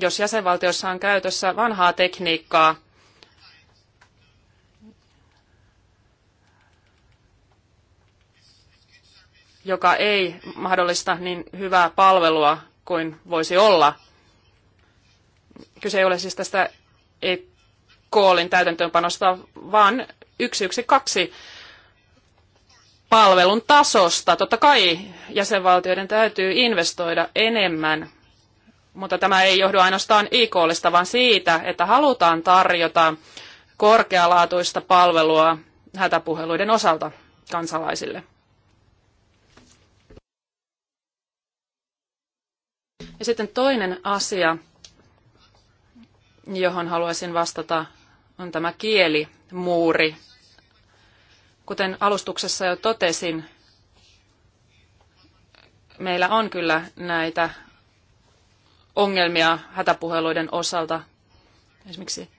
Speaker 2: jos jäsenvaltiossa on käytössä vanhaa tekniikkaa, joka ei mahdollista niin hyvää palvelua kuin voisi olla. Kyse ei ole siis tästä koolin täytäntöönpanosta, vaan 112 palvelun tasosta. Totta kai jäsenvaltioiden täytyy investoida enemmän, mutta tämä ei johdu ainoastaan IKLista, vaan siitä, että halutaan tarjota korkealaatuista palvelua hätäpuheluiden osalta kansalaisille. Ja sitten toinen asia, johon haluaisin vastata on tämä kielimuuri. Kuten alustuksessa jo totesin, meillä on kyllä näitä ongelmia hätäpuheluiden osalta. Esimerkiksi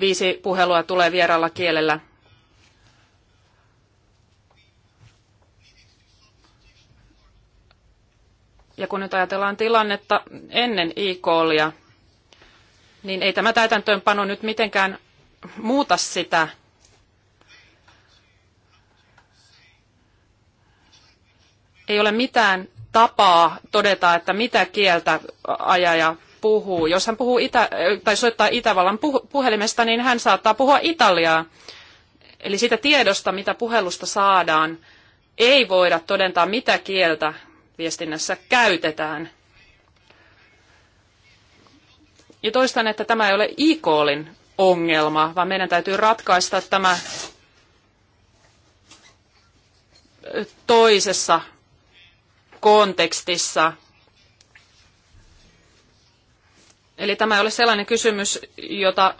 Speaker 2: viisi puhelua tulee vieraalla kielellä. Ja kun nyt ajatellaan tilannetta ennen IKLia, niin ei tämä täytäntöönpano nyt mitenkään muuta sitä. Ei ole mitään tapaa todeta, että mitä kieltä ajaja puhuu. Jos hän puhuu itä, tai soittaa Itävallan puhelimesta, niin hän saattaa puhua Italiaa. Eli sitä tiedosta, mitä puhelusta saadaan, ei voida todentaa, mitä kieltä viestinnässä käytetään. Ja toistan, että tämä ei ole e ongelma, vaan meidän täytyy ratkaista tämä toisessa kontekstissa. Eli tämä ei ole sellainen kysymys, jota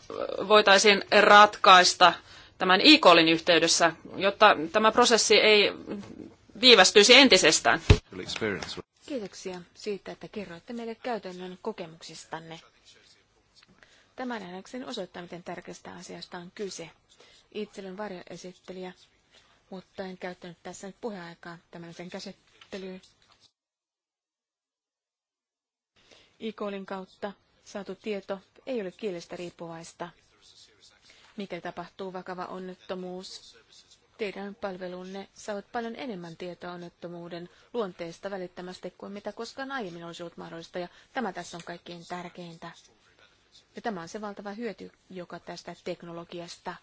Speaker 2: voitaisiin ratkaista tämän e yhteydessä, jotta tämä prosessi ei viivästyisi entisestään.
Speaker 6: Kiitoksia siitä, että kerroitte meille käytännön kokemuksistanne. Tämä nähdäkseni osoittaa, miten tärkeästä asiasta on kyse. olen varjoesittelijä, mutta en käyttänyt tässä nyt puheaikaa tämän sen käsittelyyn. IKOLin kautta saatu tieto ei ole kielestä riippuvaista. Mikä tapahtuu vakava onnettomuus? Teidän palvelunne saavat paljon enemmän tietoa onnettomuuden luonteesta välittömästi kuin mitä koskaan aiemmin olisi ollut mahdollista, ja tämä tässä on kaikkein tärkeintä. Ja tämä on se valtava hyöty, joka tästä teknologiasta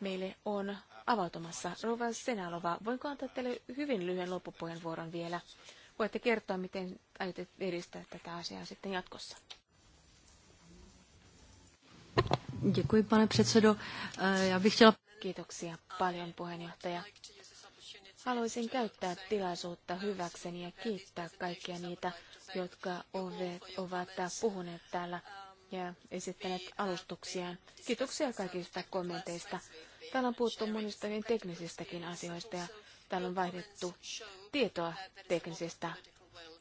Speaker 6: meille on avautumassa. Rova Senalova, voinko antaa teille hyvin lyhyen loppupuheenvuoron vielä? Voitte kertoa, miten aiotte edistää tätä asiaa sitten jatkossa. Děkuji, pane eh, Já bych chtěla... Kiitoksia paljon, puheenjohtaja. Haluaisin käyttää tilaisuutta hyväkseni ja kiittää kaikkia niitä, jotka ovat puhuneet täällä ja esittäneet alustuksiaan. Kiitoksia kaikista kommenteista. Täällä on puhuttu monista niin teknisistäkin asioista ja täällä on vaihdettu tietoa teknisistä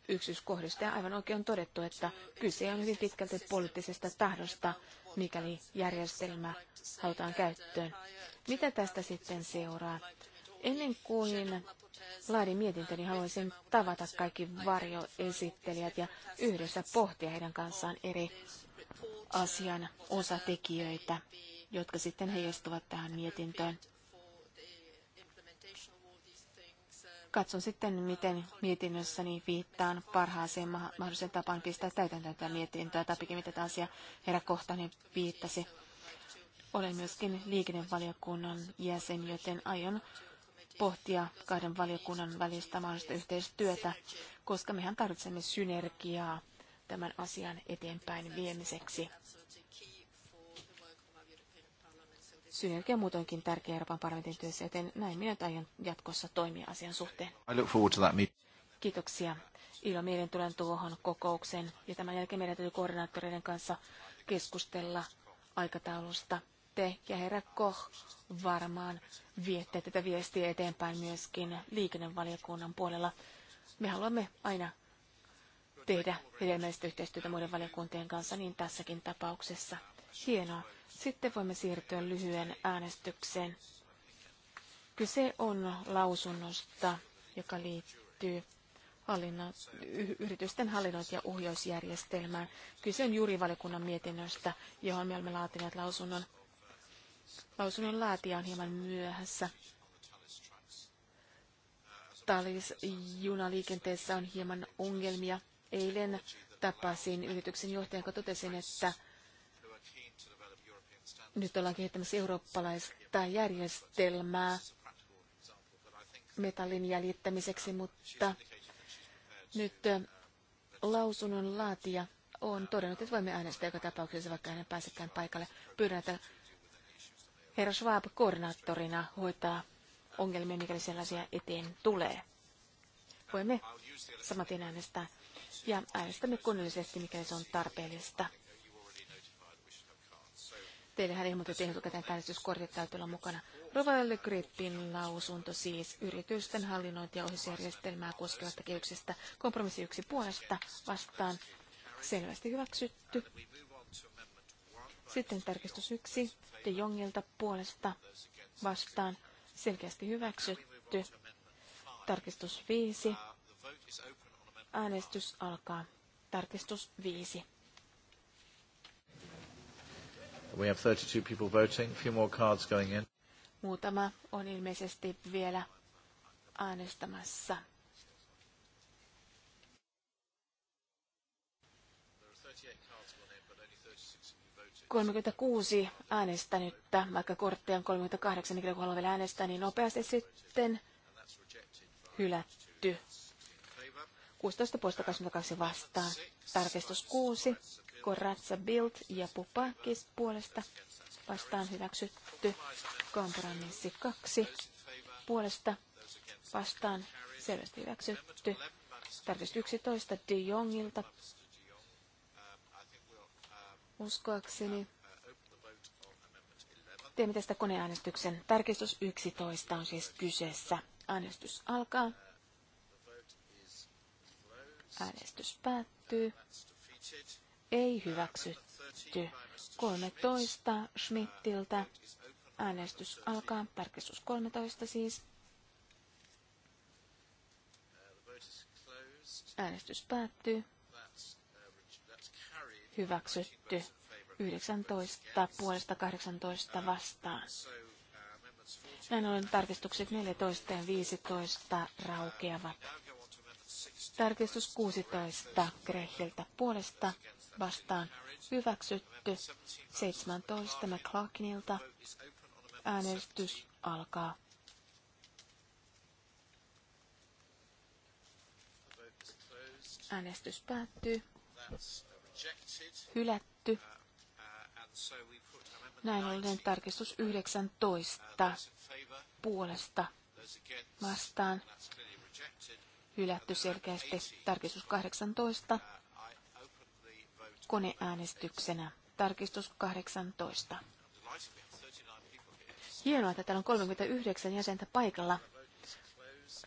Speaker 6: yksityiskohdista. Ja aivan oikein on todettu, että kyse on hyvin pitkälti poliittisesta tahdosta, mikäli järjestelmä halutaan käyttöön. Mitä tästä sitten seuraa? Ennen kuin laadin mietintöni, niin haluaisin tavata kaikki varjoesittelijät ja yhdessä pohtia heidän kanssaan eri asian osatekijöitä, jotka sitten heijastuvat tähän mietintöön. Katson sitten, miten mietinnössäni viittaan parhaaseen mahdolliseen tapaan pistää täytäntöön tätä mietintöä, tai pikemmin tätä asiaa herra Kohtainen viittasi. Olen myöskin liikennevaliokunnan jäsen, joten aion pohtia kahden valiokunnan välistä mahdollista yhteistyötä, koska mehän tarvitsemme synergiaa tämän asian eteenpäin viemiseksi. Synergia muutoinkin tärkeä Euroopan parlamentin työssä, joten näin minä aion jatkossa toimia asian suhteen. Kiitoksia. Ilo mielen tulen tuohon kokoukseen ja tämän jälkeen meidän täytyy koordinaattoreiden kanssa keskustella aikataulusta. Te ja herra Koch varmaan viette tätä viestiä eteenpäin myöskin liikennevaliokunnan puolella. Me haluamme aina tehdä hedelmällistä yhteistyötä muiden valiokuntien kanssa niin tässäkin tapauksessa. Hienoa. Sitten voimme siirtyä lyhyen äänestykseen. Kyse on lausunnosta, joka liittyy hallinnon, yritysten hallinnointi- ja ohjausjärjestelmään. Kyse on juuri valiokunnan mietinnöstä, johon me olemme laatineet lausunnon. Lausunnon laatija on hieman myöhässä. Talis junaliikenteessä on hieman ongelmia. Eilen tapasin yrityksen johtajan, joka totesin, että nyt ollaan kehittämässä eurooppalaista järjestelmää metallin jäljittämiseksi, mutta nyt lausunnon laatija on todennut, että voimme äänestää joka tapauksessa, vaikka hän pääsekään paikalle. Pyydän, että herra Schwab koordinaattorina hoitaa ongelmia, mikäli sellaisia eteen tulee. Voimme samatien äänestää ja äänestämme kunnollisesti, mikäli se on tarpeellista. Teillähän ilmoitettiin etukäteen, että äänestyskortit täytyy olla mukana. Rovalle Grippin lausunto siis yritysten hallinnointi- ja ohjausjärjestelmää koskevasta kehyksestä kompromissi yksi puolesta vastaan selvästi hyväksytty. Sitten tarkistus yksi De Jongilta puolesta vastaan selkeästi hyväksytty. Tarkistus viisi Äänestys alkaa. Tarkistus 5.
Speaker 5: We have 32 people voting. A few more cards going in.
Speaker 6: Muutama on ilmeisesti vielä äänestämässä. Kolmekymmentäkuusi äänestänyttä, vaikka kortteja on 38, mikä niin haluaa vielä äänestää, niin nopeasti sitten hylätty. 16 puolesta 22 vastaan. Tarkistus 6. Koratsa Bild ja Pupakis puolesta vastaan hyväksytty. Kompromissi 2 puolesta vastaan selvästi hyväksytty. Tarkistus 11 De Jongilta. Uskoakseni teemme tästä koneäänestyksen. Tarkistus 11 on siis kyseessä. Äänestys alkaa. Äänestys päättyy. Ei hyväksytty. 13 Schmidtiltä. Äänestys alkaa. Tarkistus 13 siis.
Speaker 5: Äänestys päättyy.
Speaker 6: Hyväksytty. 19 puolesta 18 vastaan. Näin ollen tarkistukset 14 ja 15 raukeavat. Tarkistus 16 Grehiltä puolesta vastaan hyväksytty. 17 McLaughlinilta äänestys alkaa. Äänestys päättyy.
Speaker 5: Hylätty.
Speaker 6: Näin ollen tarkistus 19 puolesta vastaan hylätty selkeästi. Tarkistus 18 koneäänestyksenä. Tarkistus 18. Hienoa, että täällä on 39 jäsentä paikalla.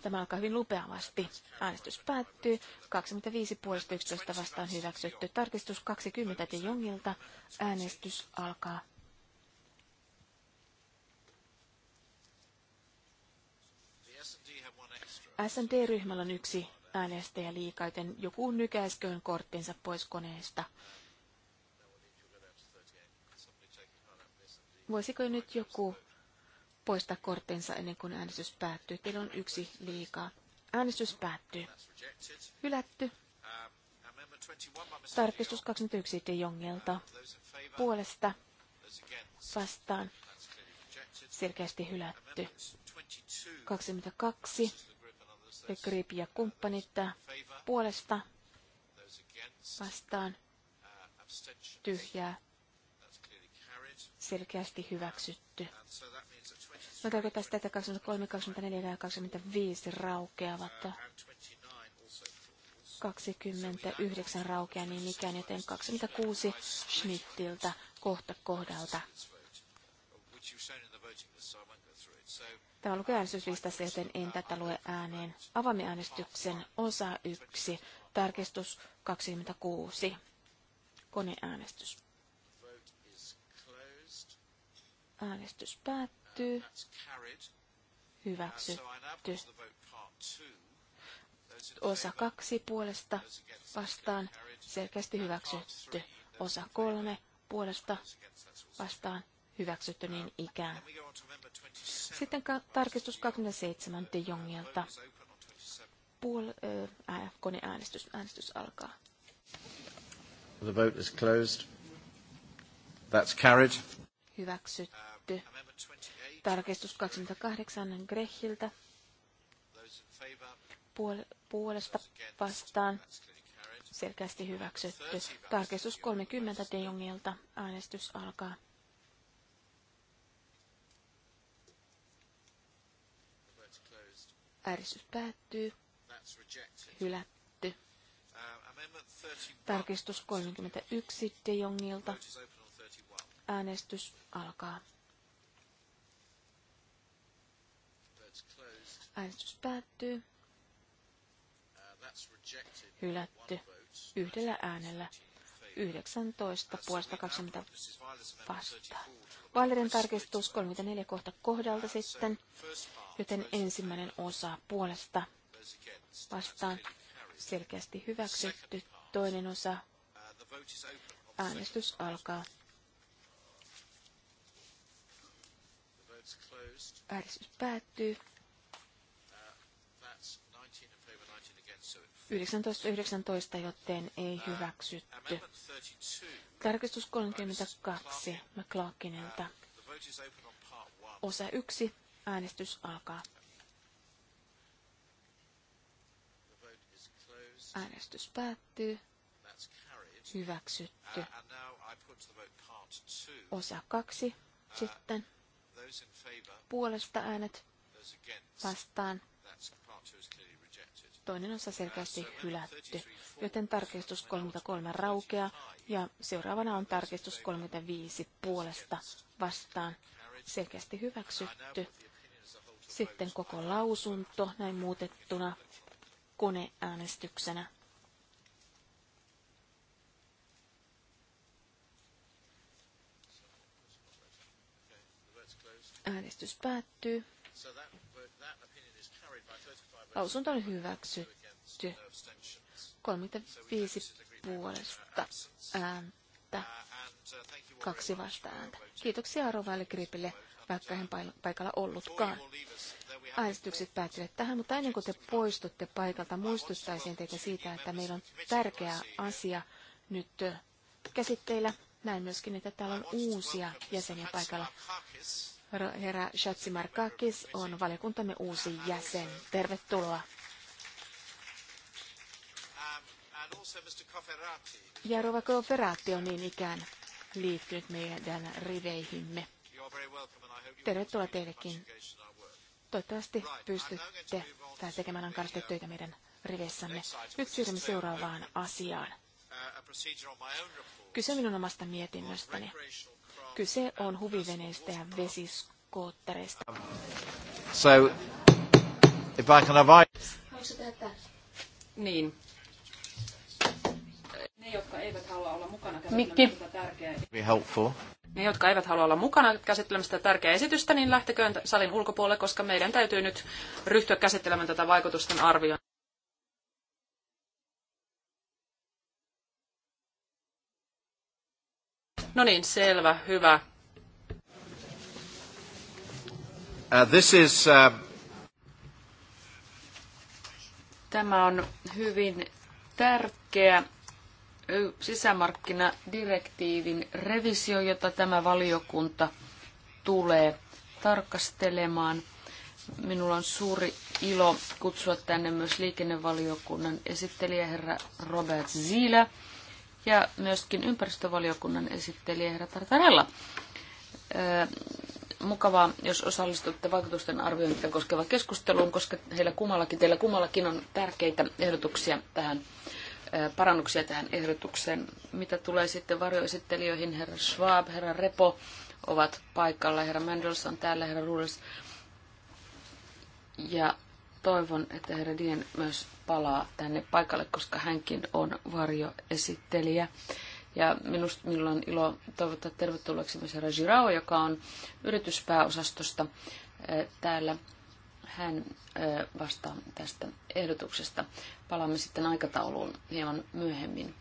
Speaker 6: Tämä alkaa hyvin lupeavasti. Äänestys päättyy. 25 puolesta 11 vastaan hyväksytty. Tarkistus 20 Jongilta. Äänestys alkaa. SND-ryhmällä on yksi äänestäjä liikaa, joten joku nykäisköön korttinsa pois koneesta. Voisiko nyt joku poistaa korttinsa ennen kuin äänestys päättyy? Teillä on yksi liikaa. Äänestys päättyy. Hylätty. Tarkistus 21 De Jongelta. Puolesta vastaan. Selkeästi hylätty. 22 Grip ja kumppanit puolesta vastaan tyhjää selkeästi hyväksytty. No tarkoittaa sitä, että 23, 24 ja 25 raukeavat. 29 raukea niin ikään, joten 26 Schmidtiltä kohta kohdalta. Tämä lukee äänestyslistassa, joten en tätä lue ääneen. Avaamme äänestyksen osa 1, tarkistus 26, koneäänestys. Äänestys päättyy. Hyväksytty. Osa kaksi puolesta vastaan selkeästi hyväksytty. Osa kolme puolesta vastaan hyväksytty niin ikään. Sitten tarkistus 27 De Jongilta. Puol- äh, koneäänestys äänestys alkaa.
Speaker 5: The vote is closed. That's carried.
Speaker 6: Hyväksytty. Tarkistus 28 Grehiltä. Puol- puolesta vastaan. Selkeästi hyväksytty. Tarkistus 30 De Jongilta. Äänestys alkaa. Äänestys päättyy. Hylätty. Uh, Tarkistus 31 De Jongilta. Äänestys alkaa. Äänestys päättyy.
Speaker 5: Uh,
Speaker 6: Hylätty yhdellä äänellä 19 puolesta 20 vastaan. Valerin tarkistus 34 kohta kohdalta sitten, joten ensimmäinen osa puolesta vastaan selkeästi hyväksytty. Toinen osa. Äänestys alkaa. Äänestys päättyy.
Speaker 5: 19.19, joten ei
Speaker 6: hyväksytty. Tarkistus 32 McLaughlinilta. Osa 1. Äänestys alkaa.
Speaker 5: Äänestys päättyy. Hyväksytty. Osa 2. Sitten puolesta äänet
Speaker 6: vastaan toinen osa selkeästi hylätty, joten tarkistus 33 raukeaa ja seuraavana on tarkistus 35 puolesta vastaan selkeästi hyväksytty. Sitten koko lausunto näin muutettuna koneäänestyksenä. Äänestys päättyy. Lausunto on hyväksytty. 35 puolesta ääntä, kaksi vasta ääntä. Kiitoksia Arovaille Gripille, vaikka hän paikalla ollutkaan. Äänestykset päättyvät tähän, mutta ennen kuin te poistutte paikalta, muistuttaisin teitä siitä, että meillä on tärkeä asia nyt käsitteillä. Näin myöskin, että täällä on uusia jäseniä paikalla. Herra Shatsimarkakis on valiokuntamme uusi jäsen. Tervetuloa. Ja rouva Koferati on niin ikään liittynyt meidän riveihimme. Tervetuloa teillekin. Toivottavasti pystytte tai tekemään ankarasti töitä meidän riveissämme. Nyt siirrymme seuraavaan asiaan. Kyse minun omasta mietinnöstäni. Kyse on huviveneistä ja vesiskoottereista.
Speaker 5: So, if I can avoid...
Speaker 2: Niin. Ne, jotka eivät halua olla mukana käsittelemässä tätä tärkeää... Ne, jotka eivät halua olla mukana käsittelemässä tätä tärkeää esitystä, niin lähteköön salin ulkopuolelle, koska meidän täytyy nyt ryhtyä käsittelemään tätä vaikutusten arviointia. No niin, selvä, hyvä.
Speaker 5: Uh, this is, uh...
Speaker 3: Tämä on hyvin tärkeä sisämarkkinadirektiivin revisio, jota tämä valiokunta tulee tarkastelemaan. Minulla on suuri ilo kutsua tänne myös liikennevaliokunnan esittelijä herra Robert Ziilä ja myöskin ympäristövaliokunnan esittelijä herra Tartarella. Mukavaa, jos osallistutte vaikutusten arviointia koskeva keskusteluun, koska heillä kummallakin, teillä kummallakin on tärkeitä ehdotuksia tähän parannuksia tähän ehdotukseen. Mitä tulee sitten varjoesittelijöihin, herra Schwab, herra Repo ovat paikalla, herra Mendelssohn täällä, herra Rules. Ja toivon, että herra Dien myös palaa tänne paikalle, koska hänkin on varjoesittelijä. Ja minust, minulla on ilo toivottaa tervetulleeksi myös herra Girao, joka on yrityspääosastosta eh, täällä. Hän eh, vastaa tästä ehdotuksesta. Palaamme sitten aikatauluun hieman myöhemmin.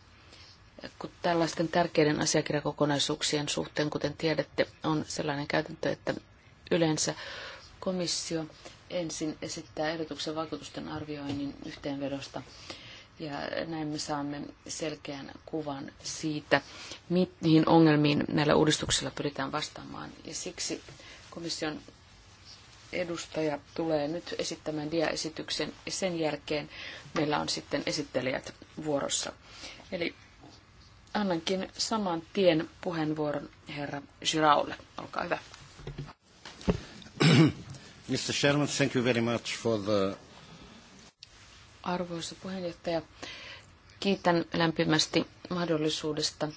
Speaker 3: Eh, kun tällaisten tärkeiden asiakirjakokonaisuuksien suhteen, kuten tiedätte, on sellainen käytäntö, että yleensä komissio ensin esittää ehdotuksen vaikutusten arvioinnin yhteenvedosta. Ja näin me saamme selkeän kuvan siitä, mihin ongelmiin näillä uudistuksilla pyritään vastaamaan. Ja siksi komission edustaja tulee nyt esittämään diaesityksen ja sen jälkeen meillä on sitten esittelijät vuorossa. Eli annankin saman tien puheenvuoron herra Giraulle. Olkaa hyvä.
Speaker 5: Mr. Chairman, thank you very much for the...
Speaker 3: Arvoisa puheenjohtaja, kiitän lämpimästi mahdollisuudesta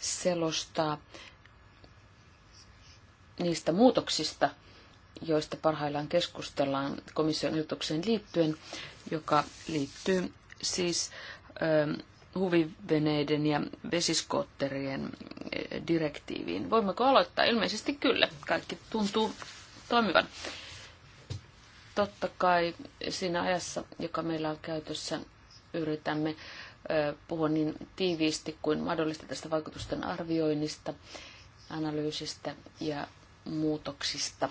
Speaker 3: selostaa niistä muutoksista, joista parhaillaan keskustellaan komission ehdotukseen liittyen, joka liittyy siis ö, ähm, huviveneiden ja vesiskootterien äh, direktiiviin. Voimmeko aloittaa? Ilmeisesti kyllä. Kaikki tuntuu toimivan. Totta kai siinä ajassa, joka meillä on käytössä, yritämme puhua niin tiiviisti kuin mahdollista tästä vaikutusten arvioinnista, analyysistä ja muutoksista,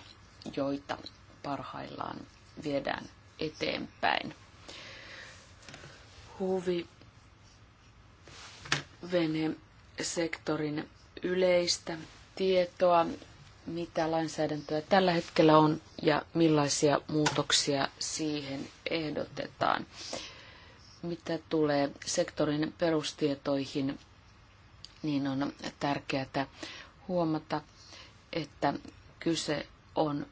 Speaker 3: joita parhaillaan viedään eteenpäin. Huvi vene-sektorin yleistä tietoa mitä lainsäädäntöä tällä hetkellä on ja millaisia muutoksia siihen ehdotetaan. Mitä tulee sektorin perustietoihin, niin on tärkeää huomata, että kyse on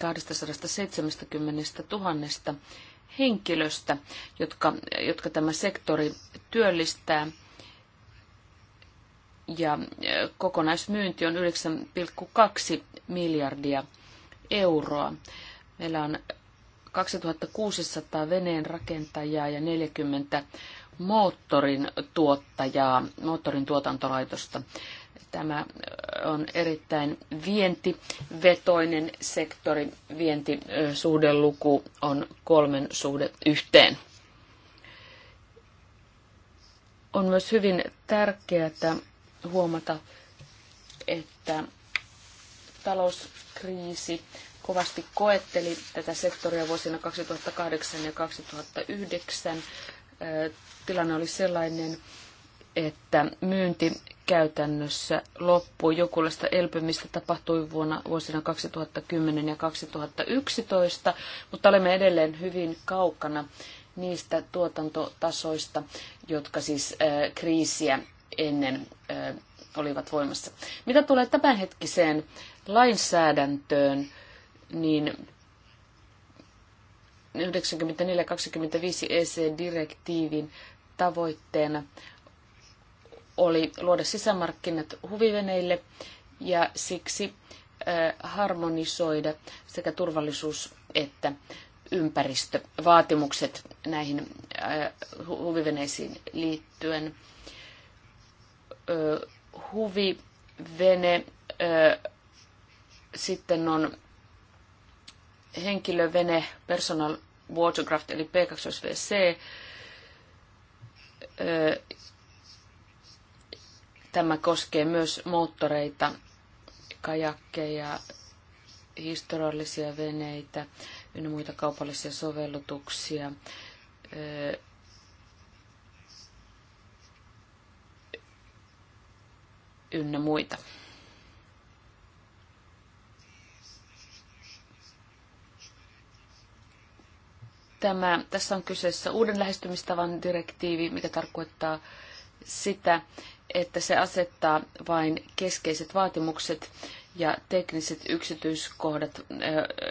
Speaker 3: 270 000 henkilöstä, jotka, jotka tämä sektori työllistää – ja e, kokonaismyynti on 9,2 miljardia euroa. Meillä on 2600 veneen rakentajaa ja 40 moottorin tuottajaa, moottorin tuotantolaitosta. Tämä e, on erittäin vientivetoinen sektori. Vientisuhdeluku on kolmen suhde yhteen. On myös hyvin tärkeää, että huomata, että talouskriisi kovasti koetteli tätä sektoria vuosina 2008 ja 2009. Tilanne oli sellainen, että myynti käytännössä loppui. Jokulasta elpymistä tapahtui vuonna, vuosina 2010 ja 2011, mutta olemme edelleen hyvin kaukana niistä tuotantotasoista, jotka siis kriisiä ennen olivat voimassa. Mitä tulee tämänhetkiseen lainsäädäntöön, niin 94-25 EC-direktiivin tavoitteena oli luoda sisämarkkinat huviveneille ja siksi harmonisoida sekä turvallisuus- että ympäristövaatimukset näihin huviveneisiin liittyen huvi huvivene, äh, sitten on henkilövene, personal watercraft eli P2VC, Tämä koskee myös moottoreita, kajakkeja, historiallisia veneitä ja muita kaupallisia sovellutuksia. ynnä muita. Tämä, tässä on kyseessä uuden lähestymistavan direktiivi, mikä tarkoittaa sitä, että se asettaa vain keskeiset vaatimukset ja tekniset yksityiskohdat,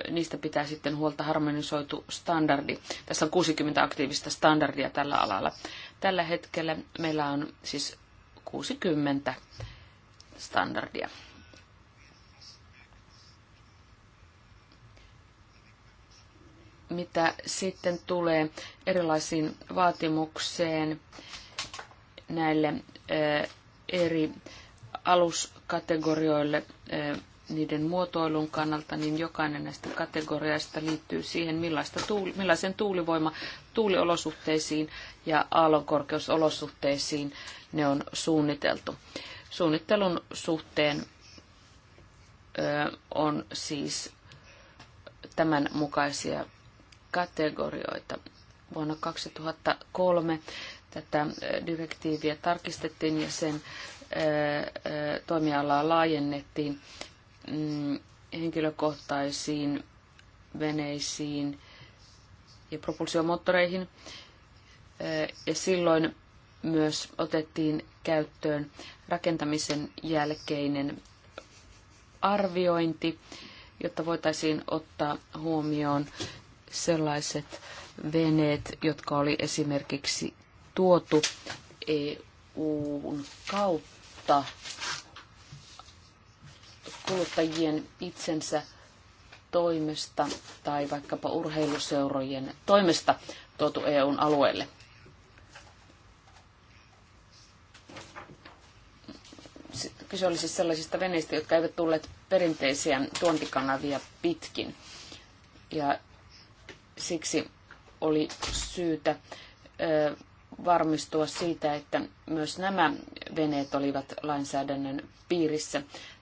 Speaker 3: niistä pitää sitten huolta harmonisoitu standardi. Tässä on 60 aktiivista standardia tällä alalla. Tällä hetkellä meillä on siis 60 standardia. Mitä sitten tulee erilaisiin vaatimukseen näille eri aluskategorioille niiden muotoilun kannalta, niin jokainen näistä kategoriaista liittyy siihen, millaista tuuli, millaisen tuulivoima tuuliolosuhteisiin ja aallonkorkeusolosuhteisiin ne on suunniteltu. Suunnittelun suhteen on siis tämän mukaisia kategorioita. Vuonna 2003 tätä direktiiviä tarkistettiin ja sen toimialaa laajennettiin mm, henkilökohtaisiin veneisiin ja propulsiomoottoreihin. Ja silloin myös otettiin käyttöön rakentamisen jälkeinen arviointi, jotta voitaisiin ottaa huomioon sellaiset veneet, jotka oli esimerkiksi tuotu EUn kautta kuluttajien itsensä toimesta tai vaikkapa urheiluseurojen toimesta tuotu EUn alueelle. Kyse oli siis sellaisista veneistä, jotka eivät tulleet perinteisiä tuontikanavia pitkin. Ja siksi oli syytä ö, varmistua siitä, että myös nämä veneet olivat lainsäädännön piirissä.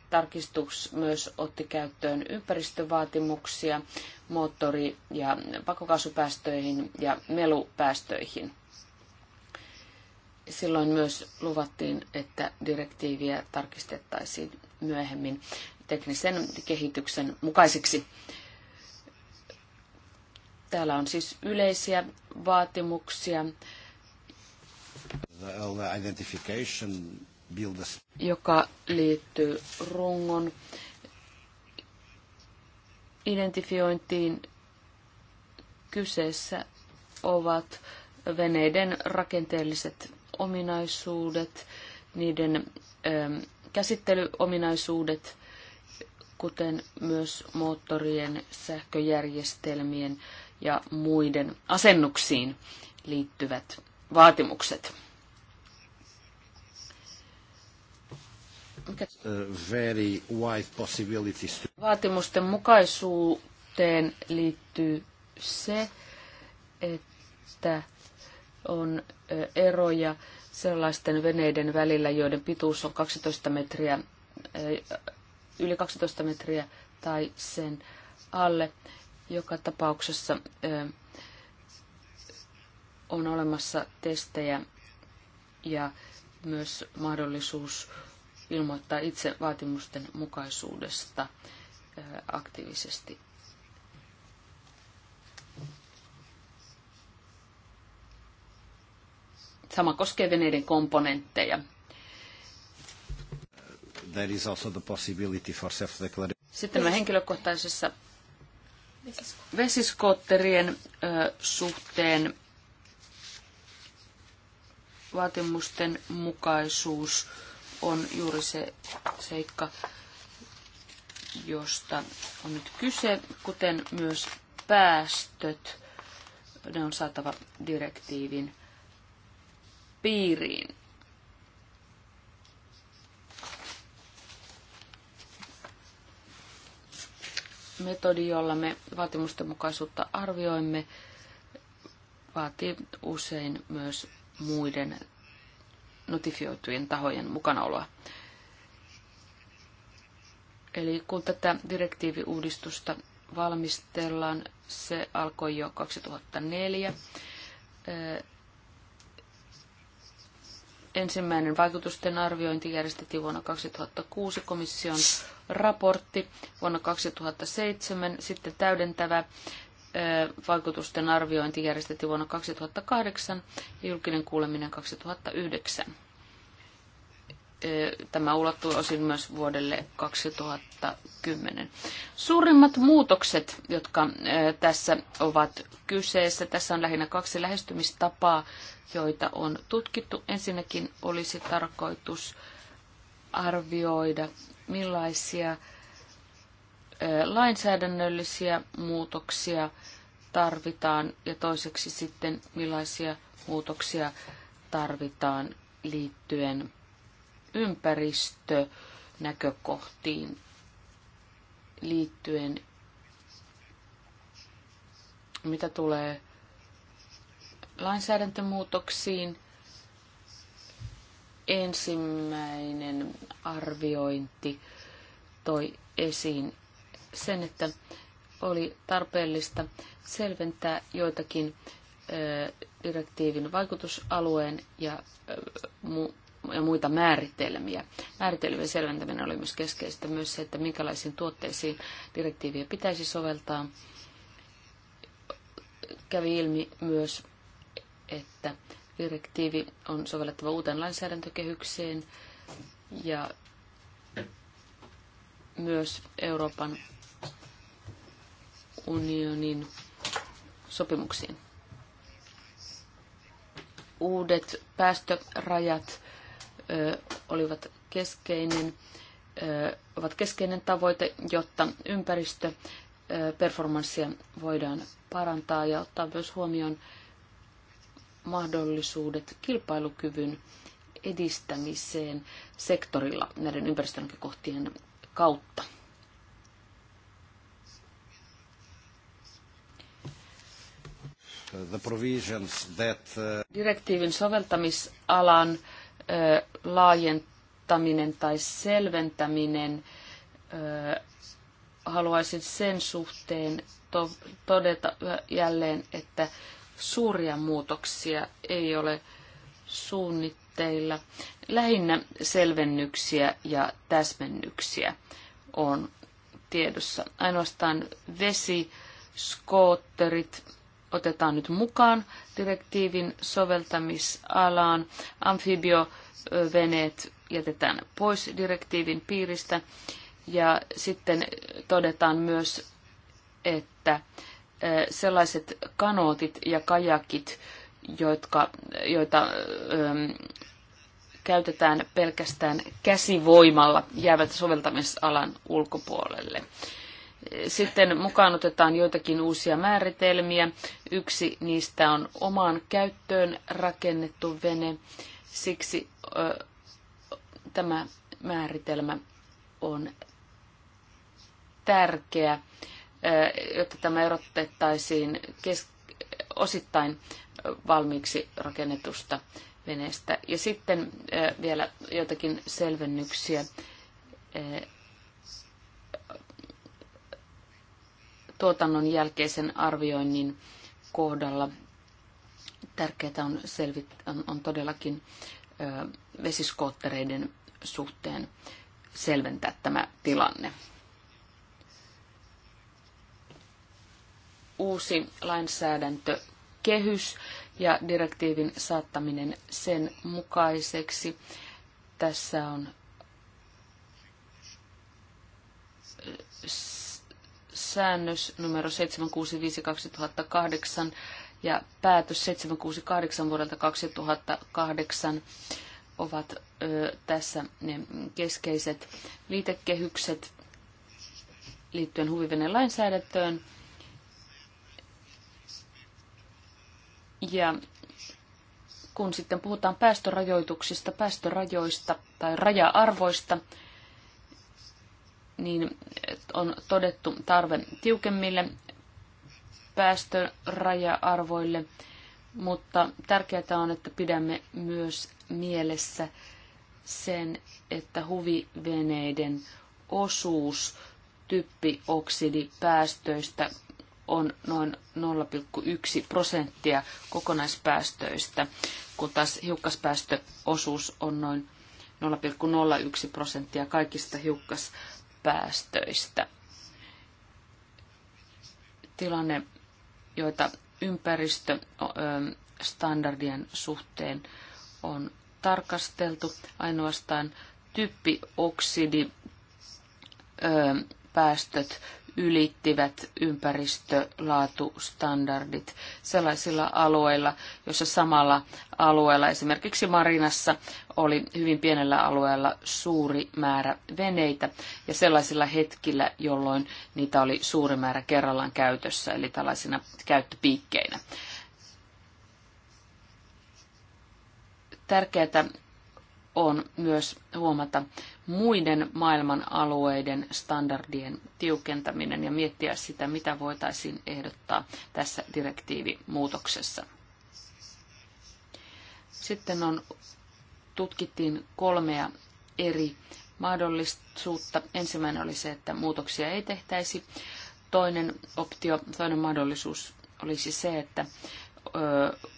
Speaker 3: Tarkistus myös otti käyttöön ympäristövaatimuksia moottori- ja pakokaasupäästöihin ja melupäästöihin. Silloin myös luvattiin, että direktiiviä tarkistettaisiin myöhemmin teknisen kehityksen mukaisiksi. Täällä on siis yleisiä vaatimuksia, joka
Speaker 5: liittyy
Speaker 3: rungon identifiointiin. Kyseessä ovat veneiden rakenteelliset ominaisuudet, niiden ähm, käsittelyominaisuudet, kuten myös moottorien, sähköjärjestelmien ja muiden asennuksiin liittyvät vaatimukset.
Speaker 5: Very wide possibilities.
Speaker 3: Vaatimusten mukaisuuteen liittyy se, että on eroja sellaisten veneiden välillä, joiden pituus on 12 metriä, eh, yli 12 metriä tai sen alle. Joka tapauksessa eh, on olemassa testejä ja myös mahdollisuus ilmoittaa itse vaatimusten mukaisuudesta eh, aktiivisesti Sama koskee veneiden komponentteja.
Speaker 5: There is also the possibility for self
Speaker 3: Sitten me henkilökohtaisessa vesiskootterien suhteen vaatimusten mukaisuus on juuri se seikka, josta on nyt kyse, kuten myös päästöt. Ne on saatava direktiivin piiriin. Metodi, jolla me vaatimusten mukaisuutta arvioimme, vaatii usein myös muiden notifioitujen tahojen mukanaoloa. Eli kun tätä direktiiviuudistusta valmistellaan, se alkoi jo 2004. Ensimmäinen vaikutusten arviointi järjestettiin vuonna 2006 komission raportti, vuonna 2007 sitten täydentävä vaikutusten arviointi järjestettiin vuonna 2008 ja julkinen kuuleminen 2009. Tämä ulottuu osin myös vuodelle 2010. Suurimmat muutokset, jotka tässä ovat kyseessä, tässä on lähinnä kaksi lähestymistapaa, joita on tutkittu. Ensinnäkin olisi tarkoitus arvioida, millaisia lainsäädännöllisiä muutoksia tarvitaan ja toiseksi sitten millaisia muutoksia tarvitaan liittyen ympäristönäkökohtiin liittyen, mitä tulee lainsäädäntömuutoksiin. Ensimmäinen arviointi toi esiin sen, että oli tarpeellista selventää joitakin direktiivin vaikutusalueen ja ja muita määritelmiä. Määritelmien selventäminen oli myös keskeistä myös se, että minkälaisiin tuotteisiin direktiiviä pitäisi soveltaa. Kävi ilmi myös, että direktiivi on sovellettava uuteen lainsäädäntökehykseen ja myös Euroopan unionin sopimuksiin. Uudet päästörajat olivat keskeinen, ovat keskeinen tavoite, jotta ympäristö performanssia voidaan parantaa ja ottaa myös huomioon mahdollisuudet kilpailukyvyn edistämiseen sektorilla näiden ympäristönäkökohtien kautta. Uh, Direktiivin soveltamisalan laajentaminen tai selventäminen. Haluaisin sen suhteen todeta jälleen, että suuria muutoksia ei ole suunnitteilla. Lähinnä selvennyksiä ja täsmennyksiä on tiedossa. Ainoastaan vesi, skootterit otetaan nyt mukaan direktiivin soveltamisalaan. Amfibioveneet jätetään pois direktiivin piiristä ja sitten todetaan myös, että sellaiset kanootit ja kajakit, jotka, joita ähm, käytetään pelkästään käsivoimalla, jäävät soveltamisalan ulkopuolelle. Sitten mukaan otetaan joitakin uusia määritelmiä. Yksi niistä on omaan käyttöön rakennettu vene. Siksi ö, tämä määritelmä on tärkeä, ö, jotta tämä erotettaisiin kes- osittain valmiiksi rakennetusta veneestä. Ja sitten ö, vielä joitakin selvennyksiä. Ö, tuotannon jälkeisen arvioinnin kohdalla tärkeää on, selvit, on, on todellakin ö, vesiskoottereiden suhteen selventää tämä tilanne. Uusi lainsäädäntö kehys ja direktiivin saattaminen sen mukaiseksi. Tässä on säännös numero 765-2008 ja päätös 768 vuodelta 2008 ovat ö, tässä ne keskeiset liitekehykset liittyen huviveneen lainsäädäntöön. Ja kun sitten puhutaan päästörajoituksista, päästörajoista tai raja-arvoista, niin on todettu tarve tiukemmille päästöraja-arvoille, mutta tärkeää on, että pidämme myös mielessä sen, että huviveneiden osuus typpioksidipäästöistä on noin 0,1 prosenttia kokonaispäästöistä, kun taas hiukkaspäästöosuus on noin 0,01 prosenttia kaikista hiukkas päästöistä. Tilanne, joita ympäristöstandardien suhteen on tarkasteltu, ainoastaan typpioksidipäästöt ylittivät ympäristölaatustandardit sellaisilla alueilla, joissa samalla alueella, esimerkiksi Marinassa, oli hyvin pienellä alueella suuri määrä veneitä ja sellaisilla hetkillä, jolloin niitä oli suuri määrä kerrallaan käytössä, eli tällaisina käyttöpiikkeinä. Tärkeää on myös huomata muiden maailman alueiden standardien tiukentaminen ja miettiä sitä, mitä voitaisiin ehdottaa tässä direktiivimuutoksessa. Sitten on, tutkittiin kolmea eri mahdollisuutta. Ensimmäinen oli se, että muutoksia ei tehtäisi. Toinen optio, toinen mahdollisuus olisi se, että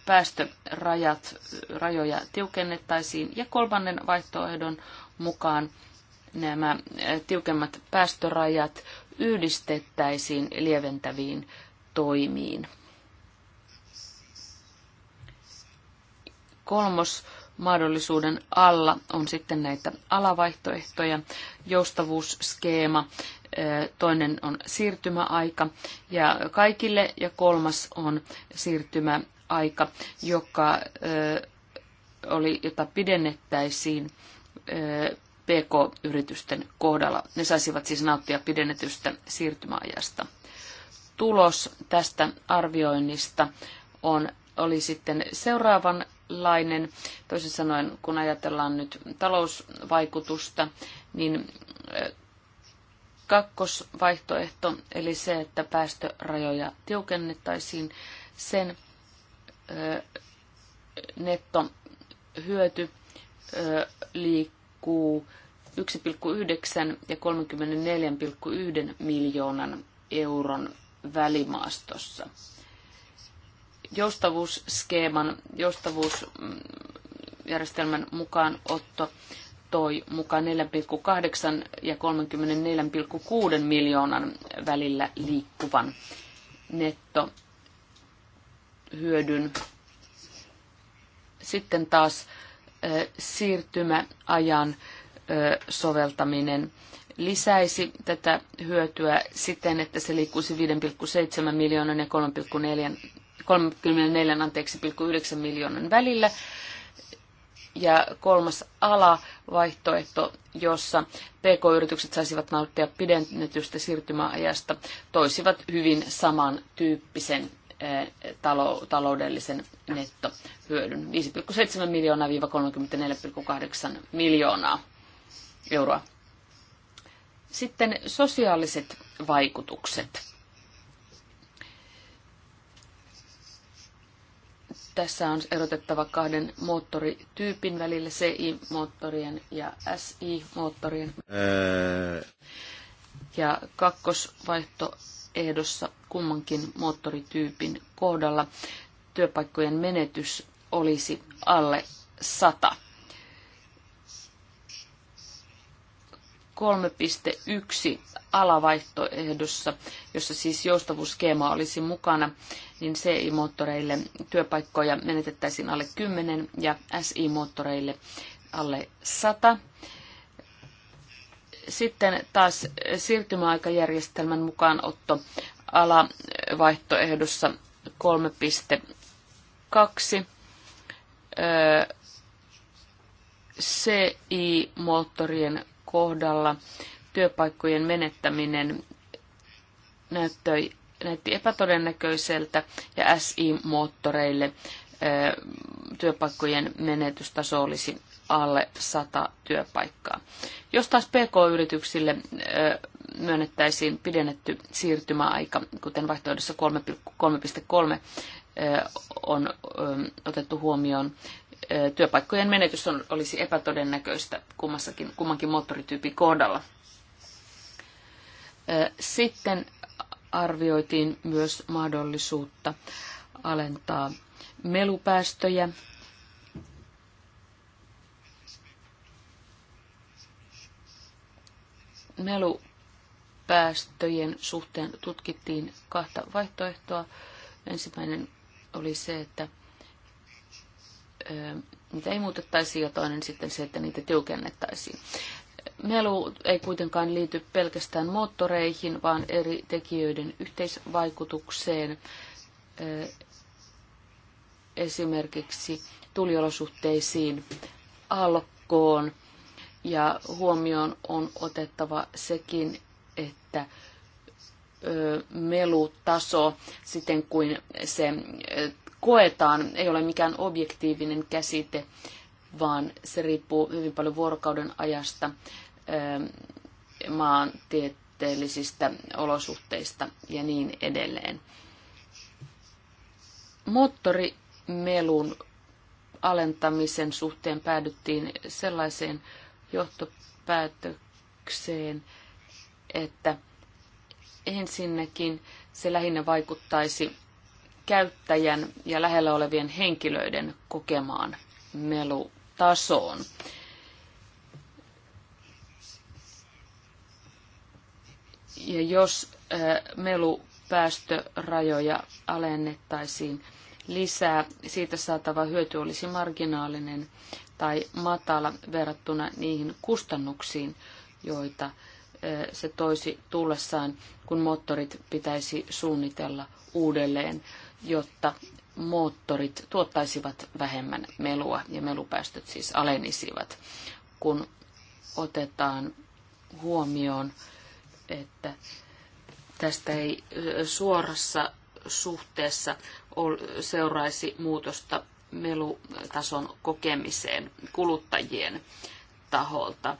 Speaker 3: päästörajat, rajoja tiukennettaisiin. Ja kolmannen vaihtoehdon mukaan nämä tiukemmat päästörajat yhdistettäisiin lieventäviin toimiin. Kolmos mahdollisuuden alla on sitten näitä alavaihtoehtoja, joustavuusskeema, toinen on siirtymäaika ja kaikille ja kolmas on siirtymäaika, joka oli, jota pidennettäisiin PK-yritysten kohdalla. Ne saisivat siis nauttia pidennetystä siirtymäajasta. Tulos tästä arvioinnista on, oli sitten seuraavan erilainen. Toisin sanoen, kun ajatellaan nyt talousvaikutusta, niin kakkosvaihtoehto, eli se, että päästörajoja tiukennettaisiin, sen nettohyöty liikkuu 1,9 ja 34,1 miljoonan euron välimaastossa joustavuusskeeman, joustavuusjärjestelmän mukaan otto toi mukaan 4,8 ja 34,6 miljoonan välillä liikkuvan nettohyödyn. Sitten taas siirtymäajan soveltaminen lisäisi tätä hyötyä siten, että se liikkuisi 5,7 miljoonan ja 3,4 34,9 miljoonan välillä. Ja kolmas ala vaihtoehto, jossa PK-yritykset saisivat nauttia pidennetystä siirtymäajasta, toisivat hyvin samantyyppisen eh, taloudellisen nettohyödyn. 5,7 miljoonaa 34,8 miljoonaa euroa. Sitten sosiaaliset vaikutukset Tässä on erotettava kahden moottorityypin välillä, CI-moottorien ja SI-moottorien.
Speaker 1: Ää...
Speaker 3: Ja kakkosvaihtoehdossa kummankin moottorityypin kohdalla työpaikkojen menetys olisi alle 100. 3.1 alavaihtoehdossa, jossa siis joustavuusskeema olisi mukana, niin CI-moottoreille työpaikkoja menetettäisiin alle 10 ja SI-moottoreille alle 100. Sitten taas siirtymäaikajärjestelmän mukaanotto alavaihtoehdossa 3.2. CI-moottorien kohdalla työpaikkojen menettäminen näyttöi, näytti epätodennäköiseltä ja SI-moottoreille työpaikkojen menetystaso olisi alle 100 työpaikkaa. Jos taas PK-yrityksille myönnettäisiin pidennetty siirtymäaika, kuten vaihtoehdossa 3,3 on otettu huomioon, työpaikkojen menetys on, olisi epätodennäköistä kummassakin, kummankin moottorityypin kohdalla. Sitten arvioitiin myös mahdollisuutta alentaa melupäästöjä. Melupäästöjen suhteen tutkittiin kahta vaihtoehtoa. Ensimmäinen oli se, että niitä ei muutettaisi ja toinen sitten se, että niitä tiukennettaisiin. Melu ei kuitenkaan liity pelkästään moottoreihin, vaan eri tekijöiden yhteisvaikutukseen. Esimerkiksi tuliolosuhteisiin, alkoon ja huomioon on otettava sekin, että melutaso, siten kuin se koetaan, ei ole mikään objektiivinen käsite, vaan se riippuu hyvin paljon vuorokauden ajasta, ähm, maantieteellisistä olosuhteista ja niin edelleen. Moottorimelun alentamisen suhteen päädyttiin sellaiseen johtopäätökseen, että ensinnäkin se lähinnä vaikuttaisi käyttäjän ja lähellä olevien henkilöiden kokemaan melutasoon. Ja jos äh, melupäästörajoja alennettaisiin lisää, siitä saatava hyöty olisi marginaalinen tai matala verrattuna niihin kustannuksiin, joita äh, se toisi tullessaan, kun moottorit pitäisi suunnitella uudelleen jotta moottorit tuottaisivat vähemmän melua ja melupäästöt siis alenisivat, kun otetaan huomioon, että tästä ei suorassa suhteessa seuraisi muutosta melutason kokemiseen kuluttajien taholta.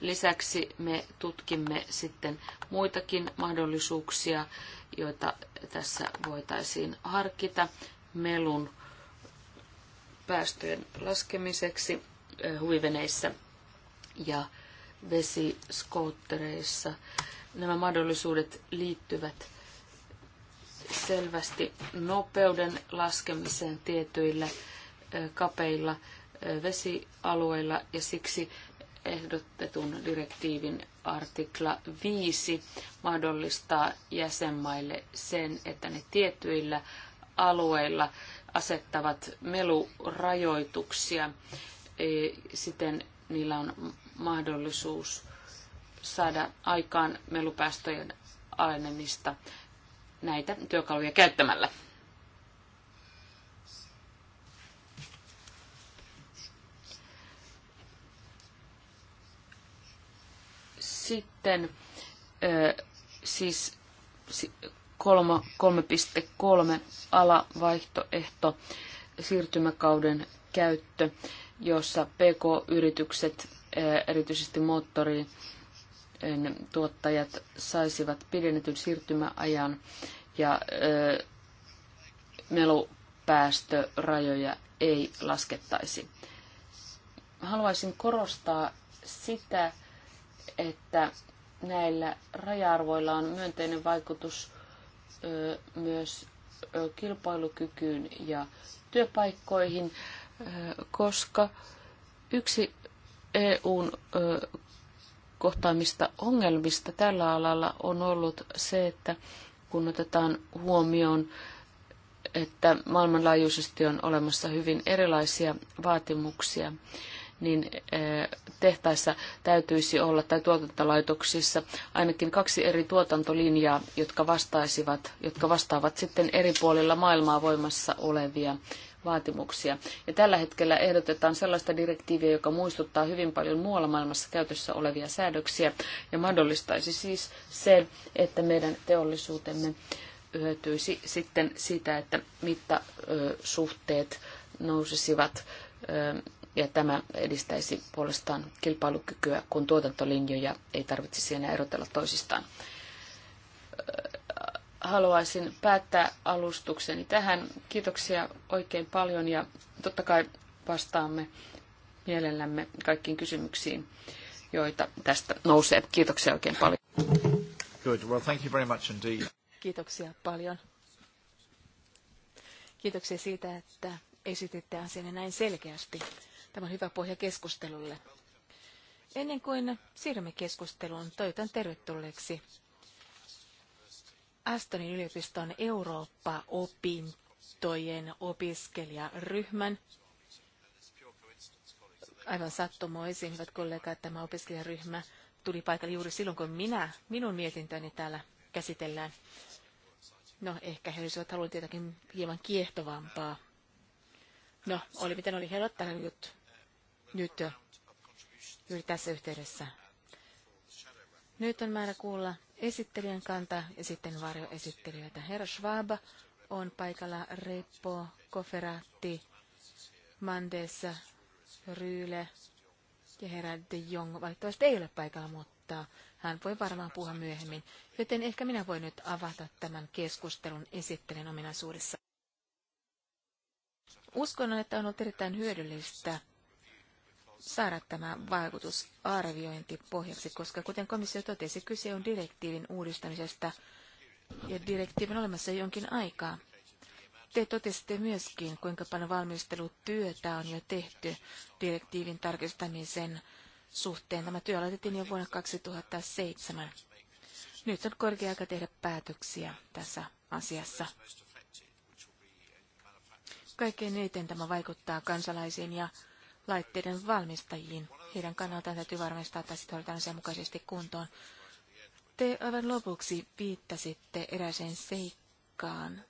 Speaker 3: Lisäksi me tutkimme sitten muitakin mahdollisuuksia joita tässä voitaisiin harkita melun päästöjen laskemiseksi huviveneissä ja vesiskoottereissa. Nämä mahdollisuudet liittyvät selvästi nopeuden laskemiseen tietyillä kapeilla vesialueilla ja siksi ehdotetun direktiivin Artikla 5 mahdollistaa jäsenmaille sen, että ne tietyillä alueilla asettavat melurajoituksia. E, siten niillä on mahdollisuus saada aikaan melupäästöjen alenemista näitä työkaluja käyttämällä. Sitten siis 3.3 alavaihtoehto siirtymäkauden käyttö, jossa PK-yritykset, erityisesti moottorin tuottajat saisivat pidennetyn siirtymäajan ja melupäästörajoja ei laskettaisi. Haluaisin korostaa sitä, että näillä raja-arvoilla on myönteinen vaikutus myös kilpailukykyyn ja työpaikkoihin, koska yksi EUn kohtaamista ongelmista tällä alalla on ollut se, että kun otetaan huomioon, että maailmanlaajuisesti on olemassa hyvin erilaisia vaatimuksia, niin tehtaissa täytyisi olla tai tuotantolaitoksissa ainakin kaksi eri tuotantolinjaa, jotka, vastaisivat, jotka vastaavat sitten eri puolilla maailmaa voimassa olevia vaatimuksia. Ja tällä hetkellä ehdotetaan sellaista direktiiviä, joka muistuttaa hyvin paljon muualla maailmassa käytössä olevia säädöksiä ja mahdollistaisi siis sen, että meidän teollisuutemme hyötyisi sitten sitä, että mittasuhteet nousisivat ja tämä edistäisi puolestaan kilpailukykyä, kun tuotantolinjoja ei tarvitsisi enää erotella toisistaan. Haluaisin päättää alustukseni tähän. Kiitoksia oikein paljon ja totta kai vastaamme mielellämme kaikkiin kysymyksiin, joita tästä nousee. Kiitoksia oikein paljon.
Speaker 5: Good. Well, thank you very much indeed.
Speaker 6: Kiitoksia paljon. Kiitoksia siitä, että esititte asian näin selkeästi. Tämä on hyvä pohja keskustelulle. Ennen kuin siirrymme keskusteluun, toivotan tervetulleeksi Astonin yliopiston Eurooppa-opintojen opiskelijaryhmän. Aivan sattumoisin, hyvät kollegat, tämä opiskelijaryhmä tuli paikalle juuri silloin, kun minä, minun mietintöni täällä käsitellään. No, ehkä he olisivat halunneet jotakin hieman kiehtovampaa. No, oli miten oli, he nyt nyt juuri tässä yhteydessä. Nyt on määrä kuulla esittelijän kanta ja sitten varjoesittelijöitä. Herra Schwab on paikalla Repo, Koferatti, Mandes, Ryyle ja herra De Jong. Valitettavasti ei ole paikalla, mutta hän voi varmaan puhua myöhemmin. Joten ehkä minä voin nyt avata tämän keskustelun esittelijän ominaisuudessa. Uskon, että on ollut erittäin hyödyllistä saada tämä vaikutusarviointi pohjaksi, koska kuten komissio totesi, kyse on direktiivin uudistamisesta ja direktiivin olemassa jonkin aikaa. Te totesitte myöskin, kuinka paljon valmistelutyötä on jo tehty direktiivin tarkistamisen suhteen. Tämä työ aloitettiin jo vuonna 2007. Nyt on korkea aika tehdä päätöksiä tässä asiassa. Kaikkein eniten tämä vaikuttaa kansalaisiin ja laitteiden valmistajiin. Heidän kannaltaan täytyy varmistaa, että sitä hoidetaan sen mukaisesti kuntoon. Te aivan lopuksi viittasitte eräiseen seikkaan,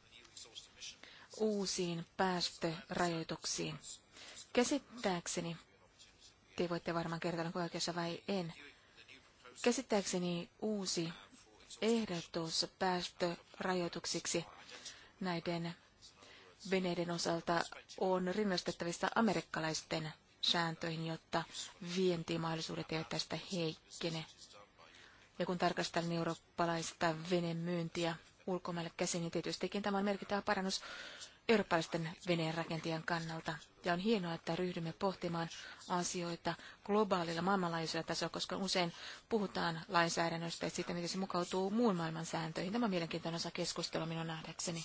Speaker 6: uusiin päästörajoituksiin. Käsittääkseni, te voitte varmaan kertoa, onko oikeassa vai en, käsittääkseni uusi ehdotus päästörajoituksiksi näiden veneiden osalta on rinnastettavissa amerikkalaisten sääntöihin, jotta vientimahdollisuudet eivät tästä heikkene. Ja kun tarkastellaan eurooppalaista vene-myyntiä ulkomaille käsin, niin tietystikin tämä on merkittävä parannus eurooppalaisten veneen rakentajan kannalta. Ja on hienoa, että ryhdymme pohtimaan asioita globaalilla maailmanlaajuisella tasolla, koska usein puhutaan lainsäädännöstä ja siitä, miten se mukautuu muun maailman sääntöihin. Tämä on mielenkiintoinen osa keskustelua minun nähdäkseni,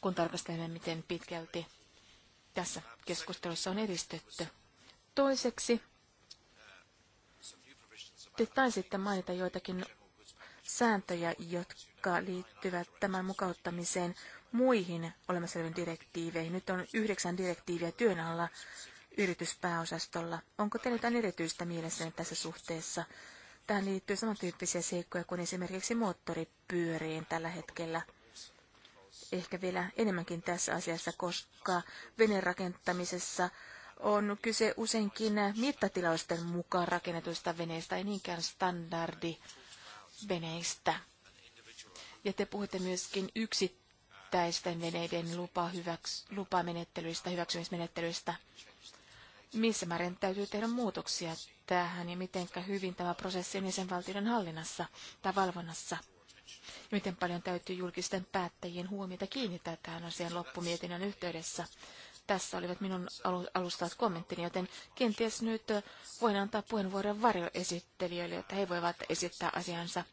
Speaker 6: kun tarkastelemme, miten pitkälti tässä keskustelussa on edistetty. Toiseksi te taisitte mainita joitakin sääntöjä, jotka liittyvät tämän mukauttamiseen muihin olemassa oleviin direktiiveihin. Nyt on yhdeksän direktiiviä työn alla yrityspääosastolla. Onko teillä jotain erityistä mielessä tässä suhteessa? Tähän liittyy samantyyppisiä seikkoja kuin esimerkiksi moottoripyöriin tällä hetkellä ehkä vielä enemmänkin tässä asiassa, koska veneen rakentamisessa on kyse useinkin mittatilausten mukaan rakennetuista veneistä, ei niinkään standardiveneistä. Ja te puhutte myöskin yksittäisten veneiden lupa hyväks, lupamenettelyistä, hyväksymismenettelyistä. Missä määrin täytyy tehdä muutoksia tähän ja miten hyvin tämä prosessi on jäsenvaltioiden hallinnassa tai valvonnassa? miten paljon täytyy julkisten päättäjien huomiota kiinnittää tähän asian loppumietinnän yhteydessä. Tässä olivat minun alustavat kommenttini, joten kenties nyt voin antaa puheenvuoron varjoesittelijöille, jotta he voivat esittää asiansa.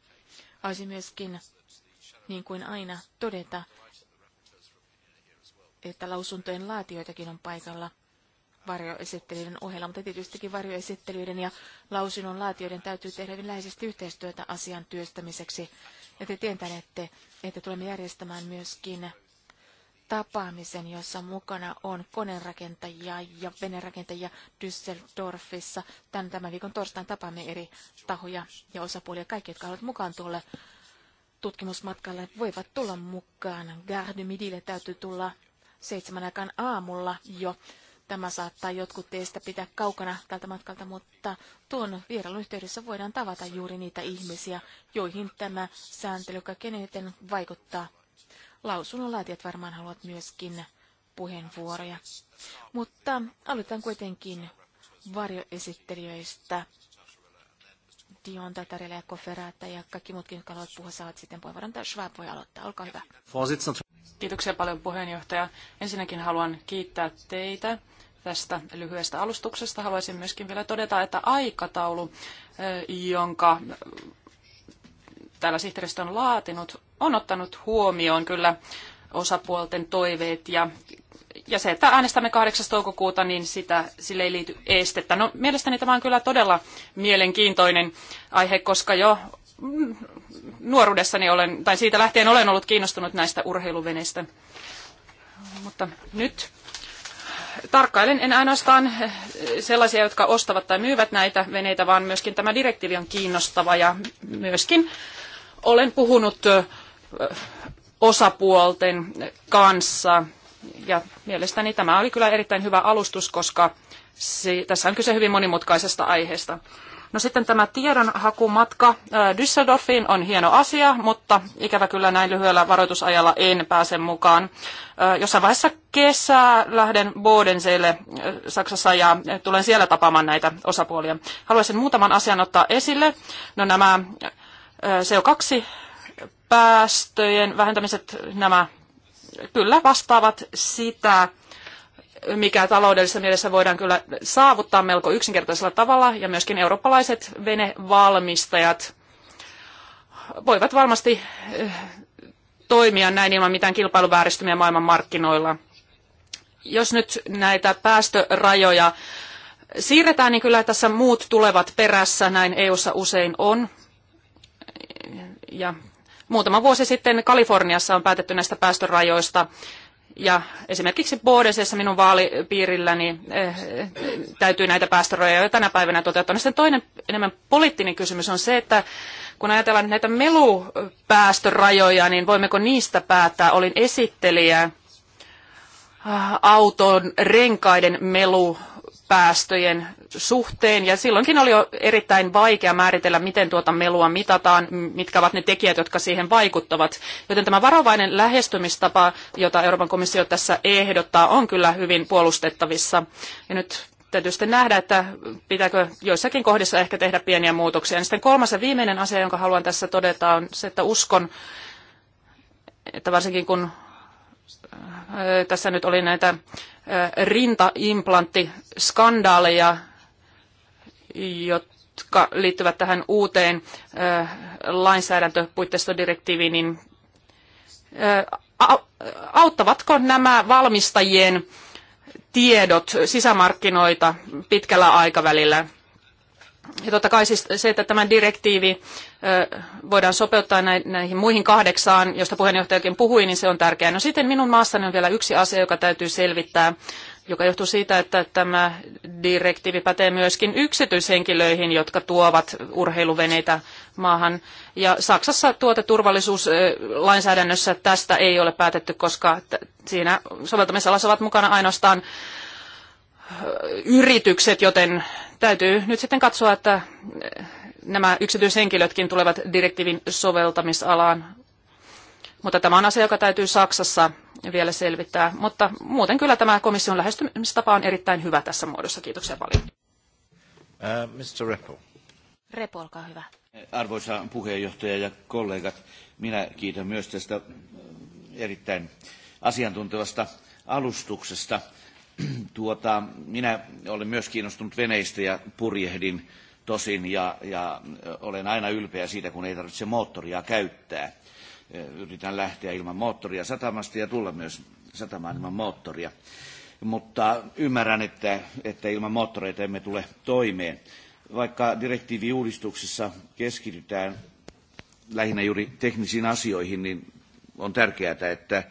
Speaker 6: Haluaisin myöskin, niin kuin aina, todeta, että lausuntojen laatijoitakin on paikalla varjoesittelyiden ohella, mutta tietystikin varjoesittelyiden ja lausunnon laatijoiden täytyy tehdä läheisesti yhteistyötä asian työstämiseksi. Ja te tietänette, että tulemme järjestämään myöskin tapaamisen, jossa mukana on konerakentajia ja venerakentajia Düsseldorfissa. Tän, tämän viikon torstain tapaamme eri tahoja ja osapuolia. Kaikki, jotka haluavat mukaan tuolle tutkimusmatkalle, voivat tulla mukaan. Gare Midille täytyy tulla seitsemän aikaan aamulla jo Tämä saattaa jotkut teistä pitää kaukana tältä matkalta, mutta tuon vierailun yhteydessä voidaan tavata juuri niitä ihmisiä, joihin tämä sääntely kaikkein eniten vaikuttaa. Lausunnonlaatijat varmaan haluavat myöskin puheenvuoroja. Mutta aloitetaan kuitenkin varjoesittelijöistä. Dion Tatarilla ja Koferata ja kaikki muutkin, jotka haluavat puhua, saavat sitten puheenvuoron. Schwab voi aloittaa. Olkaa hyvä.
Speaker 2: Kiitoksia paljon puheenjohtaja. Ensinnäkin haluan kiittää teitä tästä lyhyestä alustuksesta. Haluaisin myöskin vielä todeta, että aikataulu, jonka täällä sihteeristö on laatinut, on ottanut huomioon kyllä osapuolten toiveet ja, ja se, että äänestämme 8. toukokuuta, niin sitä, sille ei liity estettä. No, mielestäni tämä on kyllä todella mielenkiintoinen aihe, koska jo nuoruudessani olen, tai siitä lähtien olen ollut kiinnostunut näistä urheiluveneistä. Mutta nyt tarkkailen en ainoastaan sellaisia, jotka ostavat tai myyvät näitä veneitä, vaan myöskin tämä direktiivi on kiinnostava ja myöskin olen puhunut osapuolten kanssa. Ja mielestäni tämä oli kyllä erittäin hyvä alustus, koska se, tässä on kyse hyvin monimutkaisesta aiheesta. No sitten tämä tiedonhakumatka äh, Düsseldorfiin on hieno asia, mutta ikävä kyllä näin lyhyellä varoitusajalla en pääse mukaan. Äh, jossain vaiheessa kesää lähden Bodenseille äh, Saksassa ja tulen siellä tapaamaan näitä osapuolia. Haluaisin muutaman asian ottaa esille. No nämä CO2 päästöjen vähentämiset, nämä kyllä vastaavat sitä, mikä taloudellisessa mielessä voidaan kyllä saavuttaa melko yksinkertaisella tavalla, ja myöskin eurooppalaiset venevalmistajat voivat varmasti eh, toimia näin ilman mitään kilpailuvääristymiä maailmanmarkkinoilla. Jos nyt näitä päästörajoja siirretään, niin kyllä tässä muut tulevat perässä, näin EU:ssa usein on. Ja muutama vuosi sitten Kaliforniassa on päätetty näistä päästörajoista, ja esimerkiksi Boodesessa minun vaalipiirilläni eh, täytyy näitä päästörajoja jo tänä päivänä toteuttaa. No sitten toinen enemmän poliittinen kysymys on se, että kun ajatellaan näitä melupäästörajoja, niin voimmeko niistä päättää? Olin esittelijä ah, auton renkaiden melupäästöjen suhteen, ja silloinkin oli jo erittäin vaikea määritellä, miten tuota melua mitataan, mitkä ovat ne tekijät, jotka siihen vaikuttavat. Joten tämä varovainen lähestymistapa, jota Euroopan komissio tässä ehdottaa, on kyllä hyvin puolustettavissa. Ja nyt täytyy sitten nähdä, että pitääkö joissakin kohdissa ehkä tehdä pieniä muutoksia. Ja sitten kolmas ja viimeinen asia, jonka haluan tässä todeta, on se, että uskon, että varsinkin kun äh, tässä nyt oli näitä äh, rintaimplanttiskandaaleja, jotka liittyvät tähän uuteen lainsäädäntöpuitteistodirektiiviin, niin auttavatko nämä valmistajien tiedot sisämarkkinoita pitkällä aikavälillä? Ja totta kai siis se, että tämä direktiivi voidaan sopeuttaa näihin muihin kahdeksaan, josta puheenjohtajakin puhui, niin se on tärkeää. No sitten minun maassani on vielä yksi asia, joka täytyy selvittää joka johtuu siitä, että tämä direktiivi pätee myöskin yksityishenkilöihin, jotka tuovat urheiluveneitä maahan. Ja Saksassa tuoteturvallisuuslainsäädännössä tästä ei ole päätetty, koska siinä soveltamisalassa ovat mukana ainoastaan yritykset, joten täytyy nyt sitten katsoa, että nämä yksityishenkilötkin tulevat direktiivin soveltamisalaan. Mutta tämä on asia, joka täytyy Saksassa vielä selvittää. Mutta muuten kyllä tämä komission lähestymistapa on erittäin hyvä tässä muodossa. Kiitoksia paljon.
Speaker 4: Uh, äh, Mr. Repo.
Speaker 6: Repo, olkaa hyvä.
Speaker 4: Arvoisa puheenjohtaja ja kollegat, minä kiitän myös tästä erittäin asiantuntevasta alustuksesta. Tuota, minä olen myös kiinnostunut veneistä ja purjehdin tosin ja, ja olen aina ylpeä siitä, kun ei tarvitse moottoria käyttää. Eh, Yritän lähteä ilman moottoria satamasta ja tulla myös satamaan ilman moottoria. Mutta ymmärrän, että, että ilman moottoreita emme tule toimeen. Vaikka direktiiviuudistuksessa keskitytään lähinnä juuri teknisiin asioihin, niin on tärkeää, että,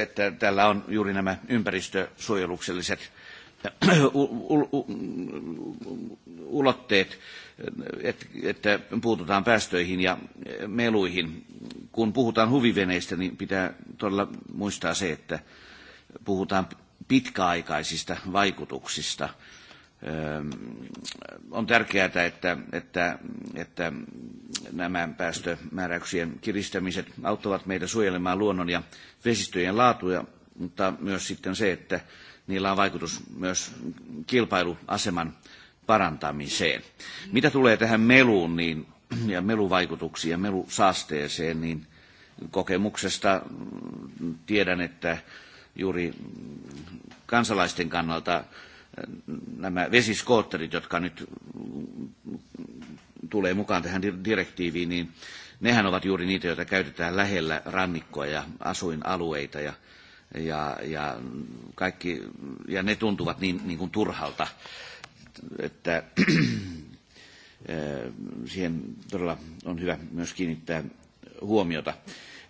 Speaker 4: että tällä on juuri nämä ympäristösuojelukselliset ulotteet, että puututaan päästöihin ja meluihin. Kun puhutaan huviveneistä, niin pitää todella muistaa se, että puhutaan pitkäaikaisista vaikutuksista. On tärkeää, että, että, että nämä päästömääräyksien kiristämiset auttavat meitä suojelemaan luonnon ja vesistöjen laatua, mutta myös sitten se, että niillä on vaikutus myös kilpailuaseman parantamiseen. Mitä tulee tähän meluun niin, ja meluvaikutuksiin ja melusaasteeseen, niin kokemuksesta tiedän, että juuri kansalaisten kannalta nämä vesiskootterit, jotka nyt tulee mukaan tähän direktiiviin, niin nehän ovat juuri niitä, joita käytetään lähellä rannikkoa ja asuinalueita. Ja ja, ja, kaikki, ja ne tuntuvat niin, niin kuin turhalta, että eh, siihen todella on hyvä myös kiinnittää huomiota.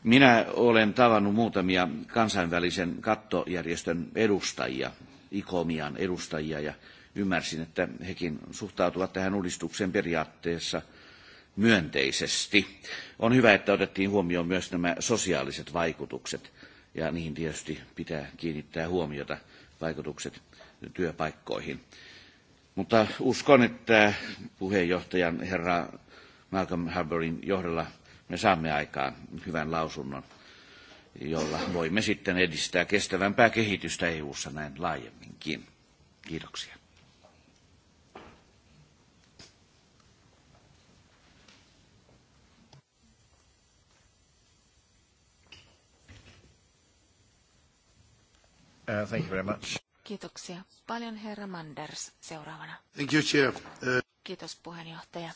Speaker 4: Minä olen tavannut muutamia kansainvälisen kattojärjestön edustajia, ikomian edustajia, ja ymmärsin, että hekin suhtautuvat tähän uudistukseen periaatteessa myönteisesti. On hyvä, että otettiin huomioon myös nämä sosiaaliset vaikutukset ja niihin tietysti pitää kiinnittää huomiota vaikutukset työpaikkoihin. Mutta uskon, että puheenjohtajan herra Malcolm Harbourin johdolla me saamme aikaan hyvän lausunnon, jolla voimme sitten edistää kestävämpää kehitystä EU-ssa näin laajemminkin. Kiitoksia.
Speaker 5: Uh, thank you very much.
Speaker 6: Kiitoksia paljon herra Manders seuraavana.
Speaker 5: Thank you, chair. Uh...
Speaker 6: Kiitos puheenjohtaja.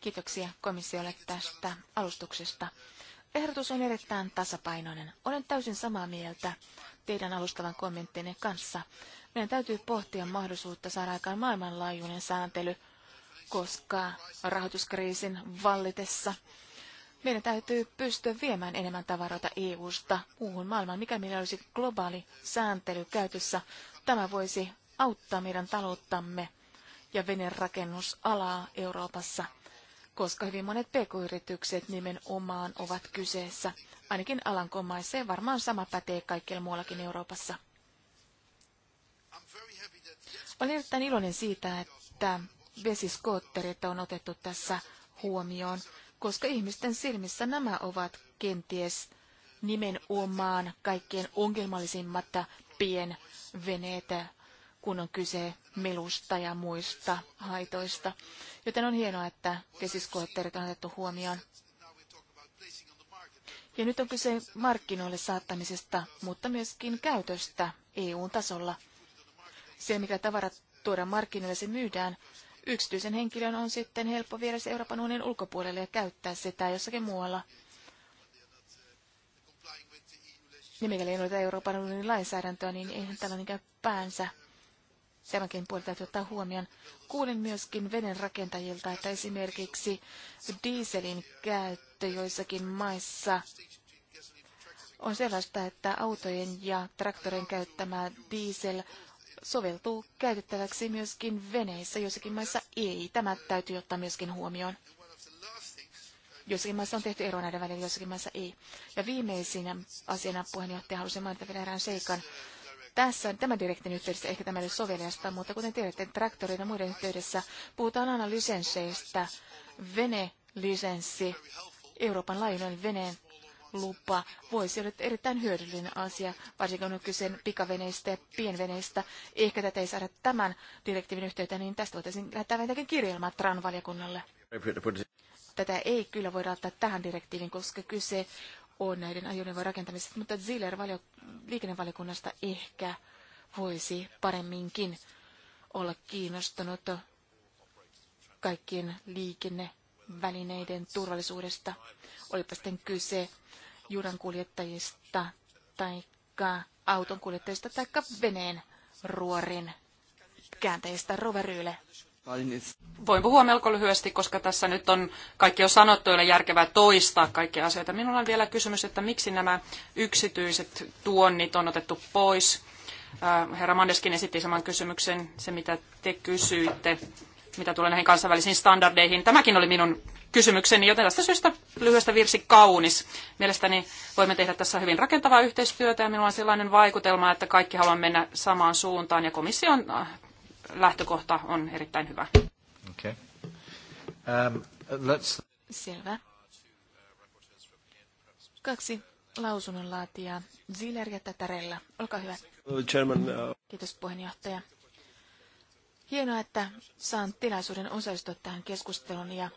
Speaker 6: Kiitoksia komissiolle tästä alustuksesta. Ehdotus on erittäin tasapainoinen. Olen täysin samaa mieltä teidän alustavan kommenttinne kanssa. Meidän täytyy pohtia mahdollisuutta saada aikaan maailmanlaajuinen sääntely, koska rahoituskriisin vallitessa meidän täytyy pystyä viemään enemmän tavaroita EU-sta muuhun maailmaan, mikä meillä olisi globaali sääntely käytössä. Tämä voisi auttaa meidän talouttamme ja venerakennusalaa Euroopassa, koska hyvin monet pk-yritykset nimenomaan ovat kyseessä. Ainakin Alankomaissa ja varmaan sama pätee kaikkialla muuallakin Euroopassa. Olen erittäin iloinen siitä, että vesiskootterit on otettu tässä huomioon koska ihmisten silmissä nämä ovat kenties nimenomaan kaikkein ongelmallisimmat pienveneet, kun on kyse melusta ja muista haitoista. Joten on hienoa, että kesiskoetterit on otettu huomioon. Ja nyt on kyse markkinoille saattamisesta, mutta myöskin käytöstä EU-tasolla. Se, mikä tavarat tuodaan markkinoille, se myydään Yksityisen henkilön on sitten helppo viedä se Euroopan unionin ulkopuolelle ja käyttää sitä jossakin muualla. Ja mikäli ei ole Euroopan unionin lainsäädäntöä, niin eihän tällainen käy päänsä. Tämänkin puoli täytyy ottaa huomioon. Kuulin myöskin veden rakentajilta, että esimerkiksi dieselin käyttö joissakin maissa on sellaista, että autojen ja traktorin käyttämä diesel soveltuu käytettäväksi myöskin veneissä, joissakin maissa ei. Tämä täytyy ottaa myöskin huomioon. Joissakin maissa on tehty ero näiden välillä, joissakin maissa ei. Ja viimeisinä asiana puheenjohtaja halusin mainita vielä erään seikan. Tässä tämän direktin yhteydessä ehkä tämä ei ole soveliasta, mutta kuten tiedätte, traktoreiden ja muiden yhteydessä puhutaan aina lisensseistä. Vene lisenssi, Euroopan laajuinen veneen lupa voisi olla erittäin hyödyllinen asia, varsinkin kun on kyse pikaveneistä ja pienveneistä. Ehkä tätä ei saada tämän direktiivin yhteyteen, niin tästä voitaisiin lähettää vähintäänkin kirjelmää TRAN-valiokunnalle. Tätä ei kyllä voida ottaa tähän direktiivin, koska kyse on näiden ajoneuvojen rakentamisesta, mutta Ziller liikennevaliokunnasta ehkä voisi paremminkin olla kiinnostunut kaikkien liikenne välineiden turvallisuudesta. Olipa sitten kyse judan kuljettajista tai auton kuljettajista tai veneen ruorin käänteistä roveryille.
Speaker 2: Voin puhua melko lyhyesti, koska tässä nyt on kaikki jo sanottu, ei järkevää toistaa kaikkia asioita. Minulla on vielä kysymys, että miksi nämä yksityiset tuonnit on otettu pois. Äh, herra Mandeskin esitti saman kysymyksen, se mitä te kysyitte mitä tulee näihin kansainvälisiin standardeihin. Tämäkin oli minun kysymykseni, joten tästä syystä lyhyestä virsi kaunis. Mielestäni voimme tehdä tässä hyvin rakentavaa yhteistyötä ja minulla on sellainen vaikutelma, että kaikki haluamme mennä samaan suuntaan ja komission äh, lähtökohta on erittäin
Speaker 5: hyvä. Okay. Um, let's...
Speaker 6: Selvä. Kaksi lausunnonlaatijaa, Ziller ja Tatarella. Olkaa hyvä.
Speaker 5: Uh-
Speaker 6: Kiitos puheenjohtaja. Hienoa, että saan tilaisuuden osallistua tähän keskusteluun ja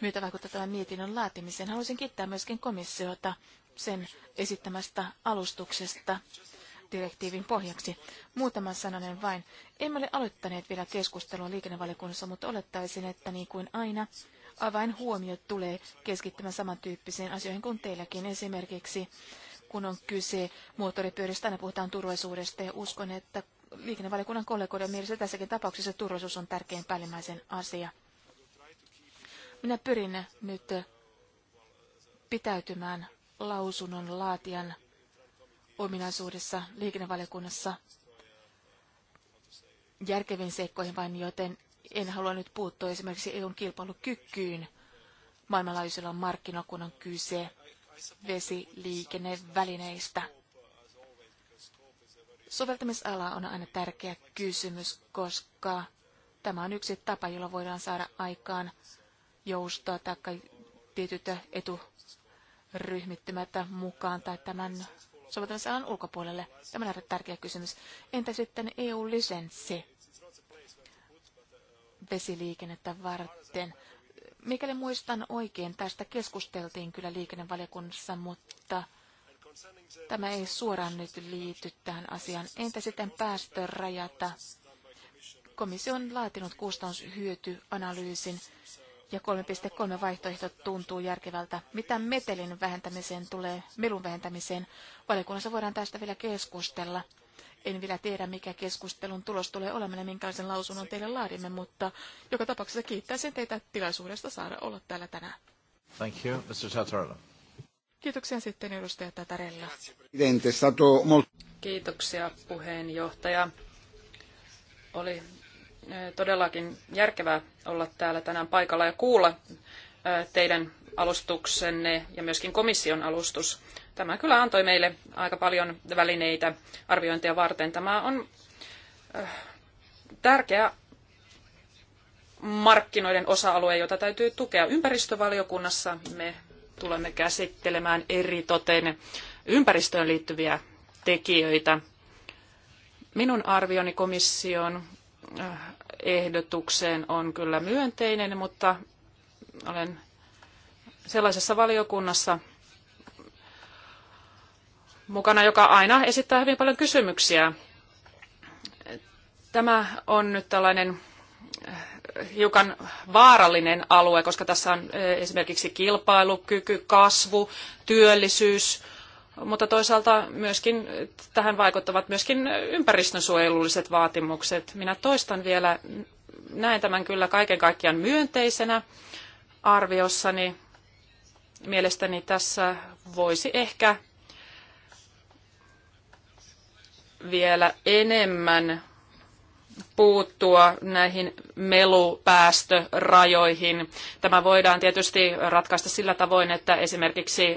Speaker 6: myötä vaikuttaa tämän mietinnön laatimiseen. Haluaisin kiittää myöskin komissiota sen esittämästä alustuksesta direktiivin pohjaksi. Muutama sananen vain. Emme ole aloittaneet vielä keskustelua liikennevaliokunnassa, mutta olettaisin, että niin kuin aina, avain huomio tulee keskittymään samantyyppisiin asioihin kuin teilläkin. Esimerkiksi kun on kyse moottoripyöristä, aina puhutaan turvallisuudesta ja uskon, että liikennevaliokunnan kollegoiden mielestä tässäkin tapauksessa turvallisuus on tärkein päällimmäisen asia. Minä pyrin nyt pitäytymään lausunnon laatijan ominaisuudessa liikennevaliokunnassa järkeviin seikkoihin vain, joten en halua nyt puuttua esimerkiksi EUn kilpailukykyyn maailmanlaajuisella markkinakunnan kyse vesiliikennevälineistä. Soveltamisala on aina tärkeä kysymys, koska tämä on yksi tapa, jolla voidaan saada aikaan joustoa tai tietyt eturyhmittymät mukaan tai tämän soveltamisalan ulkopuolelle. Tämä on aina tärkeä kysymys. Entä sitten EU-lisenssi vesiliikennettä varten? Mikäli muistan oikein, tästä keskusteltiin kyllä liikennevaliokunnassa, mutta Tämä ei suoraan nyt liity tähän asiaan. Entä sitten päästörajata? Komissio on laatinut kustannushyötyanalyysin ja 3.3 vaihtoehto tuntuu järkevältä. Mitä metelin vähentämiseen tulee, melun vähentämiseen? Valiokunnassa voidaan tästä vielä keskustella. En vielä tiedä, mikä keskustelun tulos tulee olemaan ja minkälaisen lausunnon teille laadimme, mutta joka tapauksessa kiittäisin teitä tilaisuudesta saada olla täällä tänään.
Speaker 5: Thank you, Mr.
Speaker 6: Kiitoksia sitten edustaja Tatarella.
Speaker 2: Kiitoksia puheenjohtaja. Oli eh, todellakin järkevää olla täällä tänään paikalla ja kuulla eh, teidän alustuksenne ja myöskin komission alustus. Tämä kyllä antoi meille aika paljon välineitä arviointia varten. Tämä on eh, tärkeä markkinoiden osa-alue, jota täytyy tukea ympäristövaliokunnassa. Me tulemme käsittelemään eri toten ympäristöön liittyviä tekijöitä. Minun arvioni komission äh, ehdotukseen on kyllä myönteinen, mutta olen sellaisessa valiokunnassa mukana, joka aina esittää hyvin paljon kysymyksiä. Tämä on nyt tällainen äh, hiukan vaarallinen alue, koska tässä on eh, esimerkiksi kilpailukyky, kasvu, työllisyys, mutta toisaalta myöskin eh, tähän vaikuttavat myöskin ympäristönsuojelulliset vaatimukset. Minä toistan vielä, näen tämän kyllä kaiken kaikkiaan myönteisenä arviossani. Mielestäni tässä voisi ehkä vielä enemmän puuttua näihin melupäästörajoihin. Tämä voidaan tietysti ratkaista sillä tavoin, että esimerkiksi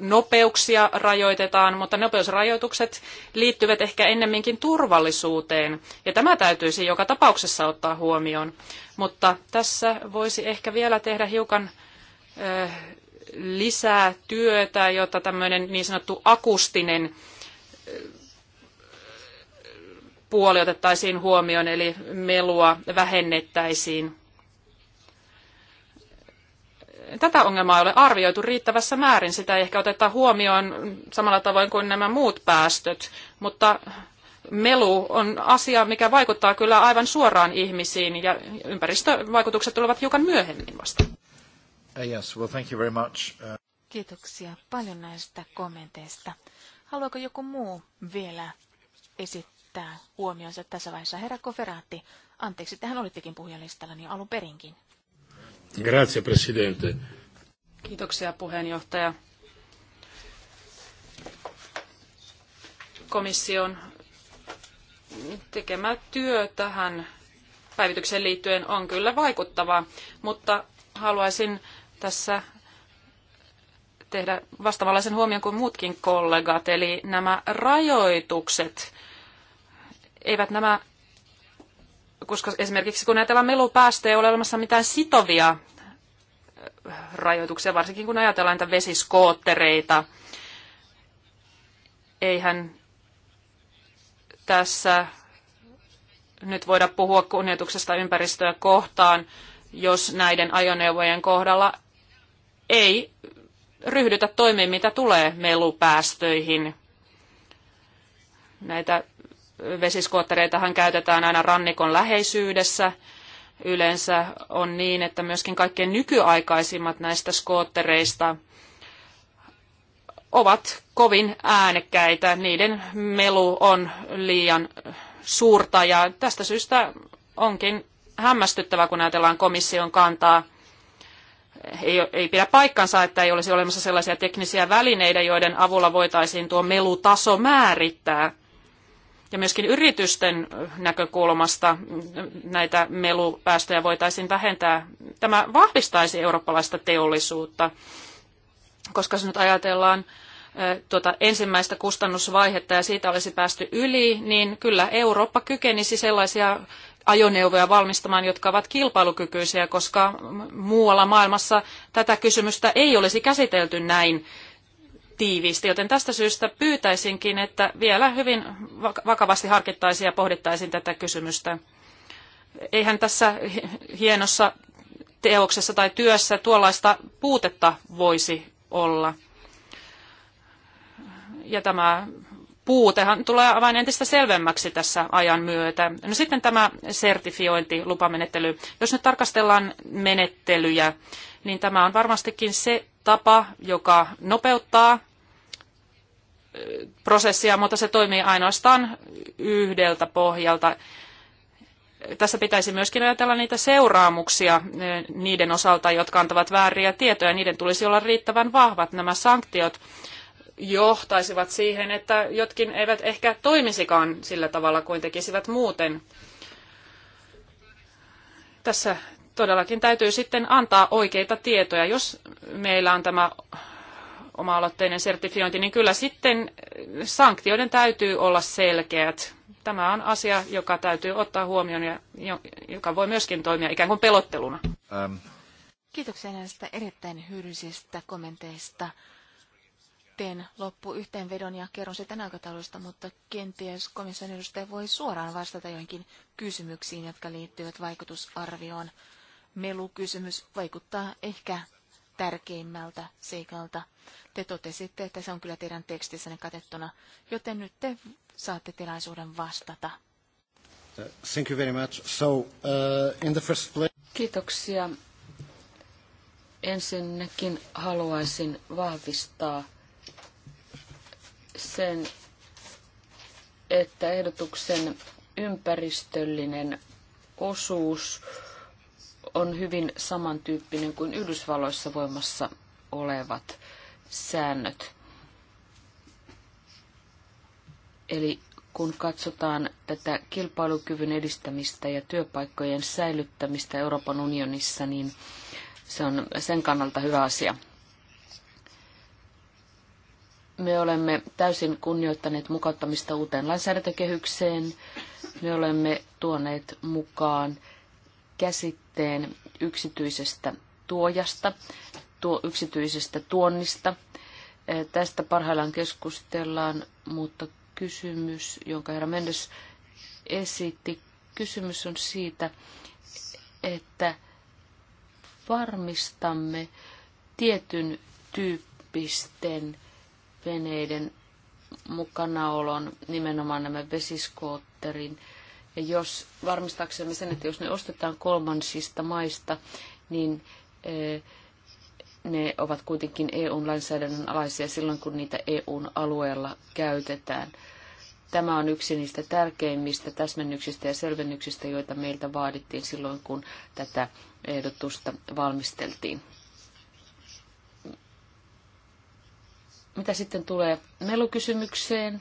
Speaker 2: nopeuksia rajoitetaan, mutta nopeusrajoitukset liittyvät ehkä ennemminkin turvallisuuteen, ja tämä täytyisi joka tapauksessa ottaa huomioon. Mutta tässä voisi ehkä vielä tehdä hiukan eh, lisää työtä, jotta tämmöinen niin sanottu akustinen eh, puoli otettaisiin huomioon, eli melua vähennettäisiin. Tätä ongelmaa ei ole arvioitu riittävässä määrin. Sitä ei ehkä oteta huomioon samalla tavoin kuin nämä muut päästöt, mutta melu on asia, mikä vaikuttaa kyllä aivan suoraan ihmisiin ja ympäristövaikutukset tulevat hiukan myöhemmin vasta.
Speaker 5: Uh, yes, well, thank you very much. Uh,
Speaker 6: Kiitoksia paljon näistä kommenteista. Haluaako joku muu vielä esittää? kiinnittää huomionsa tässä vaiheessa. Herra Koferaatti, anteeksi, hän olittekin puhujalistalla niin alun perinkin.
Speaker 1: Grazie, presidente.
Speaker 6: Kiitoksia, puheenjohtaja. Komission
Speaker 2: tekemä työ tähän päivitykseen liittyen on kyllä vaikuttavaa, mutta haluaisin tässä tehdä vastaavanlaisen huomion kuin muutkin kollegat, eli nämä rajoitukset eivät nämä, koska esimerkiksi kun ajatellaan melupäästöjä, ei ole olemassa mitään sitovia rajoituksia, varsinkin kun ajatellaan näitä vesiskoottereita. Eihän tässä nyt voida puhua kunnioituksesta ympäristöä kohtaan, jos näiden ajoneuvojen kohdalla ei ryhdytä toimiin, mitä tulee melupäästöihin. Näitä vesiskoottereitahan käytetään aina rannikon läheisyydessä. Yleensä on niin, että myöskin kaikkein nykyaikaisimmat näistä skoottereista ovat kovin äänekkäitä. Niiden melu on liian suurta ja tästä syystä onkin hämmästyttävää, kun ajatellaan komission kantaa. Ei, ei pidä paikkansa, että ei olisi olemassa sellaisia teknisiä välineitä, joiden avulla voitaisiin tuo melutaso määrittää – ja myöskin yritysten näkökulmasta näitä melupäästöjä voitaisiin vähentää. Tämä vahvistaisi eurooppalaista teollisuutta, koska se nyt ajatellaan tuota ensimmäistä kustannusvaihetta ja siitä olisi päästy yli, niin kyllä Eurooppa kykenisi sellaisia ajoneuvoja valmistamaan, jotka ovat kilpailukykyisiä, koska muualla maailmassa tätä kysymystä ei olisi käsitelty näin tiiviisti, joten tästä syystä pyytäisinkin, että vielä hyvin vakavasti harkittaisiin ja pohdittaisiin tätä kysymystä. Eihän tässä hienossa teoksessa tai työssä tuollaista puutetta voisi olla. Ja tämä puutehan tulee aivan entistä selvemmäksi tässä ajan myötä. No sitten tämä sertifiointi, lupamenettely. Jos nyt tarkastellaan menettelyjä, niin tämä on varmastikin se tapa, joka nopeuttaa prosessia, mutta se toimii ainoastaan yhdeltä pohjalta. Tässä pitäisi myöskin ajatella niitä seuraamuksia eh, niiden osalta, jotka antavat vääriä tietoja. Niiden tulisi olla riittävän vahvat nämä sanktiot johtaisivat siihen, että jotkin eivät ehkä toimisikaan sillä tavalla kuin tekisivät muuten. Tässä todellakin täytyy sitten antaa oikeita tietoja. Jos meillä on tämä oma-aloitteinen sertifiointi, niin kyllä sitten eh, sanktioiden täytyy olla selkeät. Tämä on asia, joka täytyy ottaa huomioon ja joka voi myöskin toimia ikään kuin pelotteluna.
Speaker 5: Ähm.
Speaker 6: Kiitoksia näistä erittäin hyödyllisistä kommenteista. Teen loppuyhteenvedon ja kerron sitä aikataulusta, mutta kenties komission edustaja voi suoraan vastata joihinkin kysymyksiin, jotka liittyvät vaikutusarvioon. Melukysymys vaikuttaa ehkä tärkeimmältä seikalta. Te totesitte, että se on kyllä teidän tekstissänne katettuna, joten nyt te saatte tilaisuuden vastata.
Speaker 5: Thank you very much. So, uh, in the first place...
Speaker 3: Kiitoksia. Ensinnäkin haluaisin vahvistaa sen, että ehdotuksen ympäristöllinen osuus on hyvin samantyyppinen kuin Yhdysvalloissa voimassa olevat säännöt. Eli kun katsotaan tätä kilpailukyvyn edistämistä ja työpaikkojen säilyttämistä Euroopan unionissa, niin se on sen kannalta hyvä asia. Me olemme täysin kunnioittaneet mukauttamista uuteen lainsäädäntökehykseen. Me olemme tuoneet mukaan käsitteet tilanteen yksityisestä tuojasta, tuo yksityisestä tuonnista. Tästä parhaillaan keskustellaan, mutta kysymys, jonka herra Mendes esitti, kysymys on siitä, että varmistamme tietyn tyyppisten veneiden mukanaolon, nimenomaan nämä vesiskootterin jos varmistaaksemme sen, että jos ne ostetaan kolmansista maista, niin ne ovat kuitenkin EU-lainsäädännön alaisia silloin, kun niitä EU-alueella käytetään. Tämä on yksi niistä tärkeimmistä täsmennyksistä ja selvennyksistä, joita meiltä vaadittiin silloin, kun tätä ehdotusta valmisteltiin. Mitä sitten tulee melukysymykseen?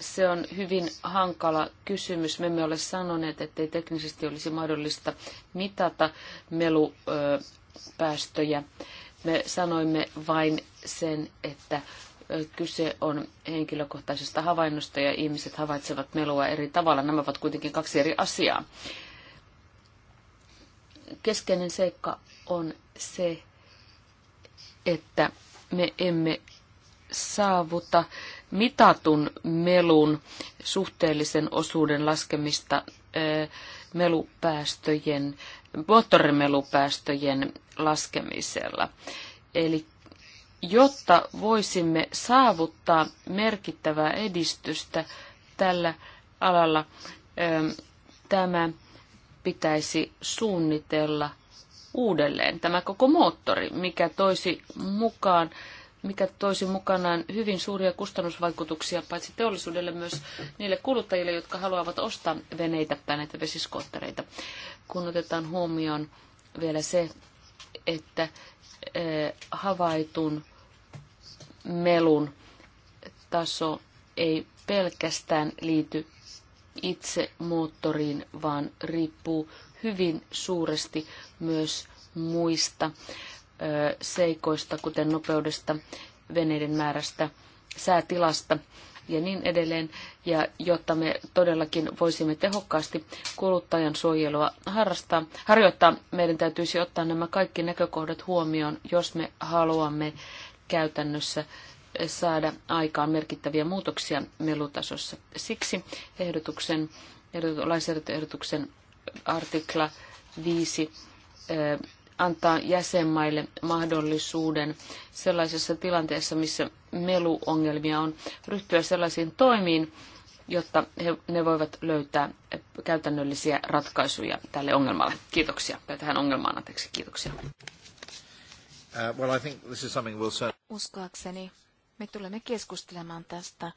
Speaker 3: Se on hyvin hankala kysymys. Me emme ole sanoneet, ei teknisesti olisi mahdollista mitata melupäästöjä. Me sanoimme vain sen, että kyse on henkilökohtaisesta havainnosta ja ihmiset havaitsevat melua eri tavalla. Nämä ovat kuitenkin kaksi eri asiaa. Keskeinen seikka on se, että me emme saavuta mitatun melun suhteellisen osuuden laskemista melupäästöjen, moottorimelupäästöjen laskemisella. Eli jotta voisimme saavuttaa merkittävää edistystä tällä alalla, tämä pitäisi suunnitella uudelleen, tämä koko moottori, mikä toisi mukaan mikä toisi mukanaan hyvin suuria kustannusvaikutuksia paitsi teollisuudelle myös niille kuluttajille, jotka haluavat ostaa veneitä tai näitä vesiskoottereita. Kun otetaan huomioon vielä se, että e, havaitun melun taso ei pelkästään liity itse moottoriin, vaan riippuu hyvin suuresti myös muista seikoista, kuten nopeudesta, veneiden määrästä, säätilasta ja niin edelleen, ja jotta me todellakin voisimme tehokkaasti kuluttajan suojelua harrastaa, harjoittaa, meidän täytyisi ottaa nämä kaikki näkökohdat huomioon, jos me haluamme käytännössä saada aikaan merkittäviä muutoksia melutasossa. Siksi ehdotuksen, lainsäädäntöehdotuksen artikla 5 antaa jäsenmaille mahdollisuuden sellaisessa tilanteessa, missä meluongelmia on, ryhtyä sellaisiin toimiin, jotta he, ne voivat löytää käytännöllisiä ratkaisuja tälle ongelmalle. Kiitoksia. Tai tähän ongelmaan, anteeksi. Kiitoksia. Uh,
Speaker 5: well, I think this is something we'll...
Speaker 6: Uskoakseni me tulemme keskustelemaan tästä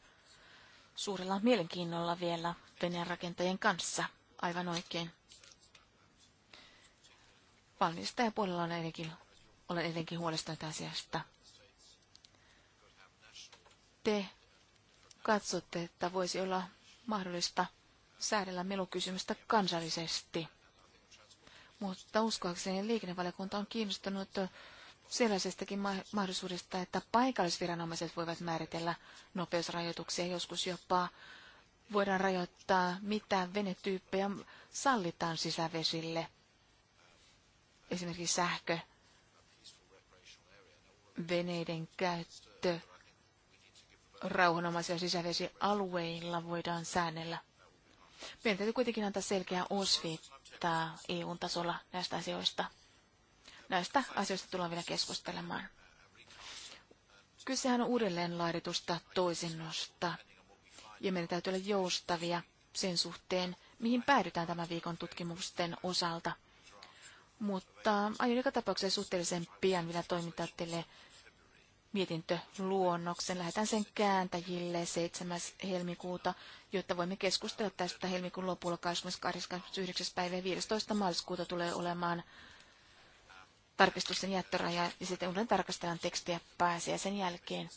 Speaker 6: suurella mielenkiinnolla vielä veneen rakentajien kanssa. Aivan oikein puolella on edelleenkin, olen edelleenkin huolestunut asiasta. Te katsotte, että voisi olla mahdollista säädellä melukysymystä kansallisesti. Mutta uskoakseni liikennevaliokunta on kiinnostunut sellaisestakin mahdollisuudesta, että paikallisviranomaiset voivat määritellä nopeusrajoituksia, joskus jopa voidaan rajoittaa, mitä venetyyppejä sallitaan sisävesille – esimerkiksi sähkö, veneiden käyttö rauhanomaisia sisävesialueilla voidaan säännellä. Meidän täytyy kuitenkin antaa selkeää osviittaa EU-tasolla näistä asioista. Näistä asioista tullaan vielä keskustelemaan. Kysehän on uudelleen laaditusta toisinnosta, ja meidän täytyy olla joustavia sen suhteen, mihin päädytään tämän viikon tutkimusten osalta – mutta aion joka tapauksessa suhteellisen pian vielä toimittaa teille mietintöluonnoksen. Lähetän sen kääntäjille 7. helmikuuta, jotta voimme keskustella tästä helmikuun lopulla 28. päivä 15. maaliskuuta tulee olemaan Tarkistuksen jättöraja ja sitten uuden tarkastellaan tekstiä sen jälkeen.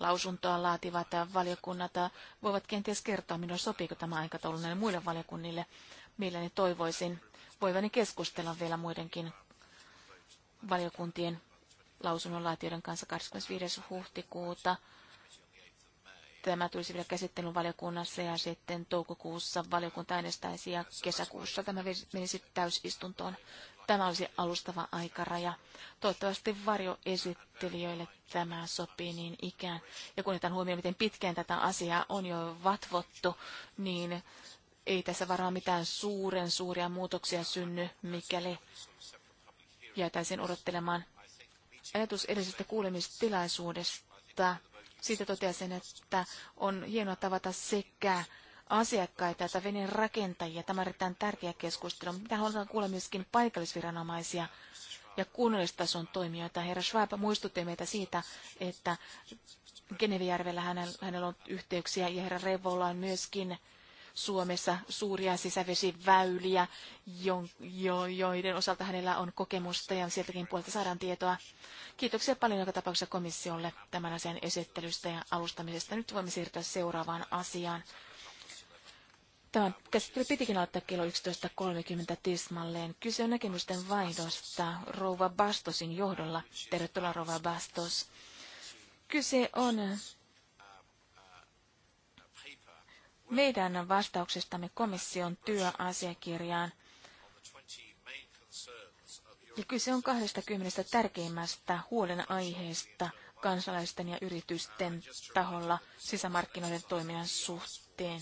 Speaker 6: Lausuntoa laativat valiokunnat voivat kenties kertoa, minulle sopiiko tämä aikataulu näille muille valiokunnille. Mielelläni toivoisin, voivani keskustella vielä muidenkin valiokuntien lausunnonlaatijoiden kanssa 25. huhtikuuta. Tämä tulisi vielä käsittelyn valiokunnassa ja sitten toukokuussa valiokunta äänestäisi ja kesäkuussa tämä menisi täysistuntoon. Tämä olisi alustava aikaraja. Toivottavasti varjoesittelijöille tämä sopii niin ikään. Ja kun otetaan huomioon, miten pitkään tätä asiaa on jo vatvottu, niin ei tässä varmaan mitään suuren suuria muutoksia synny, mikäli jäätäisiin odottelemaan. Ajatus edellisestä kuulemistilaisuudesta. Siitä totesin, että on hienoa tavata sekä asiakkaita että veneen rakentajia. Tämä on erittäin tärkeä keskustelu. Mitä halutaan kuulla myöskin paikallisviranomaisia ja kunnallistason toimijoita. Herra Schwab muistutti meitä siitä, että Genevijärvellä hänellä on yhteyksiä ja herra Revolla on myöskin Suomessa suuria sisävesiväyliä, joiden osalta hänellä on kokemusta ja sieltäkin puolta saadaan tietoa. Kiitoksia paljon joka tapauksessa komissiolle tämän asian esittelystä ja alustamisesta. Nyt voimme siirtyä seuraavaan asiaan. Tämä käsittely pitikin aloittaa kello 11.30 tismalleen. Kyse on näkemysten vaihdosta Rouva Bastosin johdolla. Tervetuloa Rouva Bastos. Kyse on meidän vastauksestamme komission työasiakirjaan. Ja kyse on 20 tärkeimmästä huolenaiheesta kansalaisten ja yritysten taholla sisämarkkinoiden toiminnan suhteen.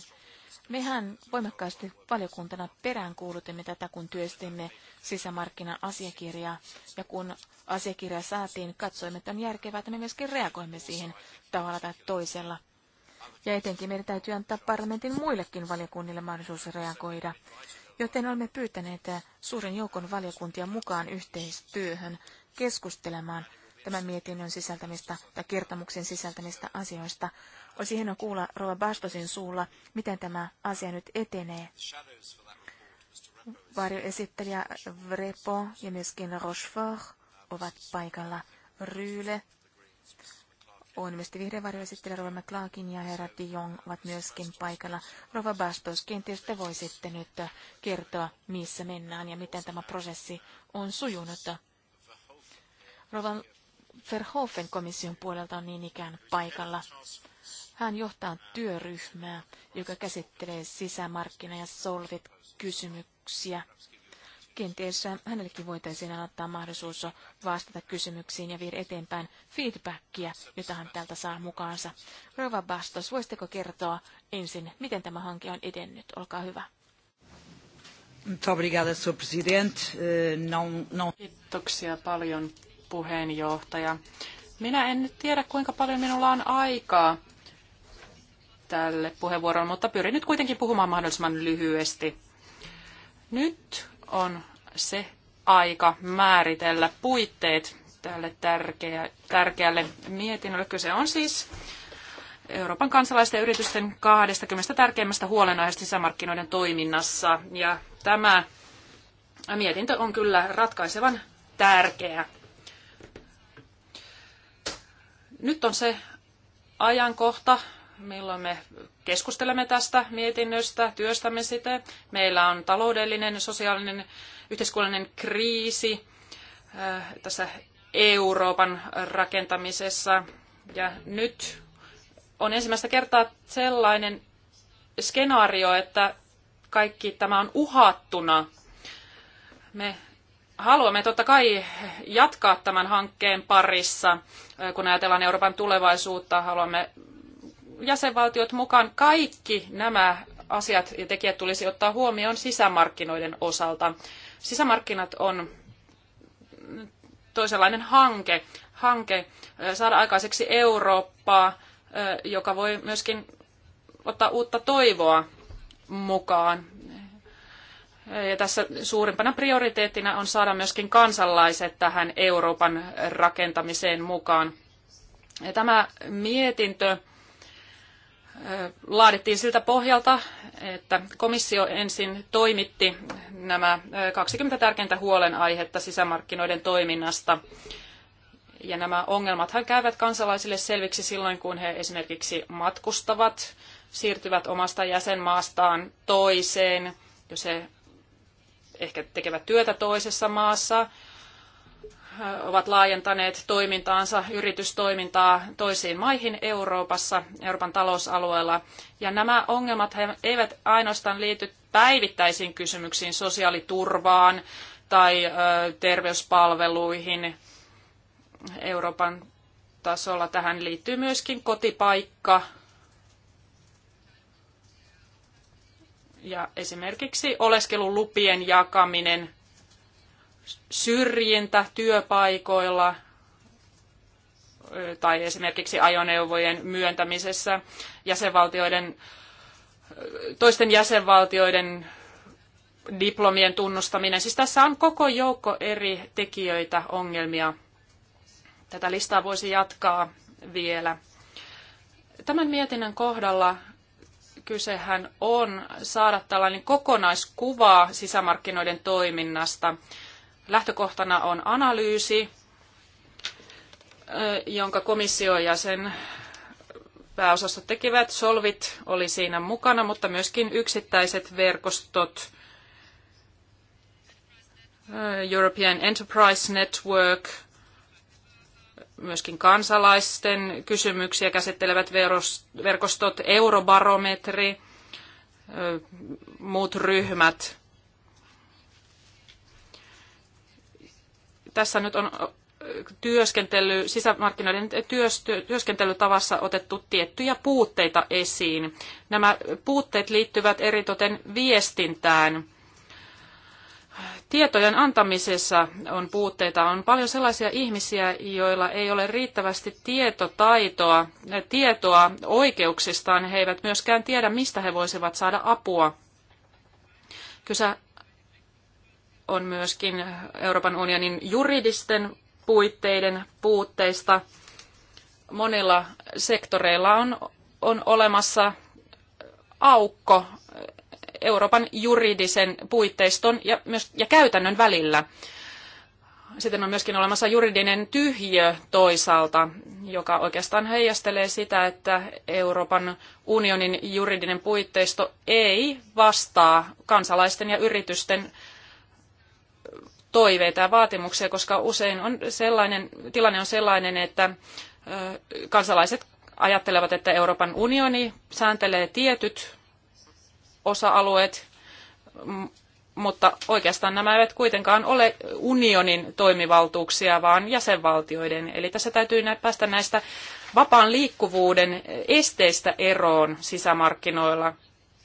Speaker 6: Mehän voimakkaasti valiokuntana peräänkuulutimme tätä, kun työstimme sisämarkkinan asiakirjaa Ja kun asiakirja saatiin, katsoimme, että on järkevää, että me myöskin reagoimme siihen tavalla tai toisella. Ja etenkin meidän täytyy antaa parlamentin muillekin valiokunnille mahdollisuus reagoida. Joten olemme pyytäneet suuren joukon valiokuntia mukaan yhteistyöhön keskustelemaan tämän mietinnön sisältämistä tai kertomuksen sisältämistä asioista. Olisi hienoa kuulla Rova Bastosin suulla, miten tämä asia nyt etenee. Varjoesittelijä Vrepo ja myöskin Rochefort ovat paikalla. Ryyle on myöskin vihreän varjoesittelijä Rova McClarkin ja herra de Jong ovat myöskin paikalla. Rova Bastos, kenties te voisitte nyt kertoa, missä mennään ja miten tämä prosessi on sujunut. Rova Verhoeven komission puolelta on niin ikään paikalla. Hän johtaa työryhmää, joka käsittelee sisämarkkina- ja solvit-kysymyksiä. Kenties hänellekin voitaisiin antaa mahdollisuus vastata kysymyksiin ja viedä eteenpäin feedbackia, jota hän täältä saa mukaansa. Rova Bastos, voisitteko kertoa ensin, miten tämä hanke on edennyt? Olkaa hyvä.
Speaker 3: Eh,
Speaker 2: Kiitoksia paljon puheenjohtaja. Minä en nyt tiedä, kuinka paljon minulla on aikaa tälle puheenvuorolle, mutta pyrin nyt kuitenkin puhumaan mahdollisimman lyhyesti. Nyt on se aika määritellä puitteet tälle tärkeä, tärkeälle mietinnölle. Kyse on siis Euroopan kansalaisten yritysten 20 tärkeimmästä huolenaiheesta sisämarkkinoiden toiminnassa. Ja tämä mietintö on kyllä ratkaisevan tärkeä. Nyt on se ajankohta, milloin me keskustelemme tästä mietinnöstä, työstämme sitä. Meillä on taloudellinen, sosiaalinen, yhteiskunnallinen kriisi äh, tässä Euroopan rakentamisessa. Ja nyt on ensimmäistä kertaa sellainen skenaario, että kaikki tämä on uhattuna. Me haluamme totta kai jatkaa tämän hankkeen parissa, äh, kun ajatellaan Euroopan tulevaisuutta. Haluamme jäsenvaltiot mukaan kaikki nämä asiat ja tekijät tulisi ottaa huomioon sisämarkkinoiden osalta. Sisämarkkinat on toisenlainen hanke, hanke saada aikaiseksi Eurooppaa, joka voi myöskin ottaa uutta toivoa mukaan. Ja tässä suurimpana prioriteettina on saada myöskin kansalaiset tähän Euroopan rakentamiseen mukaan. Ja tämä mietintö laadittiin siltä pohjalta, että komissio ensin toimitti nämä 20 tärkeintä huolenaihetta sisämarkkinoiden toiminnasta. Ja nämä ongelmathan käyvät kansalaisille selviksi silloin, kun he esimerkiksi matkustavat, siirtyvät omasta jäsenmaastaan toiseen, jos he ehkä tekevät työtä toisessa maassa, ovat laajentaneet toimintaansa, yritystoimintaa toisiin maihin Euroopassa, Euroopan talousalueella. Ja nämä ongelmat eivät ainoastaan liity päivittäisiin kysymyksiin, sosiaaliturvaan tai terveyspalveluihin Euroopan tasolla. Tähän liittyy myöskin kotipaikka. Ja esimerkiksi oleskelulupien jakaminen syrjintä työpaikoilla tai esimerkiksi ajoneuvojen myöntämisessä jäsenvaltioiden, toisten jäsenvaltioiden diplomien tunnustaminen. Siis tässä on koko joukko eri tekijöitä, ongelmia. Tätä listaa voisi jatkaa vielä. Tämän mietinnön kohdalla kysehän on saada tällainen kokonaiskuva sisämarkkinoiden toiminnasta – lähtökohtana on analyysi, jonka komissio ja sen pääosassa tekivät. Solvit oli siinä mukana, mutta myöskin yksittäiset verkostot, European Enterprise Network, myöskin kansalaisten kysymyksiä käsittelevät verkostot, eurobarometri, muut ryhmät – tässä nyt on työskentely, sisämarkkinoiden työstö, työskentelytavassa otettu tiettyjä puutteita esiin. Nämä puutteet liittyvät eritoten viestintään. Tietojen antamisessa on puutteita. On paljon sellaisia ihmisiä, joilla ei ole riittävästi tietotaitoa, tietoa oikeuksistaan. He eivät myöskään tiedä, mistä he voisivat saada apua. Kyse, on myöskin Euroopan unionin juridisten puitteiden puutteista. Monilla sektoreilla on, on olemassa aukko Euroopan juridisen puitteiston ja, myös, ja käytännön välillä. Sitten on myöskin olemassa juridinen tyhjiö toisaalta, joka oikeastaan heijastelee sitä, että Euroopan unionin juridinen puitteisto ei vastaa kansalaisten ja yritysten toiveita ja vaatimuksia, koska usein on sellainen, tilanne on sellainen, että kansalaiset ajattelevat, että Euroopan unioni sääntelee tietyt osa-alueet, mutta oikeastaan nämä eivät kuitenkaan ole unionin toimivaltuuksia, vaan jäsenvaltioiden. Eli tässä täytyy päästä näistä vapaan liikkuvuuden esteistä eroon sisämarkkinoilla.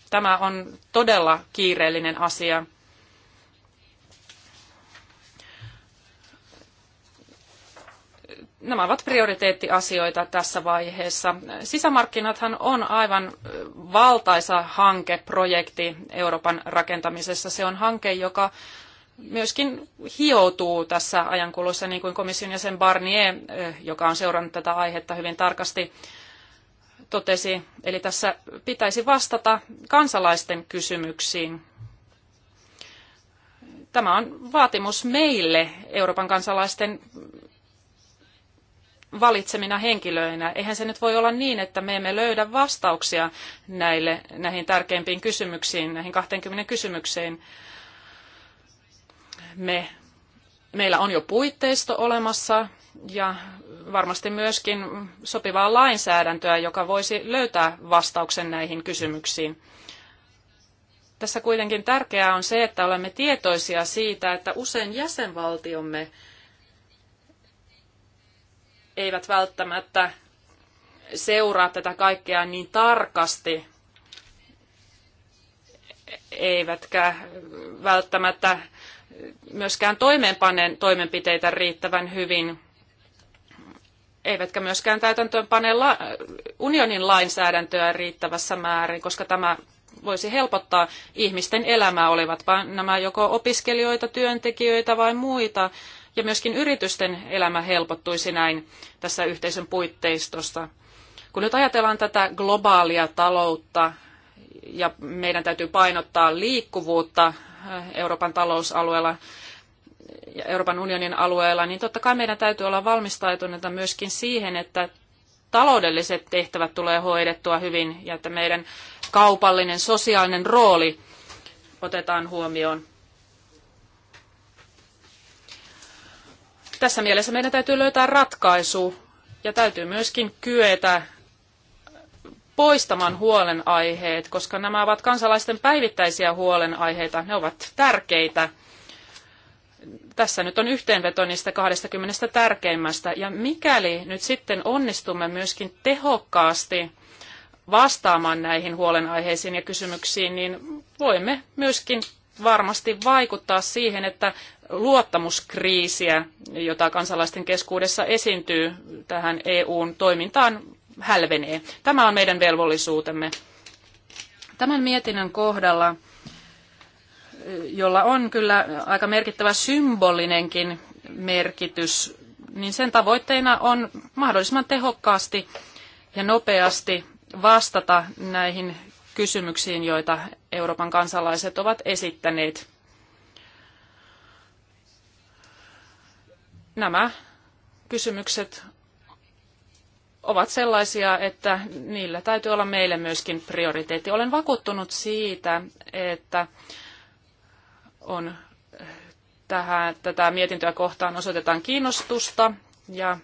Speaker 2: Tämä on todella kiireellinen asia. nämä ovat prioriteettiasioita tässä vaiheessa. Sisämarkkinathan on aivan valtaisa hanke, projekti Euroopan rakentamisessa. Se on hanke, joka myöskin hioutuu tässä ajankulussa, niin kuin komission jäsen Barnier, joka on seurannut tätä aihetta hyvin tarkasti, totesi. Eli tässä pitäisi vastata kansalaisten kysymyksiin. Tämä on vaatimus meille, Euroopan kansalaisten valitsemina henkilöinä. Eihän se nyt voi olla niin, että me emme löydä vastauksia näille, näihin tärkeimpiin kysymyksiin, näihin 20 kysymykseen. Me, meillä on jo puitteisto olemassa ja varmasti myöskin sopivaa lainsäädäntöä, joka voisi löytää vastauksen näihin kysymyksiin. Tässä kuitenkin tärkeää on se, että olemme tietoisia siitä, että usein jäsenvaltiomme eivät välttämättä seuraa tätä kaikkea niin tarkasti, eivätkä välttämättä myöskään toimeenpanen toimenpiteitä riittävän hyvin, eivätkä myöskään täytäntöönpane la- unionin lainsäädäntöä riittävässä määrin, koska tämä voisi helpottaa ihmisten elämää, olivatpa nämä joko opiskelijoita, työntekijöitä vai muita ja myöskin yritysten elämä helpottuisi näin tässä yhteisön puitteistossa. Kun nyt ajatellaan tätä globaalia taloutta ja meidän täytyy painottaa liikkuvuutta eh, Euroopan talousalueella ja Euroopan unionin alueella, niin totta kai meidän täytyy olla valmistautuneita myöskin siihen, että taloudelliset tehtävät tulee hoidettua hyvin ja että meidän kaupallinen, sosiaalinen rooli otetaan huomioon. Tässä mielessä meidän täytyy löytää ratkaisu ja täytyy myöskin kyetä poistamaan huolenaiheet, koska nämä ovat kansalaisten päivittäisiä huolenaiheita. Ne ovat tärkeitä. Tässä nyt on yhteenveto niistä 20 tärkeimmästä. Ja mikäli nyt sitten onnistumme myöskin tehokkaasti vastaamaan näihin huolenaiheisiin ja kysymyksiin, niin voimme myöskin varmasti vaikuttaa siihen, että luottamuskriisiä, jota kansalaisten keskuudessa esiintyy tähän EUn toimintaan, hälvenee. Tämä on meidän velvollisuutemme. Tämän mietinnön kohdalla, jolla on kyllä aika merkittävä symbolinenkin merkitys, niin sen tavoitteena on mahdollisimman tehokkaasti ja nopeasti vastata näihin kysymyksiin, joita Euroopan kansalaiset ovat esittäneet. nämä kysymykset ovat sellaisia, että niillä täytyy olla meille myöskin prioriteetti. Olen vakuuttunut siitä, että on tähän, tätä mietintöä kohtaan osoitetaan kiinnostusta ja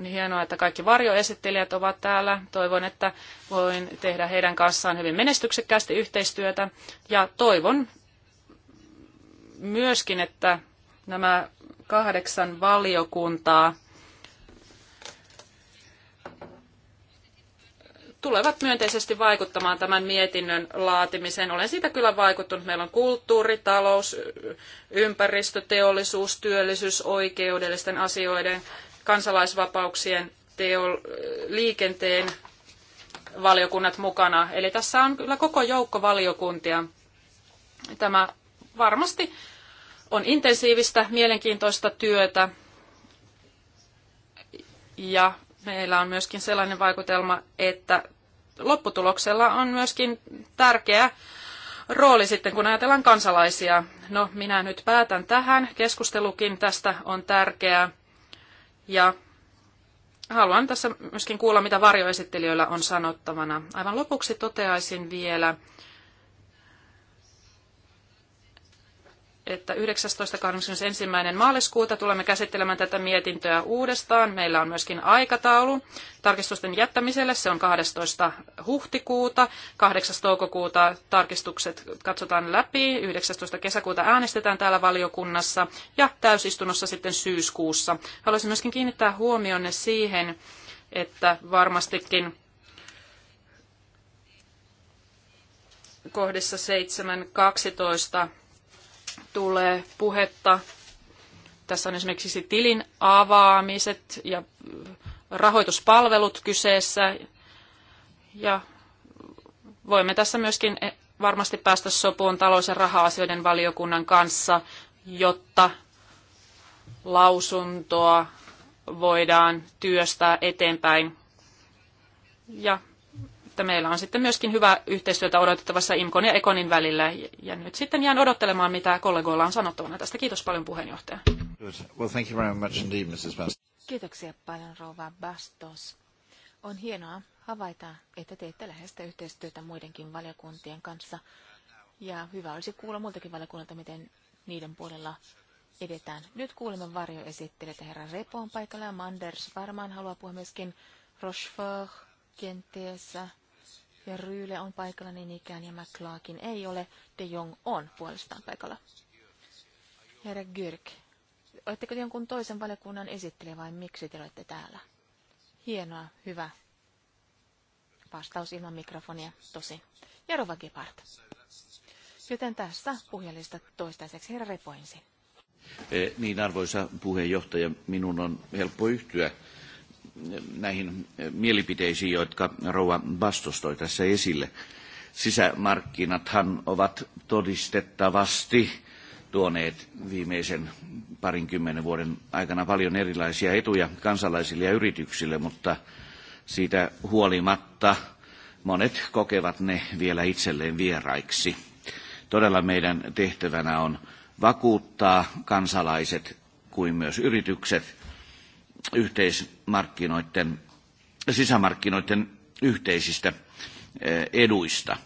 Speaker 2: on hienoa, että kaikki varjoesittelijät ovat täällä. Toivon, että voin tehdä heidän kanssaan hyvin menestyksekkäästi yhteistyötä ja toivon myöskin, että nämä kahdeksan valiokuntaa tulevat myönteisesti vaikuttamaan tämän mietinnön laatimiseen. Olen siitä kyllä vaikuttunut. Meillä on kulttuuri, talous, ympäristö, teollisuus, työllisyys, oikeudellisten asioiden, kansalaisvapauksien, teo- liikenteen valiokunnat mukana. Eli tässä on kyllä koko joukko valiokuntia. Tämä varmasti on intensiivistä, mielenkiintoista työtä ja meillä on myöskin sellainen vaikutelma, että lopputuloksella on myöskin tärkeä rooli sitten, kun ajatellaan kansalaisia. No, minä nyt päätän tähän. Keskustelukin tästä on tärkeää. Ja haluan tässä myöskin kuulla, mitä varjoesittelijöillä on sanottavana. Aivan lopuksi toteaisin vielä, että 19.21. maaliskuuta tulemme käsittelemään tätä mietintöä uudestaan. Meillä on myöskin aikataulu tarkistusten jättämiselle. Se on 12. huhtikuuta. 8. toukokuuta tarkistukset katsotaan läpi. 19. kesäkuuta äänestetään täällä valiokunnassa ja täysistunnossa sitten syyskuussa. Haluaisin myöskin kiinnittää huomionne siihen, että varmastikin kohdissa 7.12 tulee puhetta. Tässä on esimerkiksi tilin avaamiset ja rahoituspalvelut kyseessä. Ja voimme tässä myöskin e- varmasti päästä sopuun talous- ja raha-asioiden valiokunnan kanssa, jotta lausuntoa voidaan työstää eteenpäin. Ja että meillä on sitten myöskin hyvä yhteistyötä odotettavassa IMKON ja EKONin välillä. Ja nyt sitten jään odottelemaan, mitä kollegoilla on sanottavana tästä. Kiitos paljon puheenjohtaja.
Speaker 5: Well, thank you very much indeed, Mrs.
Speaker 6: Kiitoksia paljon, rouva Bastos. On hienoa havaita, että teette läheistä yhteistyötä muidenkin valiokuntien kanssa. Ja hyvä olisi kuulla muiltakin valiokunnalta, miten niiden puolella edetään. Nyt kuulemme varjoesittelijät. Herra Repo on paikalla ja Manders varmaan haluaa puhua myöskin Rochefort kenties ja Ryyle on paikalla niin ikään ja McClarkin ei ole. De Jong on puolestaan paikalla. Herra Gyrk, oletteko jonkun toisen valiokunnan esittelijä vai miksi te olette täällä? Hienoa, hyvä. Vastaus ilman mikrofonia, tosi. Ja Rova Gepard. Joten tässä puhelista toistaiseksi herra Repoinsin.
Speaker 4: Eh, niin arvoisa puheenjohtaja, minun on helppo yhtyä näihin eh, mielipiteisiin, jotka Rouva Bastos toi tässä esille. Sisämarkkinathan ovat todistettavasti tuoneet viimeisen parinkymmenen vuoden aikana paljon erilaisia etuja kansalaisille ja yrityksille, mutta siitä huolimatta monet kokevat ne vielä itselleen vieraiksi. Todella meidän tehtävänä on vakuuttaa kansalaiset kuin myös yritykset yhteismarkkinoiden, sisämarkkinoiden yhteisistä eduista.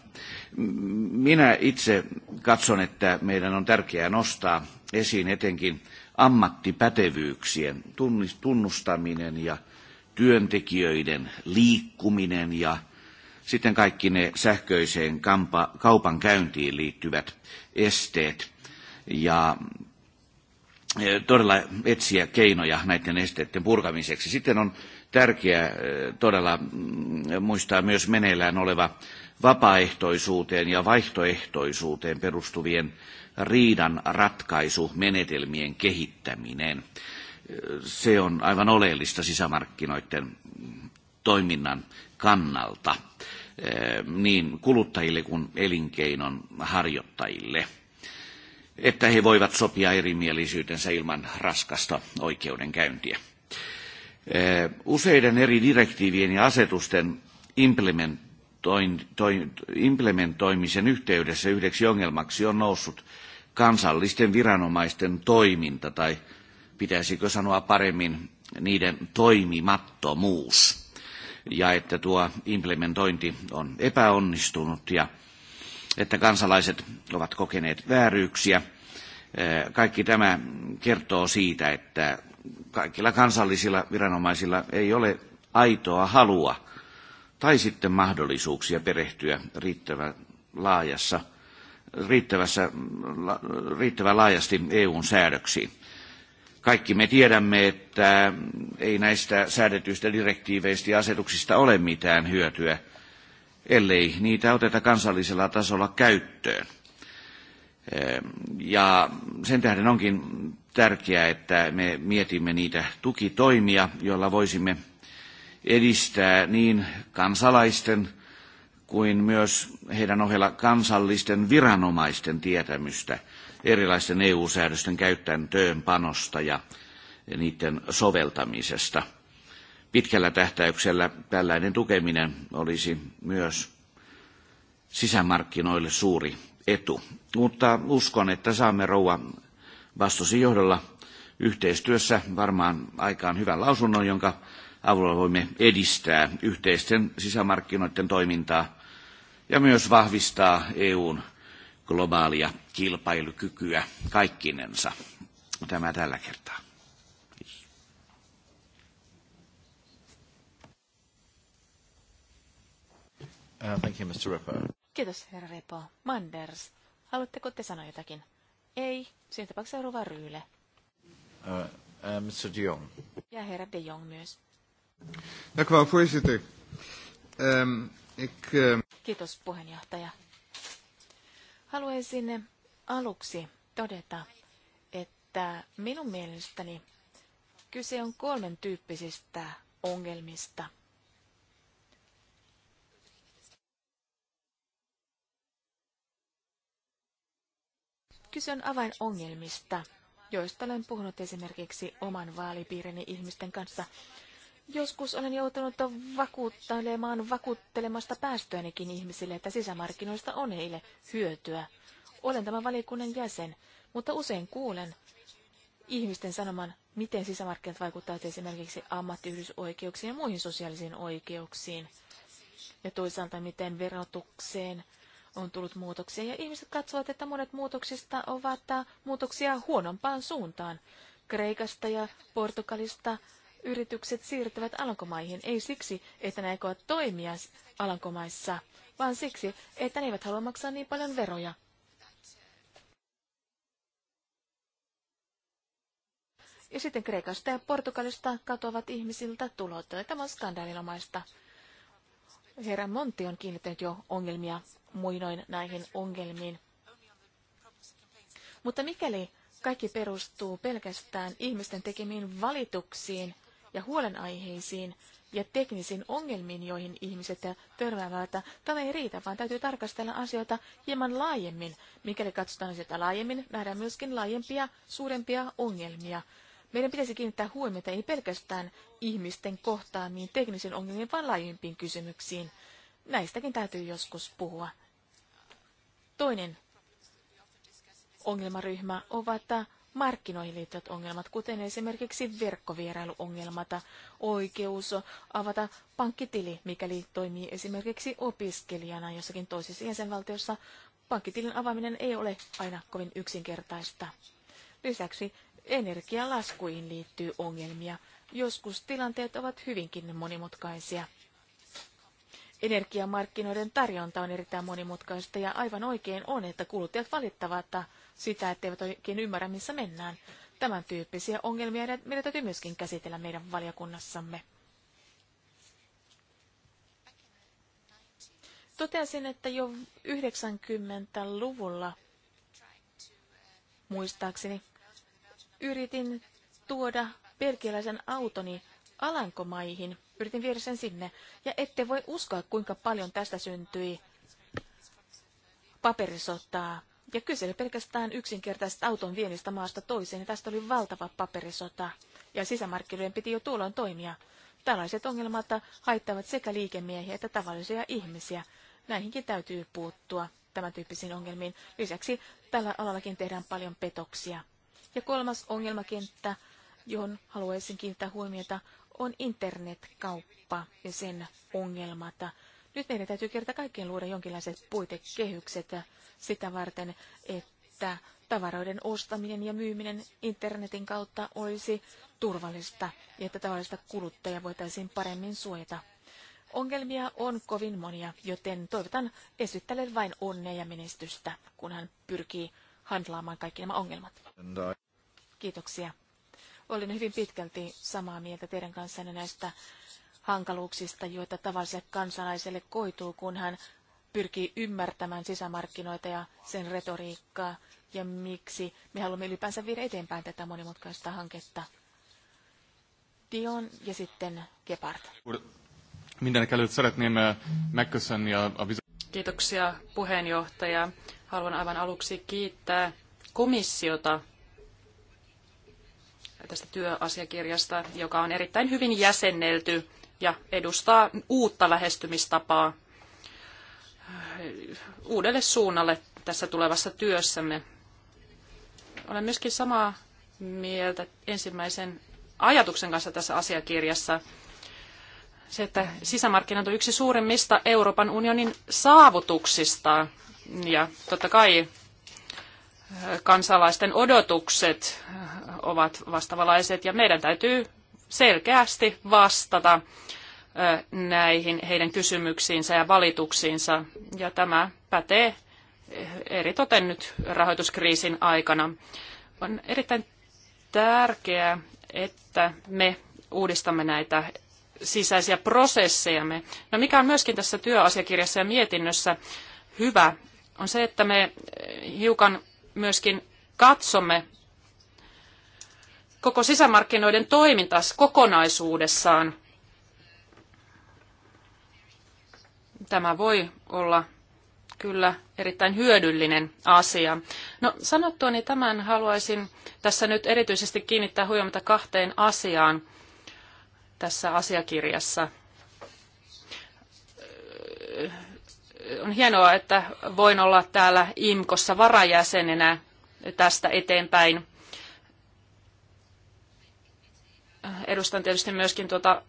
Speaker 4: Minä itse katson, että meidän on tärkeää nostaa esiin etenkin ammattipätevyyksien tunnustaminen ja työntekijöiden liikkuminen ja sitten kaikki ne sähköiseen kaupan käyntiin liittyvät esteet. Ja Eh, todella etsiä keinoja näiden esteiden purkamiseksi. Sitten on tärkeää eh, todella mm, muistaa myös meneillään oleva vapaaehtoisuuteen ja vaihtoehtoisuuteen perustuvien riidan ratkaisumenetelmien kehittäminen. Eh, se on aivan oleellista sisämarkkinoiden toiminnan kannalta niin kuluttajille kuin elinkeinon harjoittajille – että he voivat sopia erimielisyytensä ilman raskasta oikeudenkäyntiä. Eh, useiden eri direktiivien ja asetusten implementoimisen yhteydessä yhdeksi ongelmaksi on noussut kansallisten viranomaisten toiminta tai pitäisikö sanoa paremmin niiden toimimattomuus ja että tuo implementointi on epäonnistunut ja että kansalaiset ovat kokeneet vääryyksiä. Kaikki tämä kertoo siitä, että kaikilla kansallisilla viranomaisilla ei ole aitoa halua tai sitten mahdollisuuksia perehtyä riittävän laajassa, riittävässä, riittävän laajasti EUn säädöksiin. Kaikki me tiedämme, että ei näistä säädetyistä direktiiveistä ja asetuksista ole mitään hyötyä – ellei niitä oteta kansallisella tasolla käyttöön. Ehm, ja sen tähden onkin tärkeää, että me mietimme niitä tukitoimia, joilla voisimme edistää niin kansalaisten kuin myös heidän ohella kansallisten viranomaisten tietämystä erilaisten EU-säädösten panosta ja niiden soveltamisesta – pitkällä tähtäyksellä tällainen tukeminen olisi myös sisämarkkinoille suuri etu. Mutta uskon, että saamme rouva vastosi johdolla yhteistyössä varmaan aikaan hyvän lausunnon, jonka avulla voimme edistää yhteisten sisämarkkinoiden toimintaa ja myös vahvistaa EUn globaalia kilpailukykyä kaikkinensa. Tämä tällä kertaa.
Speaker 5: Uh, thank you, Mr.
Speaker 6: Kiitos, herra Repo. Manders, haluatteko te sanoa jotakin? Ei, siinä tapauksessa Rova Ryyle.
Speaker 5: Uh, uh, Mr. de Jong.
Speaker 6: Ja herra de Jong myös.
Speaker 5: Dank u wel,
Speaker 4: voorzitter. Um, ik, um...
Speaker 6: Kiitos, puheenjohtaja. Haluaisin aluksi todeta, että minun mielestäni kyse on kolmen tyyppisistä ongelmista – Kyse on avainongelmista, joista olen puhunut esimerkiksi oman vaalipiirini ihmisten kanssa. Joskus olen joutunut vakuuttelemaan vakuuttelemasta päästöönikin ihmisille, että sisämarkkinoista on heille hyötyä. Olen tämän valiokunnan jäsen, mutta usein kuulen ihmisten sanoman, miten sisämarkkinat vaikuttavat esimerkiksi ammattiyhdysoikeuksiin ja muihin sosiaalisiin oikeuksiin. Ja toisaalta miten verotukseen on tullut muutoksia ja ihmiset katsovat, että monet muutoksista ovat äh, muutoksia huonompaan suuntaan. Kreikasta ja Portugalista yritykset siirtyvät Alankomaihin, ei siksi, että ne eivät toimia Alankomaissa, vaan siksi, että ne eivät halua maksaa niin paljon veroja. Ja sitten Kreikasta ja Portugalista katoavat ihmisiltä tulot. Tämä on skandaalinomaista. Herra Monti on kiinnittänyt jo ongelmia muinoin näihin ongelmiin. Mutta mikäli kaikki perustuu pelkästään ihmisten tekemiin valituksiin ja huolenaiheisiin ja teknisiin ongelmiin, joihin ihmiset törmäävät, tämä ei riitä, vaan täytyy tarkastella asioita hieman laajemmin. Mikäli katsotaan asioita laajemmin, nähdään myöskin laajempia, suurempia ongelmia. Meidän pitäisi kiinnittää huomiota ei pelkästään ihmisten kohtaamiin teknisiin ongelmiin, vaan laajempiin kysymyksiin. Näistäkin täytyy joskus puhua. Toinen ongelmaryhmä ovat markkinoihin liittyvät ongelmat, kuten esimerkiksi verkkovierailuongelmat, oikeus avata pankkitili, mikäli toimii esimerkiksi opiskelijana jossakin toisessa jäsenvaltiossa. Pankkitilin avaaminen ei ole aina kovin yksinkertaista. Lisäksi energialaskuihin liittyy ongelmia. Joskus tilanteet ovat hyvinkin monimutkaisia. Energiamarkkinoiden tarjonta on erittäin monimutkaista ja aivan oikein on, että kuluttajat valittavat sitä, etteivät oikein ymmärrä, missä mennään. Tämän tyyppisiä ongelmia meidän täytyy myöskin käsitellä meidän valiokunnassamme. Toteasin, että jo 90-luvulla, muistaakseni, yritin tuoda belgialaisen autoni Alankomaihin. Yritin viedä sen sinne. Ja ette voi uskoa, kuinka paljon tästä syntyi paperisotaa. Ja kyse oli pelkästään yksinkertaisesta auton viennistä maasta toiseen, ja tästä oli valtava paperisota. Ja sisämarkkinoiden piti jo tuolloin toimia. Tällaiset ongelmat haittavat sekä liikemiehiä että tavallisia ihmisiä. Näihinkin täytyy puuttua tämän tyyppisiin ongelmiin. Lisäksi tällä alallakin tehdään paljon petoksia. Ja kolmas ongelmakenttä, johon haluaisin kiinnittää huomiota, on internetkauppa ja sen ongelmat. Nyt meidän täytyy kerta kaikkien luoda jonkinlaiset puitekehykset sitä varten, että tavaroiden ostaminen ja myyminen internetin kautta olisi turvallista ja että tavallista kuluttaja voitaisiin paremmin suojata. Ongelmia on kovin monia, joten toivotan esittäjälle vain onnea ja menestystä, kun hän pyrkii handlaamaan kaikki nämä ongelmat. Kiitoksia. Olen hyvin pitkälti samaa mieltä teidän kanssanne näistä hankaluuksista, joita tavalliselle kansalaiselle koituu, kun hän pyrkii ymmärtämään sisämarkkinoita ja sen retoriikkaa ja miksi me haluamme ylipäänsä viedä eteenpäin tätä monimutkaista hanketta. Dion ja sitten Gepard.
Speaker 1: Mindenek előtt
Speaker 2: Kiitoksia puheenjohtaja. Haluan aivan aluksi kiittää komissiota tästä työasiakirjasta, joka on erittäin hyvin jäsennelty ja edustaa uutta lähestymistapaa uudelle suunnalle tässä tulevassa työssämme. Olen myöskin samaa mieltä ensimmäisen ajatuksen kanssa tässä asiakirjassa. Se, että sisämarkkinat on yksi suurimmista Euroopan unionin saavutuksista. Ja totta kai kansalaisten odotukset äh, ovat vastavalaiset ja meidän täytyy selkeästi vastata äh, näihin heidän kysymyksiinsä ja valituksiinsa. Ja tämä pätee eritoten nyt rahoituskriisin aikana. On erittäin tärkeää, että me uudistamme näitä sisäisiä prosessejamme. No mikä on myöskin tässä työasiakirjassa ja mietinnössä hyvä, on se, että me hiukan myöskin katsomme koko sisämarkkinoiden toimintaa kokonaisuudessaan. Tämä voi olla kyllä erittäin hyödyllinen asia. No sanottuani tämän haluaisin tässä nyt erityisesti kiinnittää huomiota kahteen asiaan tässä asiakirjassa on hienoa, että voin olla täällä IMKossa varajäsenenä tästä eteenpäin. Edustan tietysti myöskin tuota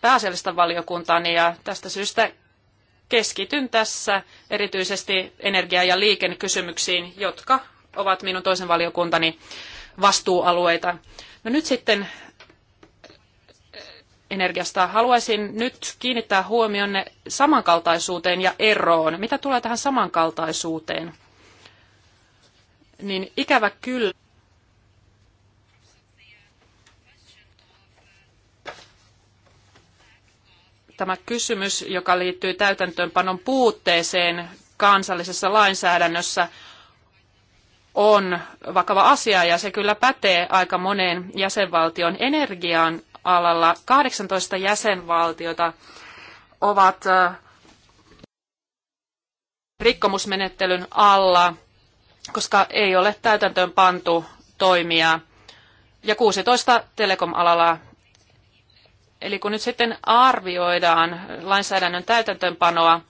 Speaker 2: pääasiallista valiokuntaani ja tästä syystä keskityn tässä erityisesti energia- ja liikennekysymyksiin, jotka ovat minun toisen valiokuntani vastuualueita. No nyt sitten energiasta. Haluaisin nyt kiinnittää huomionne samankaltaisuuteen ja eroon. Mitä tulee tähän samankaltaisuuteen? Niin ikävä kyllä. Tämä kysymys, joka liittyy täytäntöönpanon puutteeseen kansallisessa lainsäädännössä, on vakava asia ja se kyllä pätee aika moneen jäsenvaltion energiaan alalla 18 jäsenvaltiota ovat rikkomusmenettelyn alla, koska ei ole täytäntöön pantu toimia. Ja 16 telekom-alalla. Eli kun nyt sitten arvioidaan lainsäädännön täytäntöönpanoa,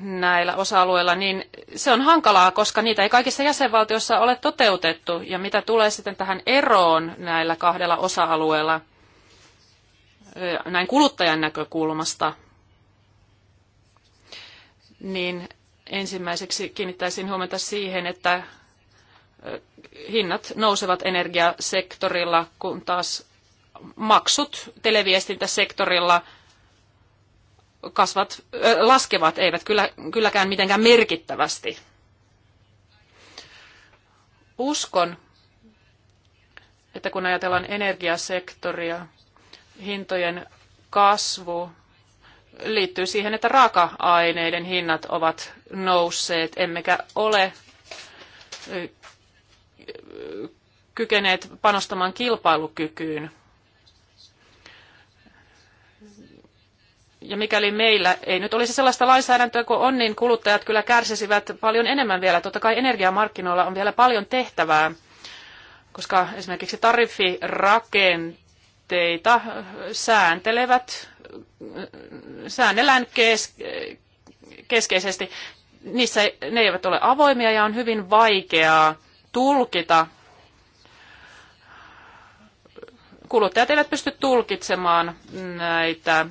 Speaker 2: näillä osa-alueilla, niin se on hankalaa, koska niitä ei kaikissa jäsenvaltioissa ole toteutettu. Ja mitä tulee sitten tähän eroon näillä kahdella osa-alueella näin kuluttajan näkökulmasta, niin ensimmäiseksi kiinnittäisin huomiota siihen, että hinnat nousevat energiasektorilla, kun taas maksut televiestintäsektorilla – kasvat, laskevat, eivät kyllä, kylläkään mitenkään merkittävästi. Uskon, että kun ajatellaan energiasektoria, hintojen kasvu liittyy siihen, että raaka-aineiden hinnat ovat nousseet, emmekä ole kykeneet panostamaan kilpailukykyyn Ja mikäli meillä ei nyt olisi sellaista lainsäädäntöä kuin on, niin kuluttajat kyllä kärsisivät paljon enemmän vielä. Totta kai energiamarkkinoilla on vielä paljon tehtävää, koska esimerkiksi tariffirakenteita sääntelevät, säännellään kes, keskeisesti. Niissä ne eivät ole avoimia ja on hyvin vaikeaa tulkita kuluttajat eivät pysty tulkitsemaan näitä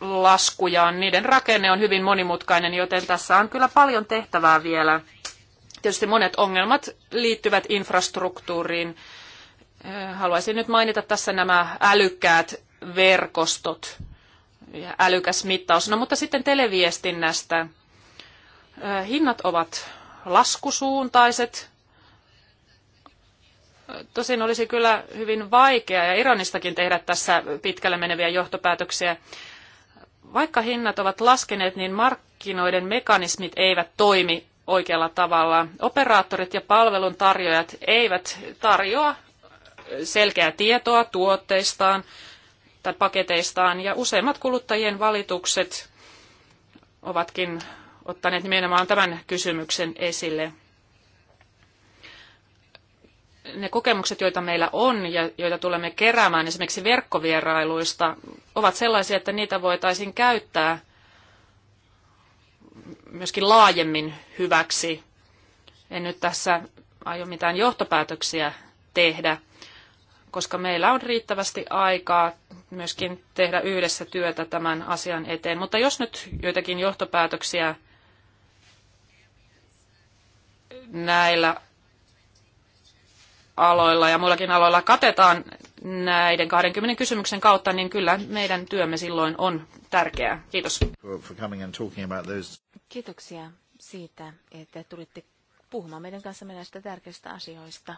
Speaker 2: laskujaan. Niiden rakenne on hyvin monimutkainen, joten tässä on kyllä paljon tehtävää vielä. Tietysti monet ongelmat liittyvät infrastruktuuriin. Eh, haluaisin nyt mainita tässä nämä älykkäät verkostot ja älykäs mittaus. No mutta sitten televiestinnästä. Eh, hinnat ovat laskusuuntaiset. Eh, tosin olisi kyllä hyvin vaikea ja ironistakin tehdä tässä pitkälle meneviä johtopäätöksiä. Vaikka hinnat ovat laskeneet, niin markkinoiden mekanismit eivät toimi oikealla tavalla. Operaattorit ja palveluntarjoajat eivät tarjoa selkeää tietoa tuotteistaan tai paketeistaan, ja useimmat kuluttajien valitukset ovatkin ottaneet nimenomaan tämän kysymyksen esille ne kokemukset, joita meillä on ja joita tulemme keräämään esimerkiksi verkkovierailuista, ovat sellaisia, että niitä voitaisiin käyttää myöskin laajemmin hyväksi. En nyt tässä aio mitään johtopäätöksiä tehdä, koska meillä on riittävästi aikaa myöskin tehdä yhdessä työtä tämän asian eteen. Mutta jos nyt joitakin johtopäätöksiä näillä aloilla ja muillakin aloilla katetaan näiden 20 kysymyksen
Speaker 6: kautta, niin kyllä meidän työmme silloin on tärkeää. Kiitos. Kiitoksia siitä, että tulitte puhumaan meidän kanssamme näistä tärkeistä asioista.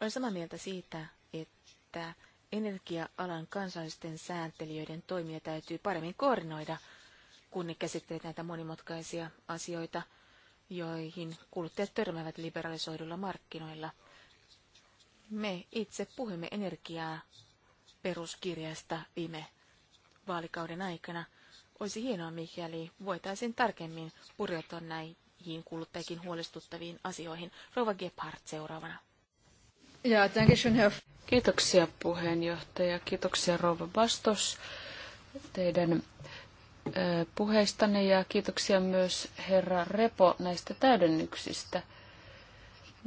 Speaker 6: Olen samaa mieltä siitä, että energia-alan kansallisten sääntelijöiden toimia täytyy paremmin koordinoida, kun ne käsittelevät näitä monimutkaisia asioita, joihin kuluttajat törmäävät liberalisoidulla markkinoilla – me itse puhumme energiaa peruskirjasta viime vaalikauden aikana. Olisi hienoa, mikäli voitaisiin tarkemmin pureutua näihin kuluttajakin huolestuttaviin asioihin. Rova Gebhardt seuraavana.
Speaker 3: Ja, Kiitoksia puheenjohtaja. Kiitoksia Rova Bastos teidän puheistanne ja kiitoksia myös herra Repo näistä täydennyksistä –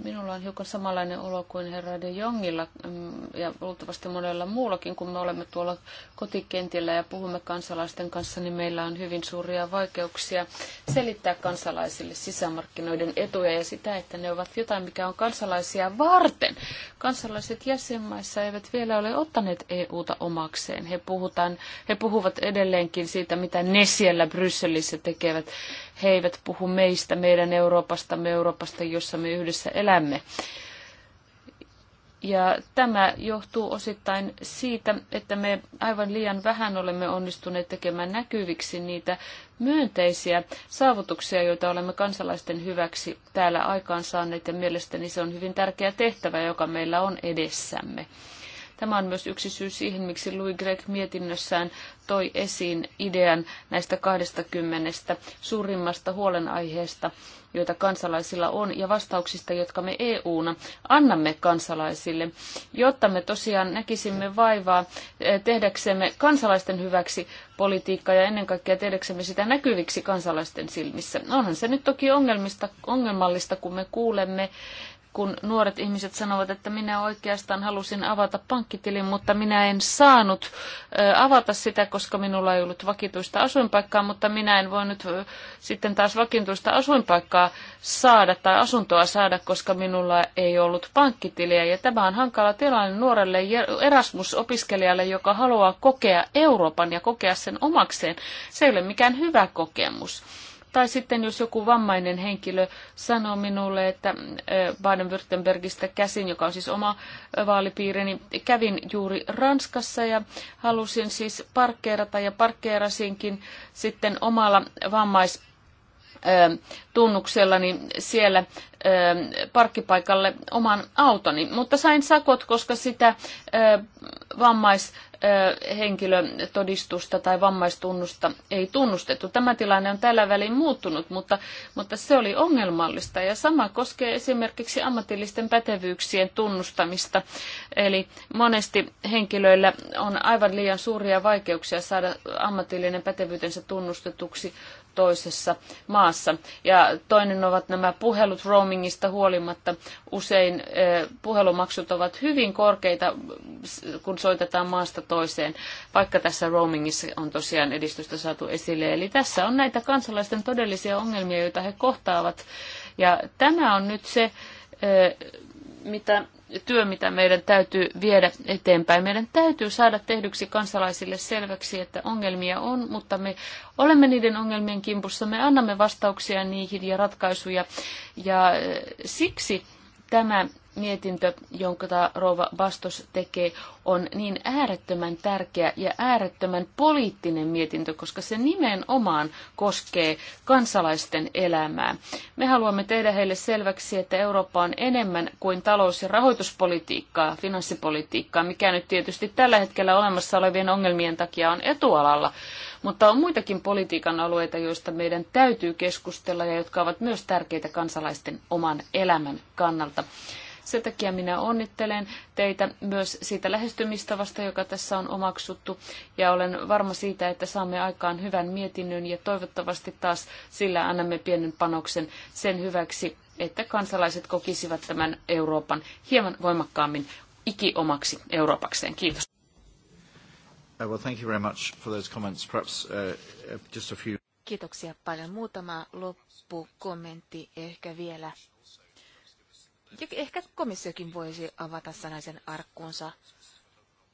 Speaker 3: Minulla on hiukan samanlainen olo kuin herra de Jongilla mm, ja luultavasti monella muullakin, kun me olemme tuolla kotikentillä ja puhumme kansalaisten kanssa, niin meillä on hyvin suuria vaikeuksia selittää kansalaisille sisämarkkinoiden etuja ja sitä, että ne ovat jotain, mikä on kansalaisia varten. Kansalaiset jäsenmaissa eivät vielä ole ottaneet EUta omakseen. He, puhutaan, he puhuvat edelleenkin siitä, mitä ne siellä Brysselissä tekevät. He eivät puhu meistä, meidän Euroopasta, me Euroopasta, jossa me yhdessä elämme. Ja tämä johtuu osittain siitä, että me aivan liian vähän olemme onnistuneet tekemään näkyviksi niitä myönteisiä saavutuksia, joita olemme kansalaisten hyväksi täällä aikaansaanneet. Ja mielestäni se on hyvin tärkeä tehtävä, joka meillä on edessämme. Tämä on myös yksi syy siihen, miksi Louis Gregg mietinnössään toi esiin idean näistä 20 suurimmasta huolenaiheesta, joita kansalaisilla on, ja vastauksista, jotka me EUna annamme kansalaisille, jotta me tosiaan näkisimme vaivaa eh, tehdäksemme kansalaisten hyväksi politiikkaa ja ennen kaikkea tehdäksemme sitä näkyviksi kansalaisten silmissä. Onhan se nyt toki ongelmista, ongelmallista, kun me kuulemme kun nuoret ihmiset sanovat, että minä oikeastaan halusin avata pankkitilin, mutta minä en saanut avata sitä, koska minulla ei ollut vakituista asuinpaikkaa, mutta minä en voinut sitten taas vakituista asuinpaikkaa saada tai asuntoa saada, koska minulla ei ollut pankkitiliä. Ja tämä on hankala tilanne nuorelle Erasmus-opiskelijalle, joka haluaa kokea Euroopan ja kokea sen omakseen. Se ei ole mikään hyvä kokemus. Tai sitten jos joku vammainen henkilö sanoo minulle, että Baden-Württembergistä käsin, joka on siis oma vaalipiirini, niin kävin juuri Ranskassa ja halusin siis parkkeerata ja parkkeerasinkin sitten omalla vammais tunnuksellani siellä parkkipaikalle oman autoni, mutta sain sakot, koska sitä vammaishenkilötodistusta tai vammaistunnusta ei tunnustettu. Tämä tilanne on tällä välin muuttunut, mutta, mutta se oli ongelmallista ja sama koskee esimerkiksi ammatillisten pätevyyksien tunnustamista. Eli monesti henkilöillä on aivan liian suuria vaikeuksia saada ammatillinen pätevyytensä tunnustetuksi toisessa maassa. Ja toinen ovat nämä puhelut roamingista huolimatta. Usein eh, puhelumaksut ovat hyvin korkeita, kun soitetaan maasta toiseen, vaikka tässä roamingissa on tosiaan edistystä saatu esille. Eli tässä on näitä kansalaisten todellisia ongelmia, joita he kohtaavat. Ja tämä on nyt se, eh, mitä työ, mitä meidän täytyy viedä eteenpäin. Meidän täytyy saada tehdyksi kansalaisille selväksi, että ongelmia on, mutta me olemme niiden ongelmien kimpussa, me annamme vastauksia niihin ja ratkaisuja. Ja eh, siksi Tämä mietintö, jonka Rova Bastos tekee, on niin äärettömän tärkeä ja äärettömän poliittinen mietintö, koska se nimenomaan koskee kansalaisten elämää. Me haluamme tehdä heille selväksi, että Eurooppa on enemmän kuin talous- ja rahoituspolitiikkaa, finanssipolitiikkaa, mikä nyt tietysti tällä hetkellä olemassa olevien ongelmien takia on etualalla. Mutta on muitakin politiikan alueita, joista meidän täytyy keskustella ja jotka ovat myös tärkeitä kansalaisten oman elämän kannalta. Sen takia minä onnittelen teitä myös siitä lähestymistavasta, joka tässä on omaksuttu. Ja olen varma siitä, että saamme aikaan hyvän mietinnön ja toivottavasti taas sillä annamme pienen panoksen sen hyväksi, että kansalaiset kokisivat tämän Euroopan hieman voimakkaammin ikiomaksi Euroopakseen. Kiitos.
Speaker 5: Uh, well, thank you very much for those comments. Perhaps uh, uh, just a few.
Speaker 6: Kiitoksia paljon. Muutama loppukommentti ehkä vielä. Ehkä komissiokin voisi avata sanaisen arkkuunsa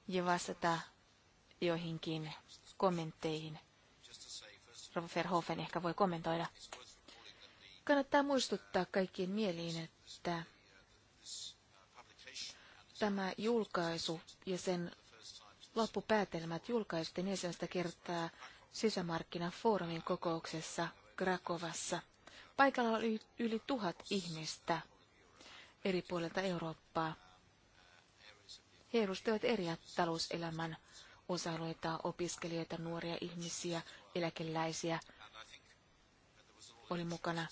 Speaker 6: ja vastata joihinkin kommentteihin. Rova Verhoeven ehkä voi kommentoida. Kannattaa muistuttaa kaikkien mieliin, että tämä julkaisu ja sen loppupäätelmät julkaistiin ensimmäistä kertaa sisämarkkinafoorumin kokouksessa Krakovassa. Paikalla oli yli tuhat ihmistä eri puolilta Eurooppaa. He edustivat eri talouselämän osa-alueita, opiskelijoita, nuoria ihmisiä, eläkeläisiä. Oli mukana.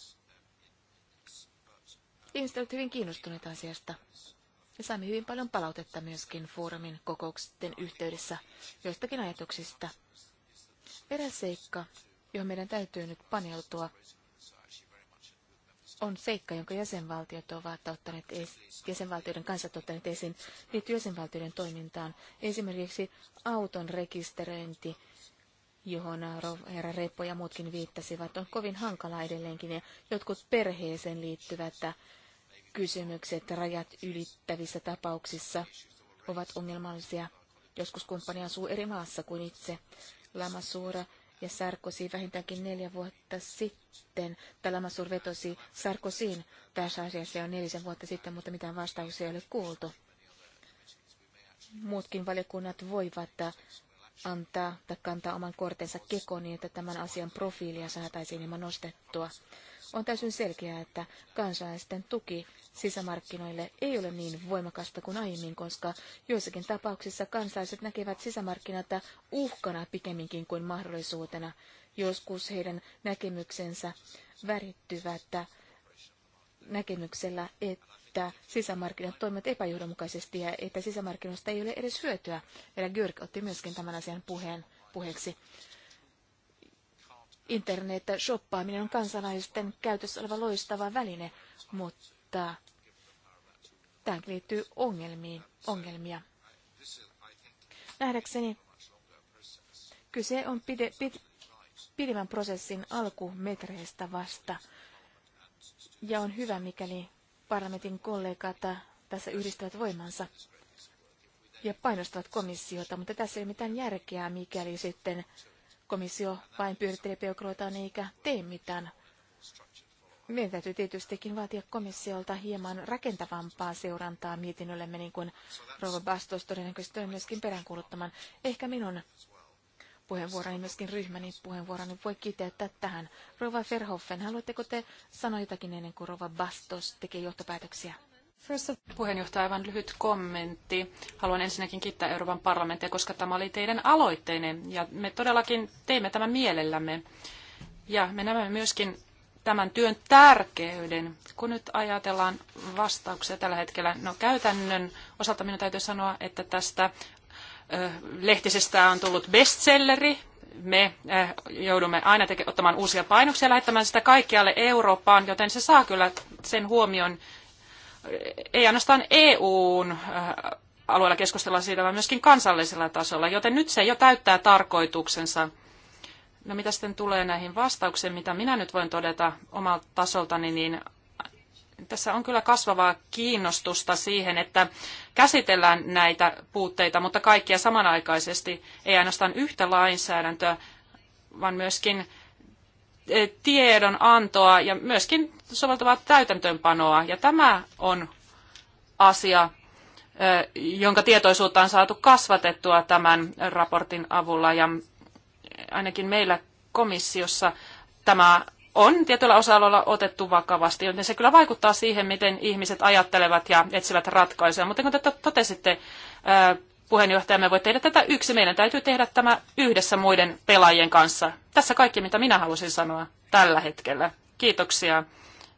Speaker 6: Ihmiset olivat hyvin kiinnostuneita asiasta. Ja saimme hyvin paljon palautetta myöskin foorumin kokouksen yhteydessä joistakin ajatuksista. Eräs seikka, johon meidän täytyy nyt paneutua, on seikka, jonka jäsenvaltiot ovat ottaneet es, jäsenvaltioiden kansat ottaneet esiin, liittyy jäsenvaltioiden toimintaan. Esimerkiksi auton rekisteröinti, johon herra Reppo ja muutkin viittasivat, on kovin hankala edelleenkin, ja jotkut perheeseen liittyvät kysymykset rajat ylittävissä tapauksissa ovat ongelmallisia. Joskus kumppani asuu eri maassa kuin itse. Lamassuura ja Sarkozy vähintäänkin neljä vuotta sitten. Tämä Lamassur vetosi Sarkozyin tässä asiassa jo nelisen vuotta sitten, mutta mitään vastauksia ei ole kuultu. Muutkin valiokunnat voivat antaa tai kantaa oman kortensa kekoon niin, että tämän asian profiilia saataisiin hieman nostettua. On täysin selkeää, että kansalaisten tuki sisämarkkinoille ei ole niin voimakasta kuin aiemmin, koska joissakin tapauksissa kansalaiset näkevät sisämarkkinat uhkana pikemminkin kuin mahdollisuutena. Joskus heidän näkemyksensä värittyvät näkemyksellä, että sisämarkkinat toimivat epäjohdonmukaisesti ja että sisämarkkinoista ei ole edes hyötyä. Eli Gyrk otti myöskin tämän asian puheen, puheeksi. Internet-shoppaaminen on kansalaisten käytössä oleva loistava väline, mutta tähän liittyy ongelmiin, ongelmia. Nähdäkseni kyse on pide, pid, pidemmän prosessin alkumetreistä vasta. Ja on hyvä, mikäli parlamentin kollegat tässä yhdistävät voimansa ja painostavat komissiota, mutta tässä ei ole mitään järkeä, mikäli sitten komissio vain pyörittelee peukaloitaan eikä tee mitään. Meidän täytyy tietystikin vaatia komissiolta hieman rakentavampaa seurantaa mietinnöllemme, niin kuin Rova Bastos todennäköisesti on myöskin peräänkuuluttamaan. Ehkä minun puheenvuoroni, myöskin ryhmäni puheenvuoroni voi kiteyttää tähän. Rova Verhoffen, haluatteko te sanoa jotakin ennen kuin Rova Bastos tekee johtopäätöksiä?
Speaker 2: Puheenjohtaja, aivan lyhyt kommentti. Haluan ensinnäkin kiittää Euroopan parlamenttia, koska tämä oli teidän aloitteinen ja me todellakin teimme tämän mielellämme. Ja me näemme myöskin tämän työn tärkeyden, kun nyt ajatellaan vastauksia tällä hetkellä. No käytännön osalta minun täytyy sanoa, että tästä lehtisestä on tullut bestselleri. Me joudumme aina ottamaan uusia painoksia ja lähettämään sitä kaikkialle Eurooppaan, joten se saa kyllä sen huomion, ei ainoastaan EUn äh, alueella keskustella siitä, vaan myöskin kansallisella tasolla, joten nyt se jo täyttää tarkoituksensa. No mitä sitten tulee näihin vastauksiin, mitä minä nyt voin todeta omalta tasoltani, niin tässä on kyllä kasvavaa kiinnostusta siihen, että käsitellään näitä puutteita, mutta kaikkia samanaikaisesti, ei ainoastaan yhtä lainsäädäntöä, vaan myöskin eh, tiedon antoa ja myöskin soveltavat täytäntöönpanoa. Ja tämä on asia, jonka tietoisuutta on saatu kasvatettua tämän raportin avulla. Ja ainakin meillä komissiossa tämä on tietyllä osa-alueella otettu vakavasti, joten se kyllä vaikuttaa siihen, miten ihmiset ajattelevat ja etsivät ratkaisuja. Mutta kun te totesitte, me voi tehdä tätä yksi, meidän täytyy tehdä tämä yhdessä muiden pelaajien kanssa. Tässä kaikki, mitä minä halusin sanoa tällä hetkellä. Kiitoksia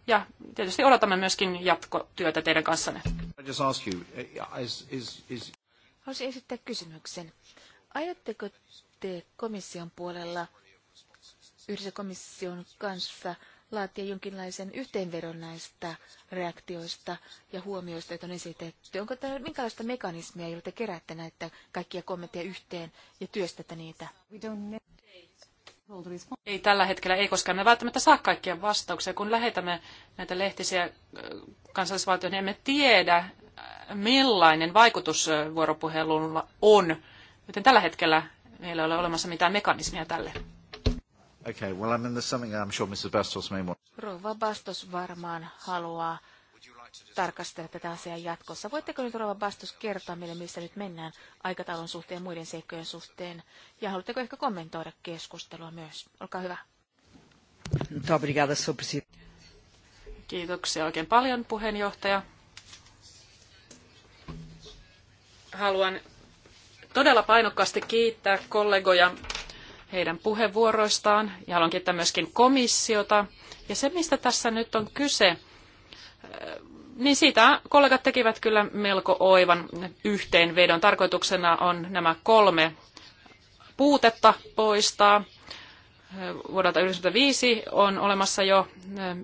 Speaker 2: ja tietysti odotamme myöskin jatkotyötä teidän kanssanne.
Speaker 5: Eh,
Speaker 6: Haluaisin esittää kysymyksen. Aiotteko te komission puolella yhdessä komission kanssa laatia jonkinlaisen yhteenvedon näistä reaktioista ja huomioista, joita on esitetty. Onko tämä minkälaista mekanismia, jolla te keräätte näitä kaikkia kommentteja yhteen ja työstätte niitä?
Speaker 2: Ei tällä hetkellä, ei koska me välttämättä saa kaikkia vastauksia. Kun lähetämme näitä lehtisiä äh, kansallisvaltioihin, niin emme tiedä, äh, millainen vaikutus äh, vuoropuhelulla on. Joten tällä hetkellä meillä ei ole olemassa
Speaker 6: mitään mekanismia tälle.
Speaker 5: Okay, well, I mean, there's something I'm sure Mrs. Bastos may want.
Speaker 6: Rova Bastos varmaan haluaa tarkastella tätä asiaa jatkossa. Voitteko nyt Rova Bastos kertoa meille, missä nyt mennään aikataulun suhteen ja muiden seikkojen suhteen? Ja haluatteko ehkä kommentoida keskustelua myös? Olkaa hyvä. Kiitoksia oikein paljon, puheenjohtaja.
Speaker 2: Haluan todella painokkaasti kiittää kollegoja heidän puheenvuoroistaan ja haluan kiittää myöskin komissiota. Ja se, mistä tässä nyt on kyse, niin siitä kollegat tekivät kyllä melko oivan yhteenvedon. Tarkoituksena on nämä kolme puutetta poistaa. Vuodelta 1995 on olemassa jo eh,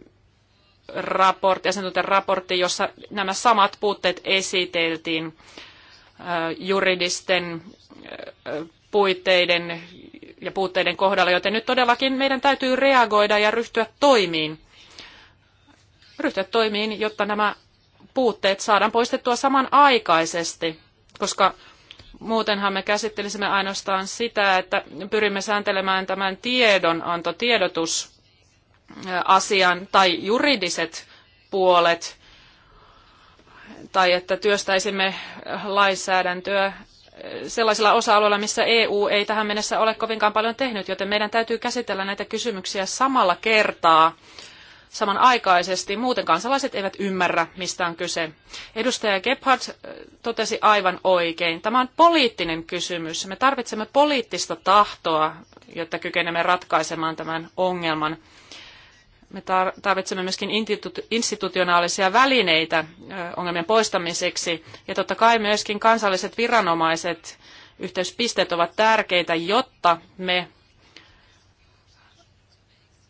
Speaker 2: raportti, asiantuntijan raportti, jossa nämä samat puutteet esiteltiin eh, juridisten eh, puitteiden ja puutteiden kohdalla, joten nyt todellakin meidän täytyy reagoida ja ryhtyä toimiin ryhtyä toimiin, jotta nämä puutteet saadaan poistettua samanaikaisesti, koska muutenhan me käsittelisimme ainoastaan sitä, että pyrimme sääntelemään tämän tiedonanto, tiedotusasian tai juridiset puolet, tai että työstäisimme lainsäädäntöä sellaisilla osa-alueilla, missä EU ei tähän mennessä ole kovinkaan paljon tehnyt, joten meidän täytyy käsitellä näitä kysymyksiä samalla kertaa samanaikaisesti. Muuten kansalaiset eivät ymmärrä, mistä on kyse. Edustaja Gebhardt totesi aivan oikein. Tämä on poliittinen kysymys. Me tarvitsemme poliittista tahtoa, jotta kykenemme ratkaisemaan tämän ongelman. Me tarvitsemme myöskin institutionaalisia välineitä ongelmien poistamiseksi. Ja totta kai myöskin kansalliset viranomaiset, yhteyspisteet ovat tärkeitä, jotta me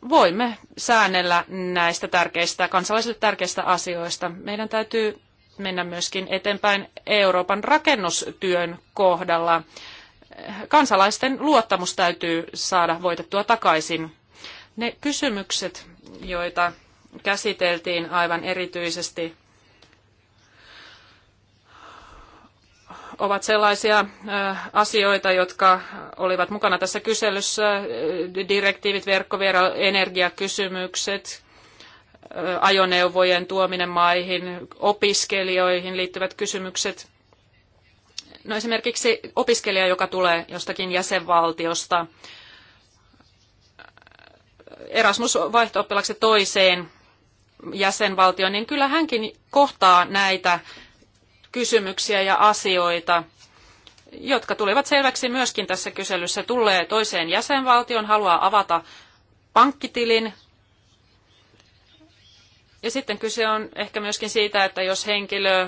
Speaker 2: voimme säännellä näistä tärkeistä, kansalaisille tärkeistä asioista. Meidän täytyy mennä myöskin eteenpäin Euroopan rakennustyön kohdalla. Kansalaisten luottamus täytyy saada voitettua takaisin. Ne kysymykset, joita käsiteltiin aivan erityisesti ovat sellaisia asioita, jotka olivat mukana tässä kyselyssä. Direktiivit, verkkovero, energiakysymykset, ajoneuvojen tuominen maihin, opiskelijoihin liittyvät kysymykset. No esimerkiksi opiskelija, joka tulee jostakin jäsenvaltiosta, Erasmus vaihto toiseen jäsenvaltioon, niin kyllä hänkin kohtaa näitä kysymyksiä ja asioita, jotka tulivat selväksi myöskin tässä kyselyssä. Tulee toiseen jäsenvaltion, haluaa avata pankkitilin. Ja sitten kyse on ehkä myöskin siitä, että jos henkilö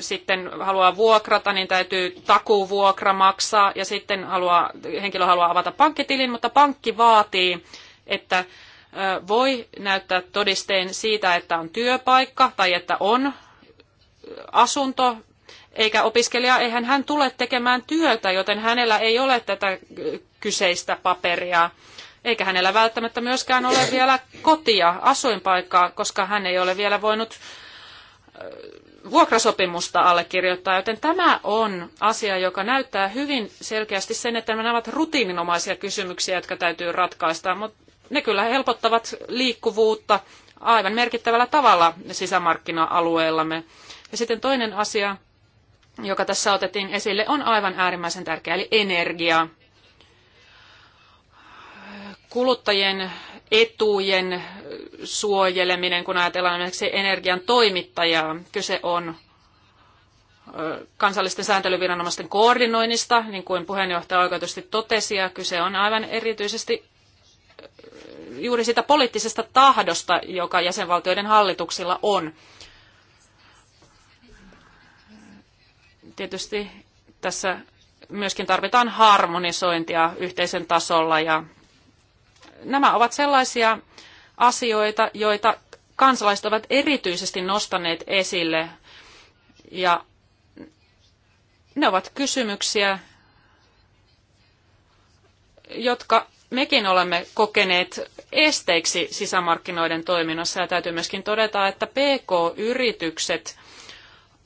Speaker 2: sitten haluaa vuokrata, niin täytyy takuvuokra maksaa ja sitten haluaa, henkilö haluaa avata pankkitilin, mutta pankki vaatii, että voi näyttää todisteen siitä, että on työpaikka tai että on asunto, eikä opiskelija, eihän hän tule tekemään työtä, joten hänellä ei ole tätä kyseistä paperia. Eikä hänellä välttämättä myöskään ole vielä kotia, asuinpaikkaa, koska hän ei ole vielä voinut äh, vuokrasopimusta allekirjoittaa, joten tämä on asia, joka näyttää hyvin selkeästi sen, että nämä ovat rutiininomaisia kysymyksiä, jotka täytyy ratkaista, mutta ne kyllä helpottavat liikkuvuutta aivan merkittävällä tavalla sisämarkkina-alueellamme. Ja sitten toinen asia, joka tässä otettiin esille, on aivan äärimmäisen tärkeä, eli energia. Kuluttajien etujen suojeleminen, kun ajatellaan esimerkiksi energian toimittajaa, kyse on kansallisten sääntelyviranomaisten koordinoinnista, niin kuin puheenjohtaja oikeutusti totesi, ja kyse on aivan erityisesti juuri sitä poliittisesta tahdosta, joka jäsenvaltioiden hallituksilla on. Tietysti tässä myöskin tarvitaan harmonisointia yhteisen tasolla ja nämä ovat sellaisia asioita, joita kansalaiset ovat erityisesti nostaneet esille ja ne ovat kysymyksiä, jotka mekin olemme kokeneet esteiksi sisämarkkinoiden toiminnassa ja täytyy myöskin todeta, että PK-yritykset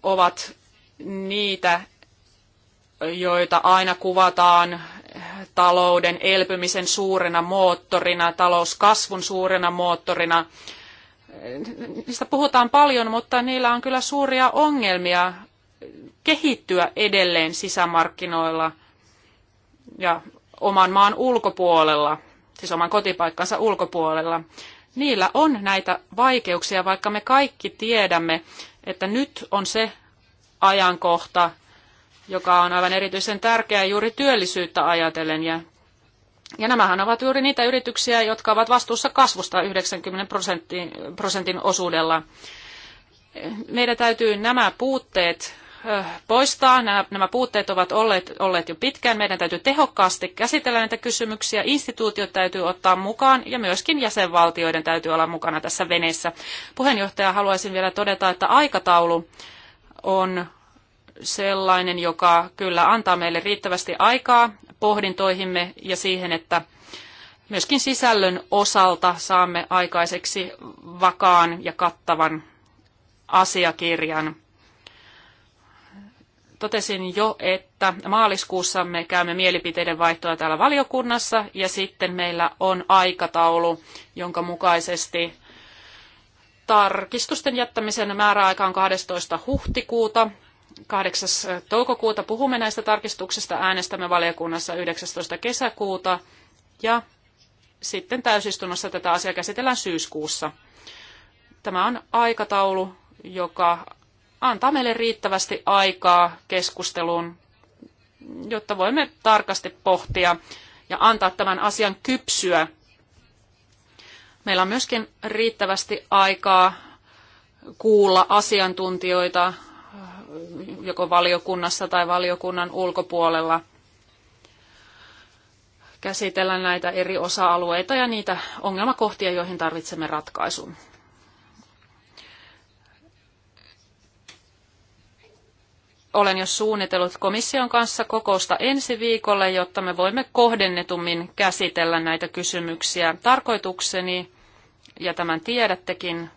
Speaker 2: ovat niitä, joita aina kuvataan talouden elpymisen suurena moottorina, talouskasvun suurena moottorina. Niistä puhutaan paljon, mutta niillä on kyllä suuria ongelmia kehittyä edelleen sisämarkkinoilla ja oman maan ulkopuolella, siis oman kotipaikkansa ulkopuolella. Niillä on näitä vaikeuksia, vaikka me kaikki tiedämme, että nyt on se ajankohta, joka on aivan erityisen tärkeä juuri työllisyyttä ajatellen. Ja, ja nämähän ovat juuri niitä yrityksiä, jotka ovat vastuussa kasvusta 90 prosentin, prosentin osuudella. Meidän täytyy nämä puutteet poistaa. Nämä, nämä puutteet ovat olleet, olleet jo pitkään. Meidän täytyy tehokkaasti käsitellä näitä kysymyksiä. Instituutiot täytyy ottaa mukaan ja myöskin jäsenvaltioiden täytyy olla mukana tässä veneessä. Puheenjohtaja, haluaisin vielä todeta, että aikataulu on sellainen, joka kyllä antaa meille riittävästi aikaa pohdintoihimme ja siihen, että myöskin sisällön osalta saamme aikaiseksi vakaan ja kattavan asiakirjan. Totesin jo, että maaliskuussa me käymme mielipiteiden vaihtoa täällä valiokunnassa ja sitten meillä on aikataulu, jonka mukaisesti Tarkistusten jättämisen määräaika on 12. huhtikuuta. 8. toukokuuta puhumme näistä tarkistuksista, äänestämme valiokunnassa 19. kesäkuuta ja sitten täysistunnossa tätä asiaa käsitellään syyskuussa. Tämä on aikataulu, joka antaa meille riittävästi aikaa keskusteluun, jotta voimme tarkasti pohtia ja antaa tämän asian kypsyä Meillä on myöskin riittävästi aikaa kuulla asiantuntijoita joko valiokunnassa tai valiokunnan ulkopuolella. Käsitellä näitä eri osa-alueita ja niitä ongelmakohtia, joihin tarvitsemme ratkaisun. olen jo suunnitellut komission kanssa kokousta ensi viikolle, jotta me voimme kohdennetummin käsitellä näitä kysymyksiä. Tarkoitukseni ja tämän tiedättekin,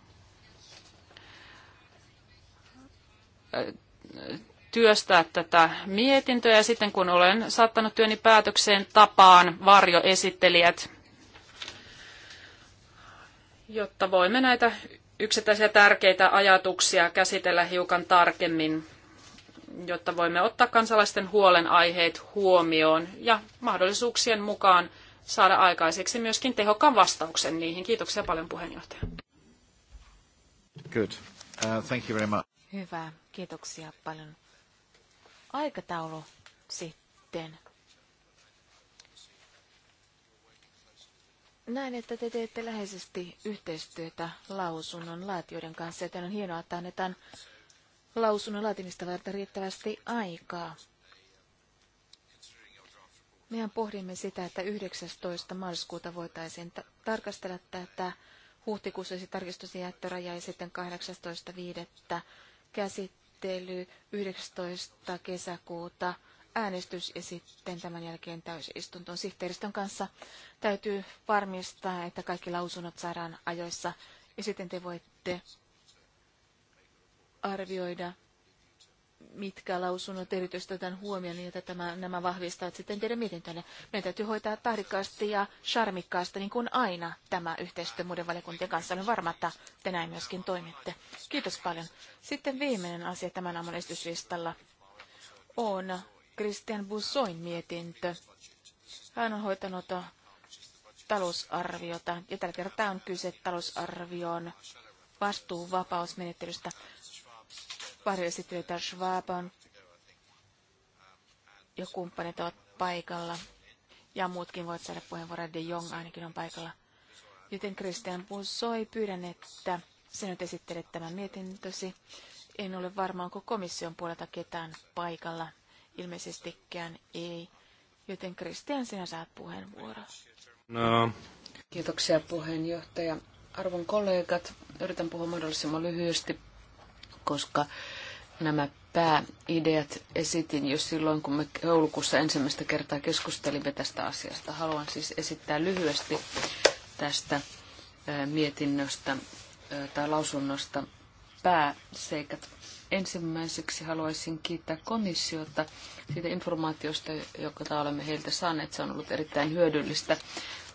Speaker 2: työstää tätä mietintöä ja sitten kun olen saattanut työni päätökseen tapaan varjoesittelijät, jotta voimme näitä yksittäisiä tärkeitä ajatuksia käsitellä hiukan tarkemmin, jotta voimme ottaa kansalaisten huolenaiheet huomioon ja mahdollisuuksien mukaan saada aikaiseksi myöskin tehokkaan vastauksen niihin. Kiitoksia paljon puheenjohtaja.
Speaker 5: Good. Uh, thank you very much.
Speaker 6: Hyvä, kiitoksia paljon. Aikataulu sitten. Näin, että te teette läheisesti yhteistyötä lausunnon laatijoiden kanssa, joten on hienoa, että annetaan lausunnon laatimista varten riittävästi aikaa. Mehän pohdimme sitä, että 19. marraskuuta voitaisiin tarkastella tätä huhtikuussa olisi tarkistus jättöraja ja sitten 18.5. käsittely 19. kesäkuuta äänestys ja sitten tämän jälkeen täysistuntoon sihteeristön kanssa täytyy varmistaa, että kaikki lausunnot saadaan ajoissa ja sitten te voitte arvioida mitkä lausunnot erityisesti otetaan huomioon, niin että tämä, nämä vahvistavat sitten teidän mietintönne. Meidän täytyy hoitaa tahdikkaasti ja charmikkaasti, niin kuin aina tämä yhteistyö muiden valiokuntien kanssa. Olen varma, että te näin myöskin toimitte. Kiitos paljon. Sitten viimeinen asia tämän aamun esityslistalla on Christian Bussoin mietintö. Hän on hoitanut talousarviota, ja tällä kertaa on kyse talousarvion vastuuvapausmenettelystä varjoesittelijöitä Schwab on ja kumppanit ovat paikalla. Ja muutkin voivat saada puheenvuoron. De Jong ainakin on paikalla. Joten Christian Bussoi, pyydän, että sinä nyt esittelet tämän mietintösi. En ole varma, onko komission puolelta ketään paikalla. Ilmeisestikään ei. Joten Christian, sinä saat puheenvuoron. No. Kiitoksia
Speaker 3: puheenjohtaja. Arvon kollegat, yritän puhua mahdollisimman lyhyesti koska nämä pääideat esitin jo silloin, kun me joulukuussa ensimmäistä kertaa keskustelimme tästä asiasta. Haluan siis esittää lyhyesti tästä mietinnöstä tai lausunnosta pääseikat. Ensimmäiseksi haluaisin kiittää komissiota siitä informaatiosta, jota olemme heiltä saaneet. Se on ollut erittäin hyödyllistä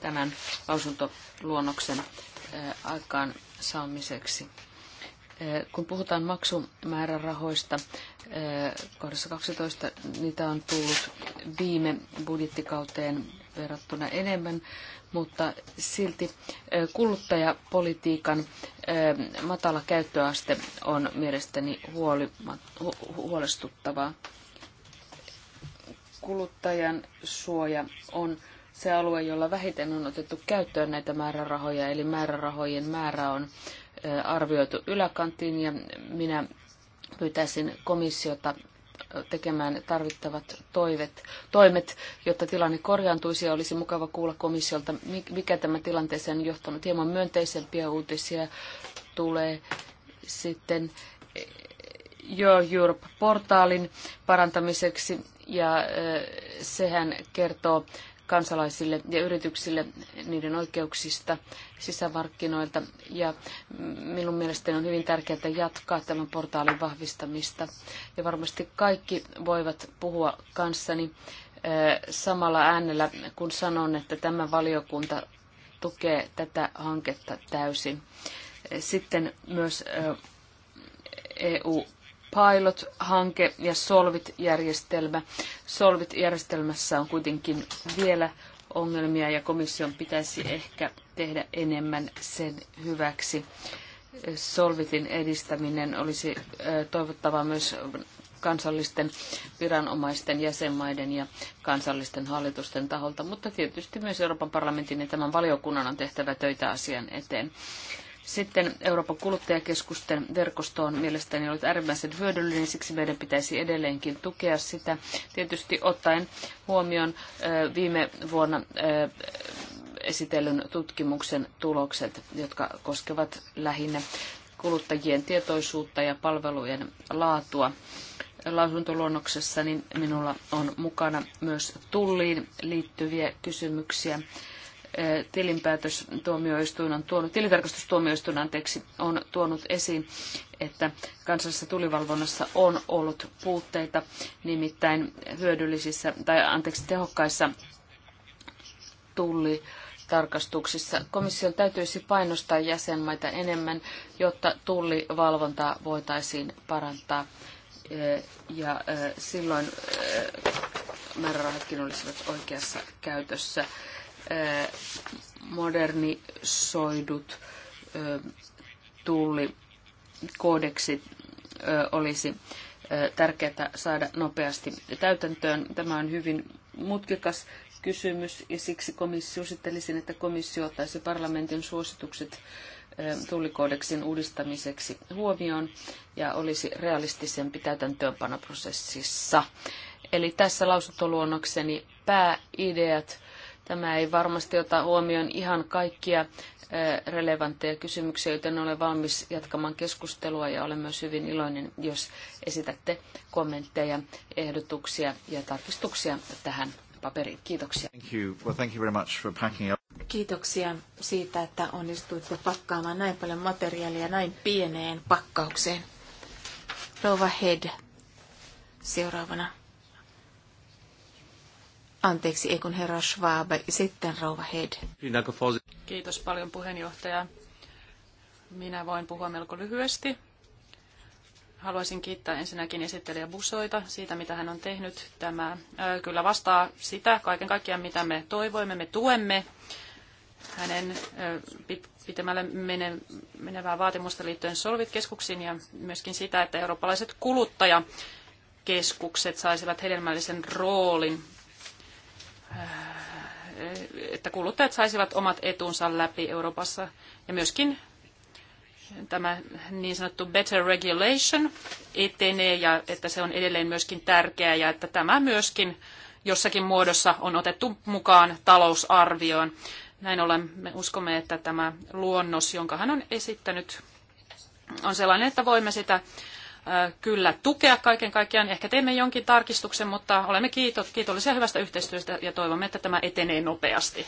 Speaker 3: tämän lausuntoluonnoksen aikaan saamiseksi. Eh, kun puhutaan maksumäärärahoista, eh, kohdassa 12 niitä on tullut viime budjettikauteen verrattuna enemmän, mutta silti eh, kuluttajapolitiikan matala käyttöaste on mielestäni huolestuttavaa. Kuluttajan suoja on se alue, jolla vähiten on otettu käyttöön näitä määrärahoja, eli määrärahojen määrä on arvioitu yläkantiin ja minä pyytäisin komissiota tekemään tarvittavat toivet, toimet, jotta tilanne korjaantuisi ja olisi mukava kuulla komissiolta, mikä tämä tilanteeseen on johtanut. Hieman myönteisempiä uutisia tulee sitten Your e, Europe-portaalin parantamiseksi ja sehän kertoo kansalaisille ja yrityksille niiden oikeuksista sisämarkkinoilta. Ja minun mielestäni on hyvin tärkeää jatkaa tämän portaalin vahvistamista. Ja varmasti kaikki voivat puhua kanssani samalla äänellä, kun sanon, että tämä valiokunta tukee tätä hanketta täysin. Sitten myös EU Pilot-hanke ja Solvit-järjestelmä. Solvit-järjestelmässä on kuitenkin vielä ongelmia ja komission pitäisi ehkä tehdä enemmän sen hyväksi. Solvitin edistäminen olisi toivottavaa myös kansallisten viranomaisten, jäsenmaiden ja kansallisten hallitusten taholta, mutta tietysti myös Euroopan parlamentin ja tämän valiokunnan on tehtävä töitä asian eteen. Sitten Euroopan kuluttajakeskusten verkosto on mielestäni ollut äärimmäisen hyödyllinen, siksi meidän pitäisi edelleenkin tukea sitä. Tietysti ottaen huomioon viime vuonna esitellyn tutkimuksen tulokset, jotka koskevat lähinnä kuluttajien tietoisuutta ja palvelujen laatua. niin minulla on mukana myös tulliin liittyviä kysymyksiä Eh, tilinpäätöstuomioistuin on tuonut, tilintarkastustuomioistuin anteeksi, on tuonut esiin, että kansallisessa tulivalvonnassa on ollut puutteita, nimittäin hyödyllisissä tai anteeksi tehokkaissa tulli tarkastuksissa. Komission täytyisi painostaa jäsenmaita enemmän, jotta tullivalvontaa voitaisiin parantaa eh, ja eh, silloin määrärahatkin olisivat oikeassa käytössä modernisoidut tullikoodeksit olisi tärkeää saada nopeasti täytäntöön. Tämä on hyvin mutkikas kysymys ja siksi komissio suosittelisin, että komissio ottaisi parlamentin suositukset tullikoodeksin uudistamiseksi huomioon ja olisi realistisempi täytäntöönpanoprosessissa. Eli tässä lausuntoluonnokseni pääideat Tämä ei varmasti ota huomioon ihan kaikkia relevantteja kysymyksiä, joten olen valmis jatkamaan keskustelua ja olen myös hyvin iloinen, jos esitätte kommentteja, ehdotuksia ja tarkistuksia tähän paperiin. Kiitoksia.
Speaker 6: Kiitoksia siitä, että onnistuitte pakkaamaan näin paljon materiaalia näin pieneen pakkaukseen. Rova Head seuraavana. Anteeksi, eikun herra Schwab, sitten rouva Head.
Speaker 2: Kiitos paljon puheenjohtaja. Minä voin puhua melko lyhyesti. Haluaisin kiittää ensinnäkin esittelijä Busoita siitä, mitä hän on tehnyt. Tämä kyllä vastaa sitä kaiken kaikkiaan, mitä me toivoimme, me tuemme hänen pitämällä menevää vaatimusta liittyen Solvit-keskuksiin ja myöskin sitä, että eurooppalaiset kuluttajakeskukset saisivat hedelmällisen roolin että kuluttajat saisivat omat etunsa läpi Euroopassa. Ja myöskin tämä niin sanottu better regulation etenee ja että se on edelleen myöskin tärkeää ja että tämä myöskin jossakin muodossa on otettu mukaan talousarvioon. Näin ollen me uskomme, että tämä luonnos, jonka hän on esittänyt, on sellainen, että voimme sitä Äh, kyllä tukea kaiken kaikkiaan. Ehkä teemme jonkin tarkistuksen, mutta olemme kiitollisia hyvästä yhteistyöstä ja toivomme, että tämä etenee nopeasti.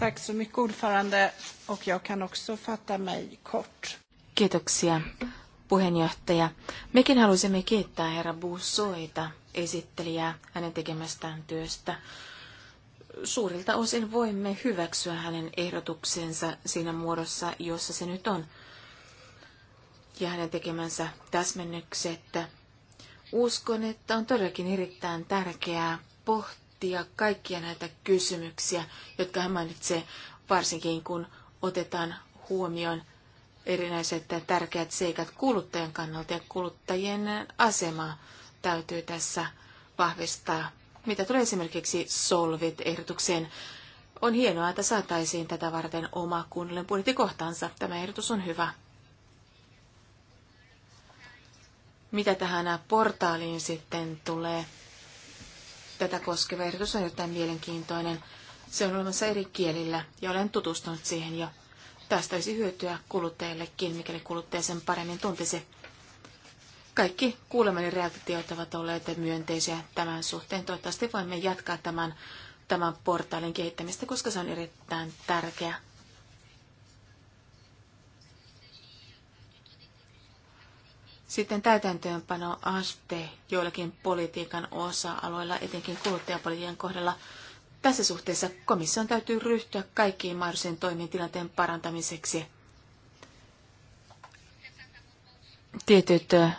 Speaker 2: Tack så mycket
Speaker 6: ordförande och jag kan också fatta mig kort. Kiitoksia puheenjohtaja. Mekin halusimme kiittää herra Buusoita esittelijää hänen tekemästään työstä. Suurilta osin voimme hyväksyä hänen ehdotuksensa siinä muodossa, jossa se nyt on ja hänen tekemänsä täsmennykset. Uskon, että on todellakin erittäin tärkeää pohtia kaikkia näitä kysymyksiä, jotka hän mainitsee, varsinkin kun otetaan huomioon erinäiset tärkeät seikat kuluttajan kannalta ja kuluttajien asemaa täytyy tässä vahvistaa. Mitä tulee esimerkiksi Solvit-ehdotukseen, on hienoa, että saataisiin tätä varten oma kunnallinen budjettikohtansa. Tämä ehdotus on hyvä. Mitä tähän portaaliin sitten tulee? Tätä koskeva ehdotus on jotain mielenkiintoinen. Se on olemassa eri kielillä ja olen tutustunut siihen jo. Tästä olisi hyötyä kuluttajillekin, mikäli kuluttaja sen paremmin tuntisi. Kaikki kuulemani reaktiot ovat olleet myönteisiä tämän suhteen. Toivottavasti voimme jatkaa tämän, tämän portaalin kehittämistä, koska se on erittäin tärkeä. Sitten täytäntöönpanoaste joillakin politiikan osa-alueilla, etenkin kuluttajapolitiikan kohdalla. Tässä suhteessa komission täytyy ryhtyä kaikkiin mahdollisiin toimiin tilanteen parantamiseksi. Tietyt äh,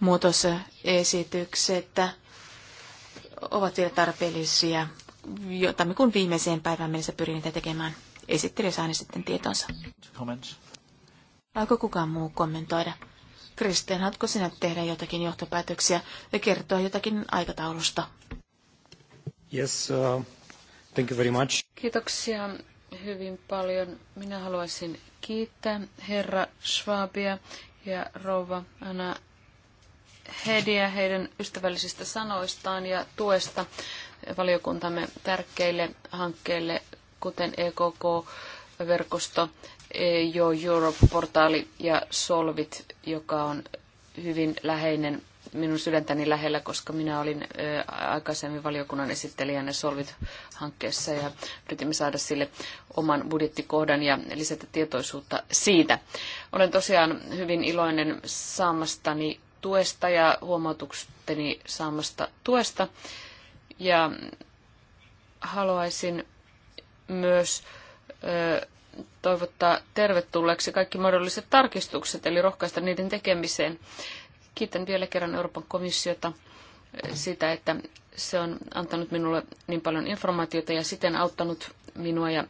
Speaker 6: muutosesitykset ovat vielä tarpeellisia. Jo tammikuun viimeiseen päivään mennessä pyrin niitä tekemään. Esittelijä saa sitten tietonsa. Comment. Alko kukaan muu kommentoida? Kristian, haluatko sinä tehdä jotakin johtopäätöksiä ja kertoa jotakin aikataulusta?
Speaker 1: Yes, uh, thank you very much.
Speaker 6: Kiitoksia hyvin
Speaker 3: paljon. Minä haluaisin kiittää herra Schwabia ja rouva Anna Hediä heidän ystävällisistä sanoistaan ja tuesta valiokuntamme tärkeille hankkeille, kuten EKK-verkosto E, jo Europe-portaali ja Solvit, joka on hyvin läheinen minun sydäntäni lähellä, koska minä olin e, aikaisemmin valiokunnan esittelijänä Solvit-hankkeessa ja yritimme saada sille oman budjettikohdan ja lisätä tietoisuutta siitä. Olen tosiaan hyvin iloinen saamastani tuesta ja huomautukseni saamasta tuesta ja haluaisin myös e, toivottaa tervetulleeksi kaikki mahdolliset tarkistukset, eli rohkaista niiden tekemiseen. Kiitän vielä kerran Euroopan komissiota eh, sitä, että se on antanut minulle niin paljon informaatiota ja siten auttanut minua ja eh,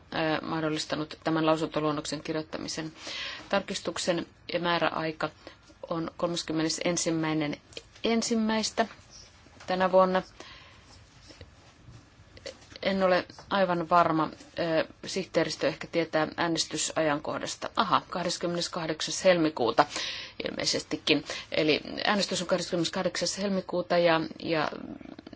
Speaker 3: mahdollistanut tämän lausuntoluonnoksen kirjoittamisen. Tarkistuksen ja määräaika on 31. ensimmäistä tänä vuonna en ole aivan varma. Sihteeristö ehkä tietää äänestysajankohdasta. Aha, 28. helmikuuta ilmeisestikin. Eli äänestys on 28. helmikuuta ja, ja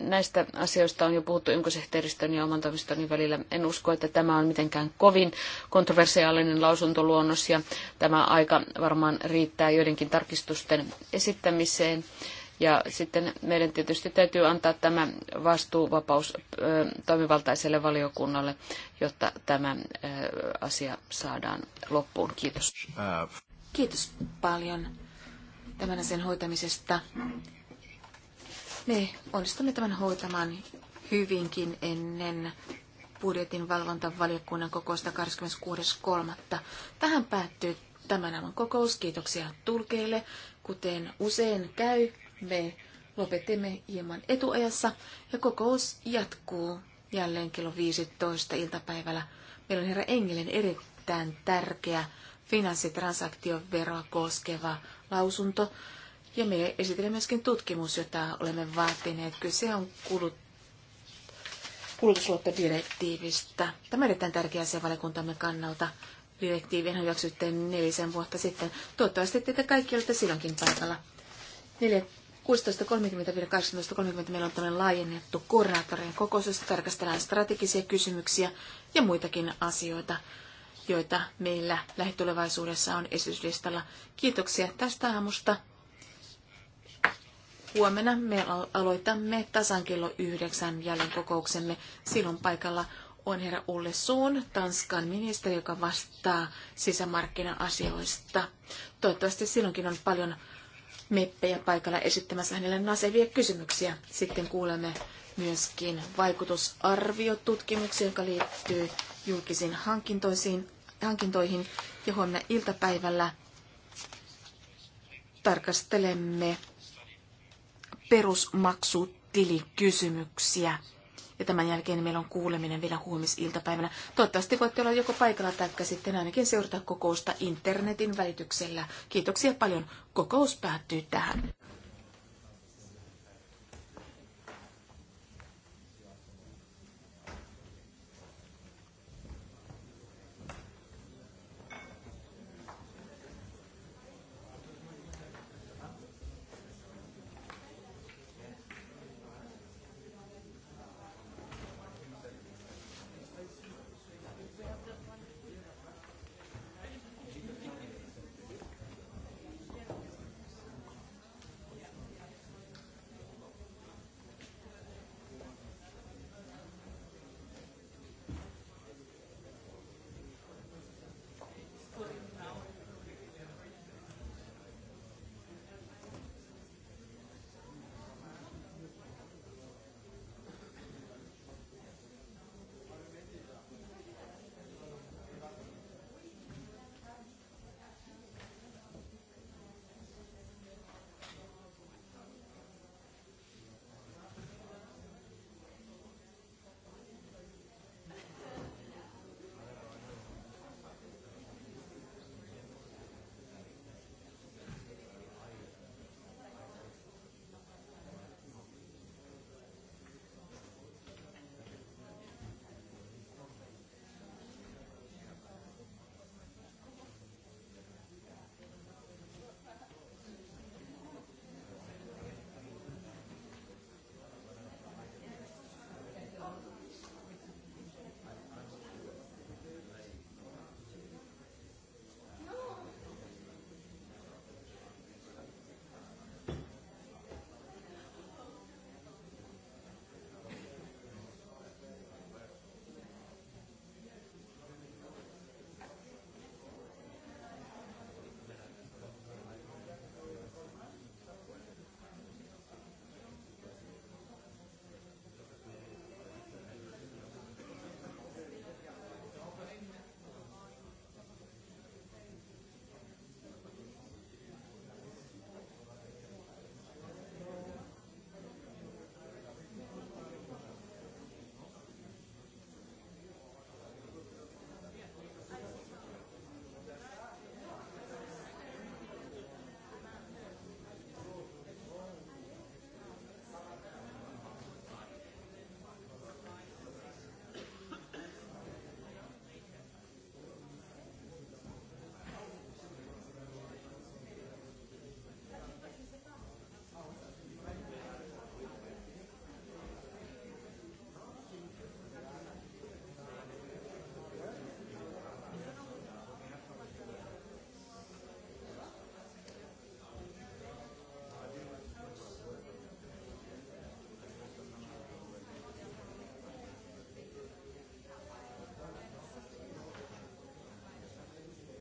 Speaker 3: näistä asioista on jo puhuttu ympäristön ja oman toimistoni välillä. En usko, että tämä on mitenkään kovin kontroversiaalinen lausuntoluonnos ja tämä aika varmaan riittää joidenkin tarkistusten esittämiseen. Ja sitten meidän tietysti täytyy antaa tämä vastuuvapaus toimivaltaiselle valiokunnalle, jotta tämä asia saadaan loppuun. Kiitos.
Speaker 6: Kiitos paljon tämän asian hoitamisesta. Me onnistumme tämän hoitamaan hyvinkin ennen budjetin valvontavaliokunnan kokousta 26.3. Tähän päättyy tämän aamun kokous. Kiitoksia tulkeille. Kuten usein käy, me lopetimme hieman etuajassa ja kokous jatkuu jälleen kello 15 iltapäivällä. Meillä on herra Engelen erittäin tärkeä finanssitransaktioveroa koskeva lausunto. Ja me esittelemme myöskin tutkimus, jota olemme vaatineet. Kyse on kulut kulutusluottodirektiivistä. Tämä on erittäin tärkeä asia valiokuntamme kannalta. Direktiivin hyväksyttiin nelisen vuotta sitten. Toivottavasti te kaikki olette silloinkin paikalla. Neljä 16.30 18.30 meillä on tämmöinen laajennettu koordinaattorien kokous, jossa tarkastellaan strategisia kysymyksiä ja muitakin asioita, joita meillä lähitulevaisuudessa on esityslistalla. Kiitoksia tästä aamusta. Huomenna me aloitamme tasan kello yhdeksän jälleen kokouksemme. Silloin paikalla on herra Ulle Suun, Tanskan ministeri, joka vastaa sisämarkkina-asioista. Toivottavasti silloinkin on paljon meppejä paikalla esittämässä hänelle nasevia kysymyksiä. Sitten kuulemme myöskin vaikutusarviotutkimuksia, joka liittyy julkisiin hankintoihin, hankintoihin. Ja huomenna iltapäivällä tarkastelemme perusmaksutilikysymyksiä. Ja tämän jälkeen meillä on kuuleminen vielä huomisiltapäivänä. Toivottavasti voitte olla joko paikalla tai sitten ainakin seurata kokousta internetin välityksellä. Kiitoksia paljon. Kokous päättyy tähän.